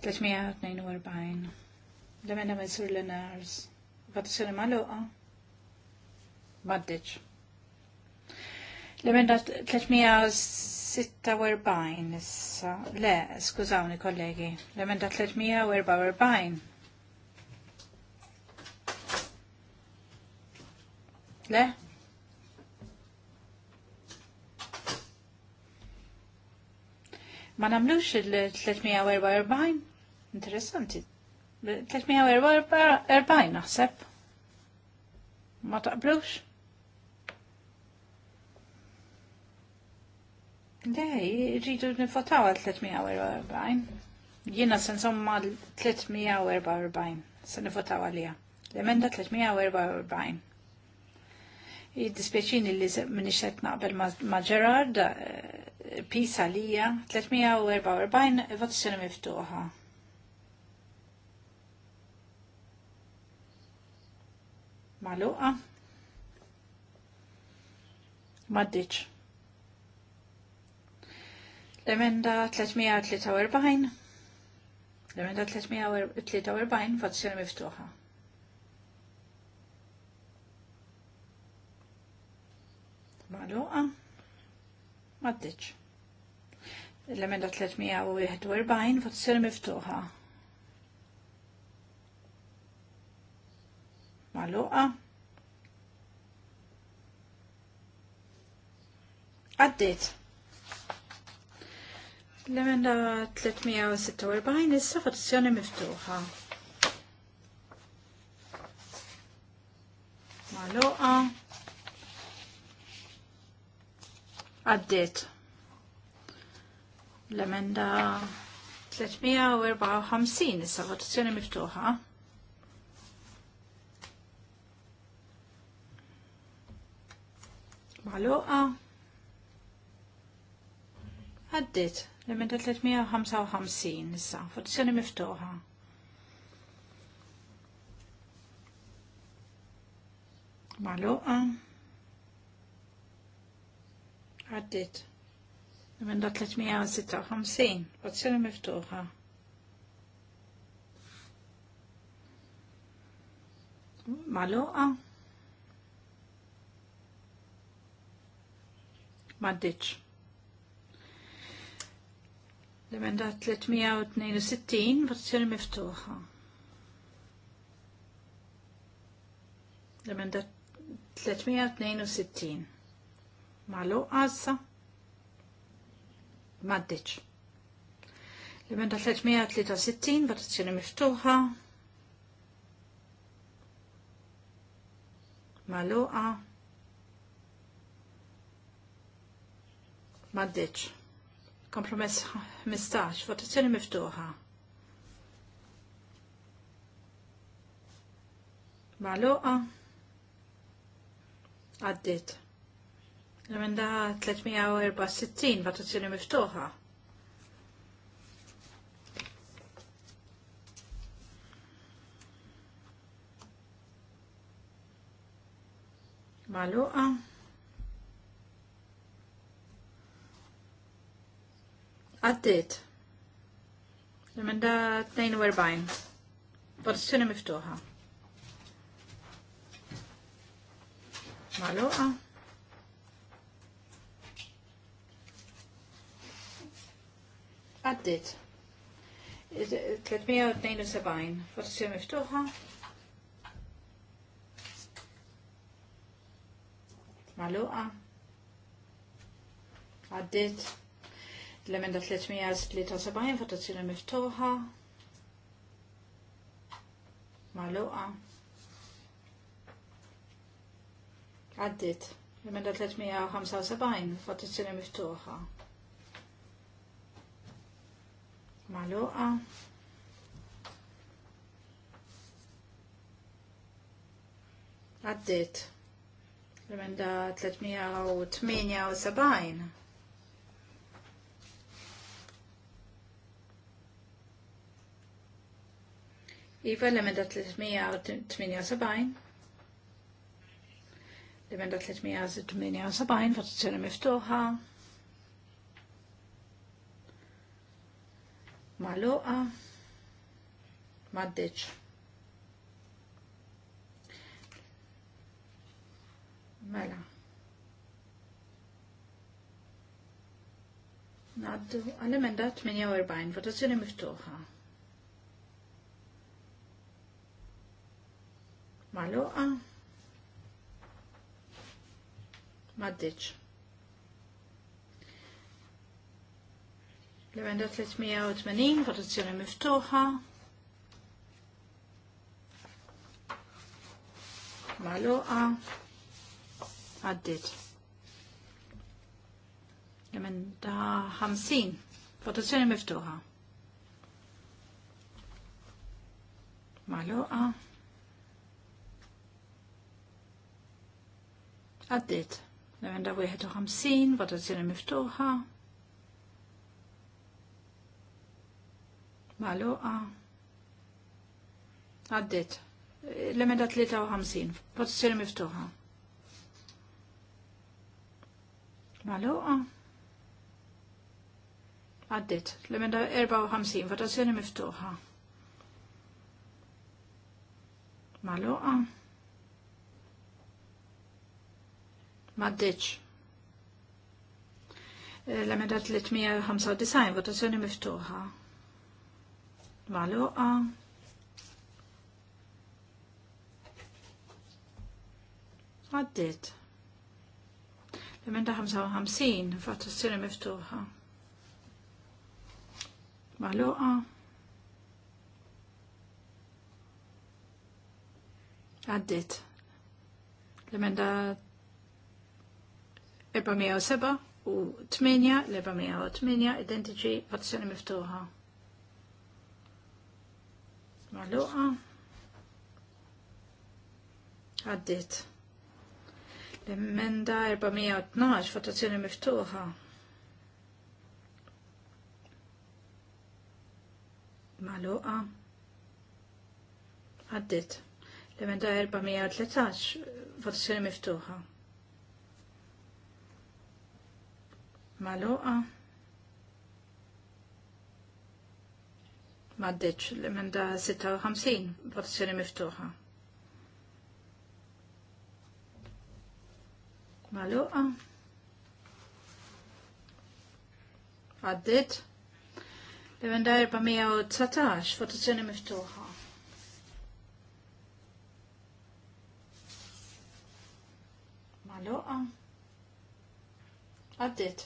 Let me out, Tletmija 342. Let me know, Mr. Lenars votazzjoni maluqa. Maddiċ. L-emenda 346 issa. Le, skużawni kollegi. L-emenda 344. Le? Ma namlux il-344? Interessanti. 344 naħseb. Ma taqblux? Le, rridu nifotaw għal 344. Jiena sen somma 344. Sen nifotaw għalija. L-emenda 344. Jiddispieċini li minix qed naqbel ma' Gerard, eh, pisa lija, 344 votazzjoni miftuħa. Maluqa. Maddiċ. L-emenda 343. L-emenda 343 votazzjoni miftuħa. Maluqa. Maddiċ. L-emenda 341 votazzjoni miftuħa. maluqa. Għaddit. L-emenda 346 nissa votazzjoni miftuħa. Maluqa. Għaddit. L-emenda 354 issa votazzjoni miftuħa. maluqa. Għaddit, l-emenda 355 nissa, votazzjoni miftuħa. Maluqa. Għaddit, l-emenda 356, votazzjoni miftuħa. Maluqa. maddiċ. L-emenda 362, votazzjoni miftuħa. L-emenda 362. Malu għazza. Maddiċ. L-emenda 363, votazzjoni miftuħa. għazza. Maddiċ. Kompromess 15. Votazzjoni miftuħa. Maluqa. Għaddit. L-emenda 364. Votazzjoni miftuħa. Maluqa. Maluqa Għaddit. L-emenda 42. Porzjoni miftuħa. Maluqa. Għaddit. 372. Porzjoni miftuħa. Maluqa. Għaddit. L-emenda 373 votazzjoni miftuħa. Maluqa. Għaddit. L-emenda 375 votazzjoni miftuħa. Maluqa. Għaddit. L-emenda 378 Iva l-emenda 378. L-emenda 378, votazzjoni miftuħa. Maluqa. Maddiċ. Mela. Naddu għal-emenda 48, votazzjoni miftuħa. Maluqa. Maddiċ. L-emenda 380, votazzjoni miftuħa. Maluqa. maddiċ L-emenda 50, votazzjoni miftuħa. Maluqa. Maluqa. Għaddit. Emenda 51, votazzjoni miftuħa. Maluqa. Għaddit. L-emenda 53, votazzjoni miftuħa. Maluqa. Għaddit. L-emenda 54, votazzjoni miftuħa. Maluqa. Maluqa. maddeċ. Eh, l-emenda 395, votazzjoni miftuħa. Maluqa. Għaddit. L-emenda 55, votazzjoni miftuħa. Maluqa. Għaddit. l emendat 407 u 8 l-408 identiċi votazzjoni miftuħa. Maluqa. Għaddit. L-emenda 412 votazzjoni miftuħa. Maluqa. Għaddit. L-emenda 413 votazzjoni miftuħa. maluqa maddeċ l-emenda 56 votazzjoni miftuħa maluqa għaddit l-emenda 419 votazzjoni miftuħa maluqa għaddit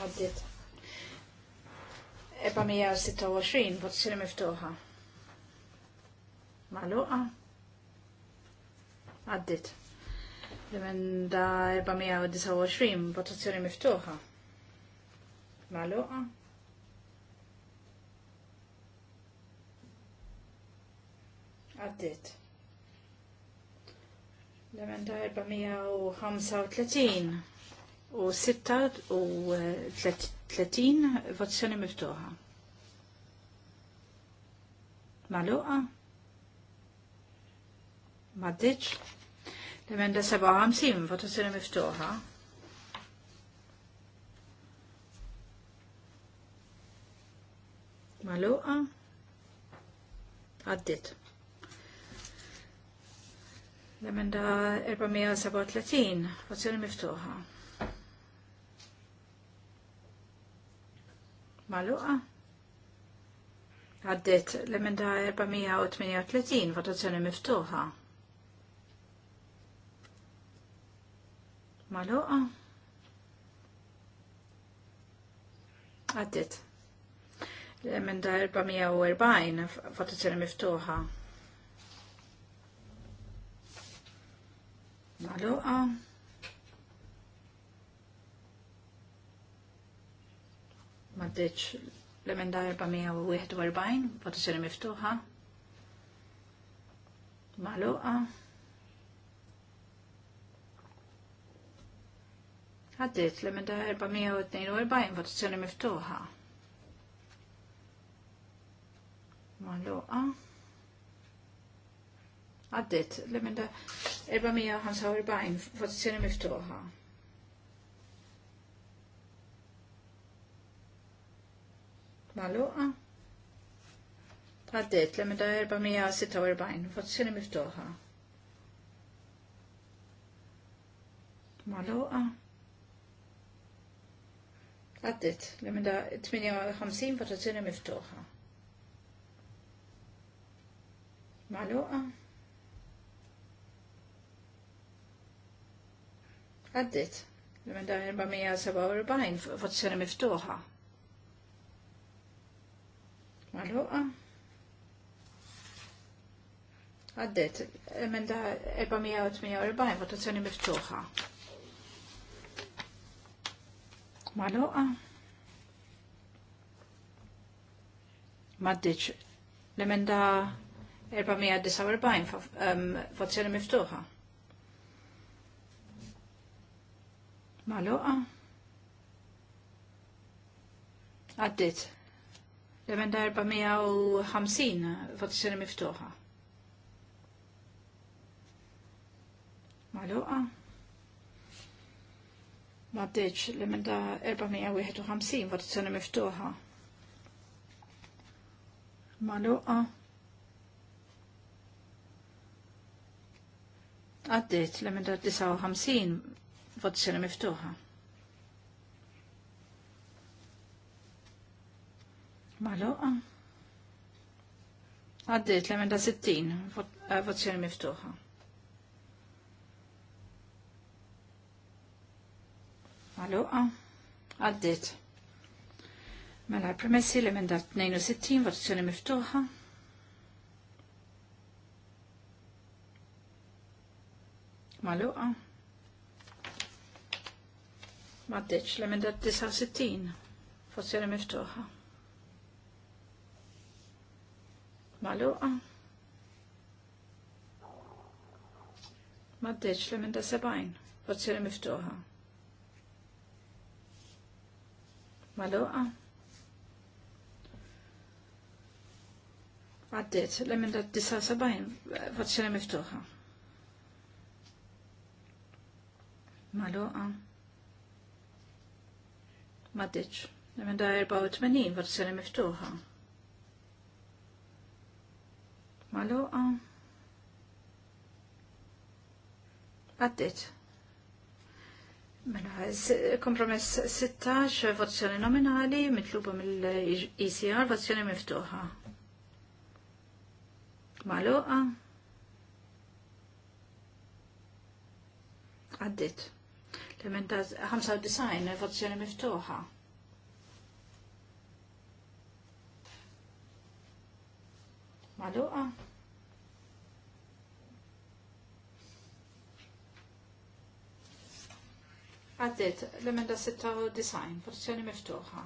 għaddit. 426 votazzjoni miftuħa. Maluqa. Għaddit. L-emenda 429 votazzjoni miftuħa. Maluqa. Għaddit. L-emenda 435 u 6 u 30 eh, votazzjoni miftuħa. Maluqa? Maddiċ? L-emenda 57 votazzjoni miftuħa. Maluqa? Għaddit. L-emenda 437 votazzjoni miftuħa. Maluqa. Għaddit l-emenda 438, votazzjoni miftuħa. Maluqa. Għaddit. L-emenda 440, votazzjoni miftuħa. Maluqa. Maluqa. maddeċ l-emenda 441, votazzjoni miftuħa, maluqa, għaddit l-emenda 442, votazzjoni miftuħa, maluqa, għaddit l-emenda 445, votazzjoni miftuħa, Maluqa. Għaddit, l da' 446, votazzjoni miftuħa. Maluqa. Għaddit, l da' 58, votazzjoni miftuħa. Maluqa. Għaddit, l da' 447, votazzjoni miftuħa. Maluqa. Maluqa. Għaddit, da 448, votazzjoni miftuħa. Maluqa. Maddiċ, li minn da 449, votazzjoni miftuħa. Maluqa. Għaddit. L-emenda 450 votazzjoni miftuħa. Maluqa. Ma bdeċ l-emenda 451 votazzjoni miftuħa. Maluqa. Għaddit l-emenda 59 votazzjoni miftuħa. Maluqa. Ah. Għaddit l-emenda 60, eh, votazzjoni miftuħa. Maluqa. Ah. Għaddit. Mela, premessi l-emenda 62, votazzjoni miftuħa. Maluqa. Ah. Maddeċ, l-emenda 69, fossjoni miftuħa. Maluqa. Ma d-deċ li minn da sebajn. Votazzjoni miftuħa. Maluqa. Għaddit, li minn da disa 79, votazzjoni miftuħa. Maluqa. Ma d-deċ, Li minn da 84, votazzjoni miftuħa. Maluqa. Għaddit. Mela, kompromess 16, votazzjoni nominali, mitluba mill-ECR, votazzjoni miftuħa. Maluqa. Għaddit. l emendaz 95, votazzjoni miftuħa. Maluqa. Għaddit, l-emenda 96, porzjoni miftuħa.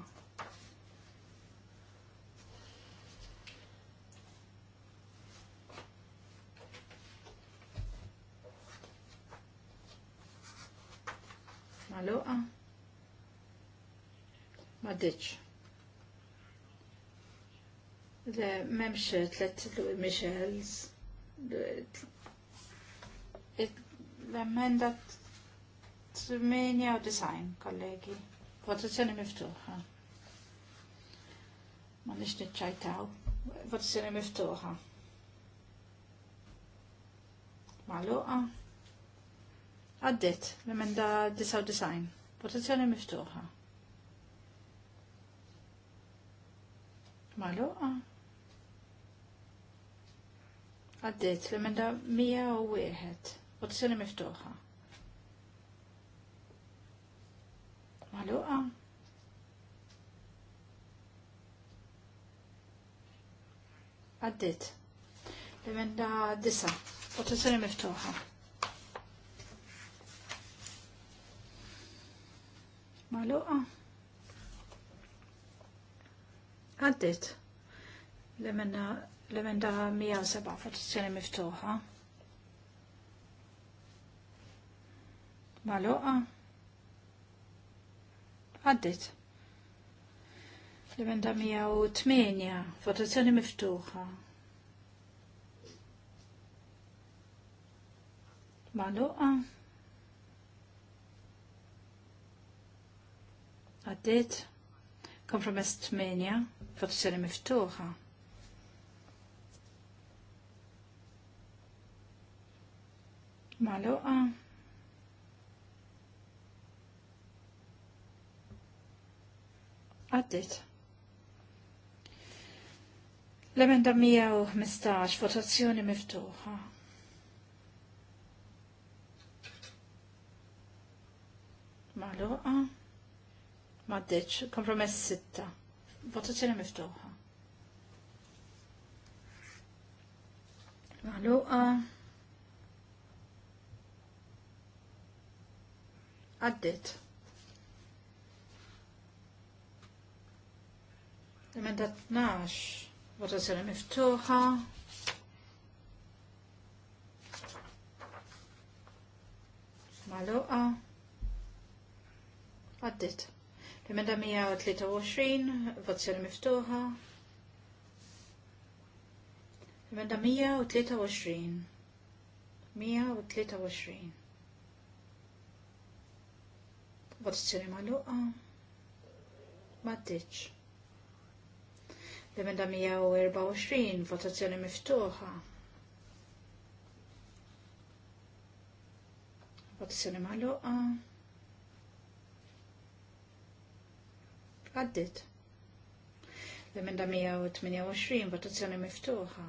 Maluqa. Ma ditx. Le, memx tlet Michels. L-emenda 98, kollegi. Votazzjoni miftuħa. Ma nix nitċajtaw. Votazzjoni miftuħa. Maluqa. Għaddit, l-emenda 99. Votazzjoni miftuħa. Maluqa. Għaddejt l-emenda 101, votazzjoni miftuħa. Maluqa. Għaddejt L-emenda 9, votazzjoni miftuħa. Maluqa. Għaddejt L-emenda l-emenda 107 votazzjoni miftuħa. Maluqa. Għaddit. L-emenda 108 votazzjoni miftuħa. Maluqa. Għaddit. Kompromess 8 votazzjoni miftuħa. Maluqa. Għaddit. L-emenda 115, votazzjoni miftuħa. Maluqa. Maddeċ, kompromess 6. Votazzjoni miftuħa. Maluqa. Għaddit. Emenda 12. Votazzjoni miftuħa. Maluqa. Għaddit. Emenda 123. Votazzjoni miftuħa. Emenda 123. 123. Votazzjoni magħluqa. Maddiċ. L-emenda 124, votazzjoni miftuħa. Votazzjoni magħluqa. Għaddit. L-emenda 128, votazzjoni miftuħa.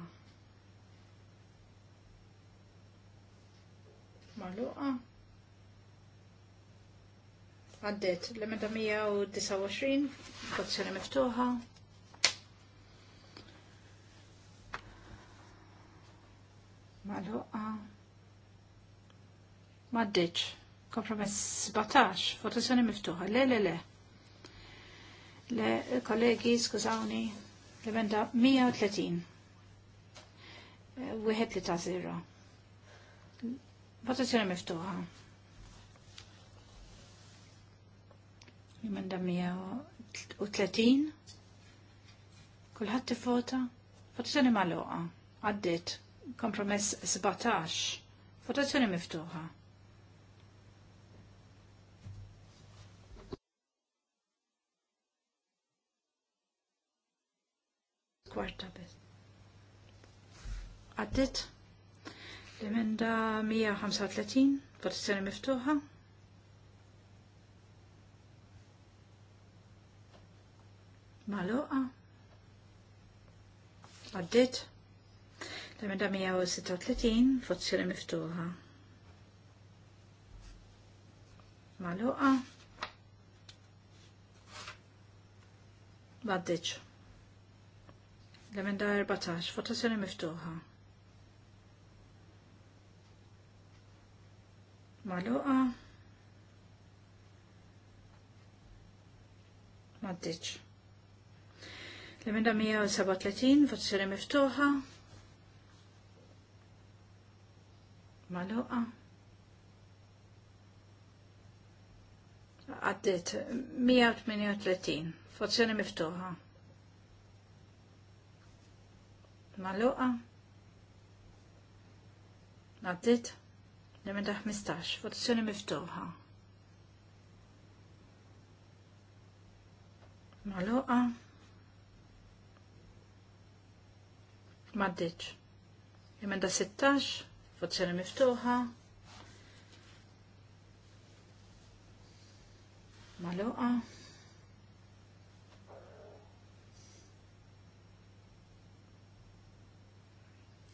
Magħluqa. Għaddet, l-emenda 129, votazzjoni miftuħa. Maluqa. Maddeċ. Kompromess 17, votazzjoni miftuħa. Le, le, le. Le, kollegi, skużawni, l-emenda 130. Eh, wieħed li ta' zero. Votazzjoni miftuħa. Emenda 130. ħatti fota? Votazzjoni magħluqa. Għaddit. Kompromess 17. Votazzjoni miftuħa. Kwarta biss. Għaddit. L-emenda 135. Votazzjoni miftuħa. Maloqa. Għaddit. L-emenda 136, votazzjoni miftuħa. Maloqa. Baddiċ. L-emenda 14, votazzjoni miftuħa. Maloqa. Maluqa. Maddiċ. L-emenda 137, votazzjoni miftuħa. Maluqa. Għaddit 138, votazzjoni miftuħa. Maluqa. Għaddit l-emenda 15, votazzjoni miftuħa. Maluqa. Maddiċ. Emenda 16, votazzjoni miftuħa. Maluqa.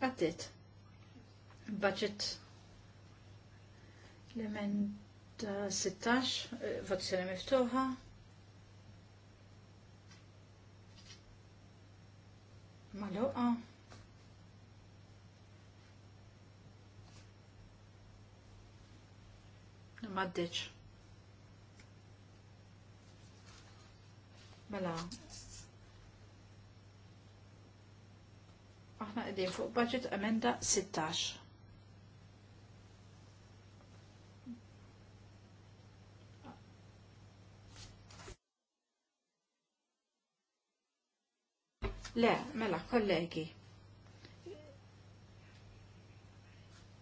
Għaddit. Budget l-emenda 16, eh, votazzjoni miftuħa. Maluqa. Maluqa. Maddeċ. Mela, aħna qegħdin fuq budget emenda 16. Le, mela, kollegi.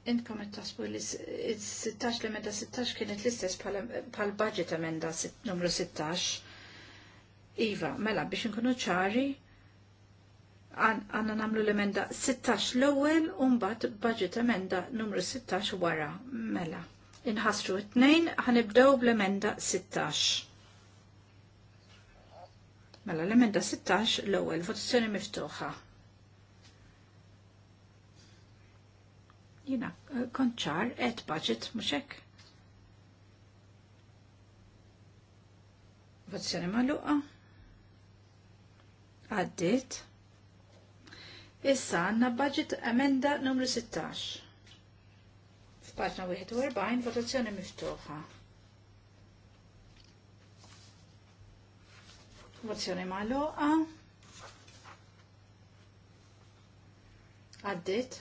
Intkom qed tasbu li 16 l-emenda 16 kienet l-istess bħal budget emenda numru 16. Iva, mela biex inkunu ċari, għanna namlu l-emenda 16 l-ewwel u mbagħad budget emenda numru 16 wara. Mela. Inħassru it tnejn ħanibdew bl-emenda 16. Mela l-emenda 16 l-ewwel votazzjoni miftuħa. jina eh, konċar et budget muxek. ma luqa. Għaddit. Issa għanna budget emenda numru 16. F'paġna 41 votazzjoni miftuħa. Votazzjoni maluqa. Għaddit.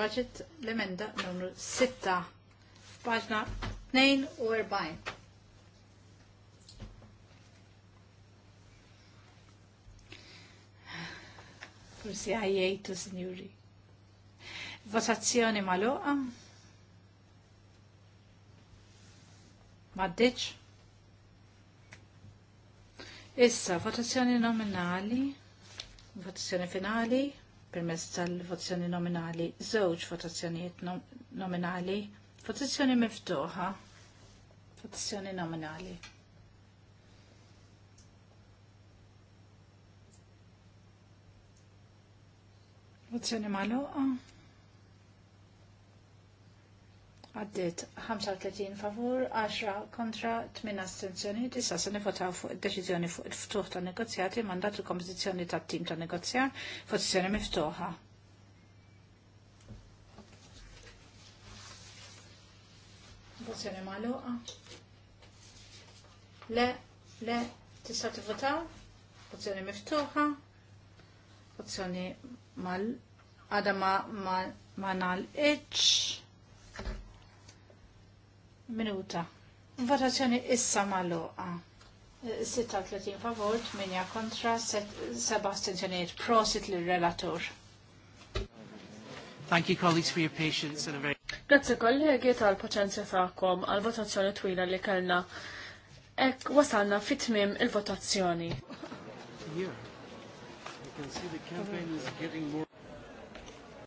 budget l-emenda numru 6 paġna 42. Forsi għajjajtu, signori. Votazzjoni maluqa. Maddiċ. Issa, votazzjoni nominali, votazzjoni finali permess tal-votazzjoni nominali, żewġ votazzjonijiet nominali, votazzjoni miftuħa, votazzjoni nominali. Votazzjoni maluqa. Għaddit 35 favur, 10 kontra, 8 astenzjoni, tista' se nivotaw fuq deċiżjoni fuq il-ftuħ ta' negozjati, mandat il-kompozizjoni ta' tim ta' negozjat, votazzjoni miftuħa. Votazzjoni maluqa. Le, le, tista' tivvotaw, votazzjoni miftuħa, votazzjoni mal għada ma ma ma nal-iċ Minuta. Votazzjoni issa loqa. 36 favor, minja kontra, 7 pro sit li relator. Thank you colleagues for your patience and a very Grazzi kollegi tal-paċenzja tagħkom għal votazzjoni twila li kellna. Ek wasalna fit-tmim il-votazzjoni.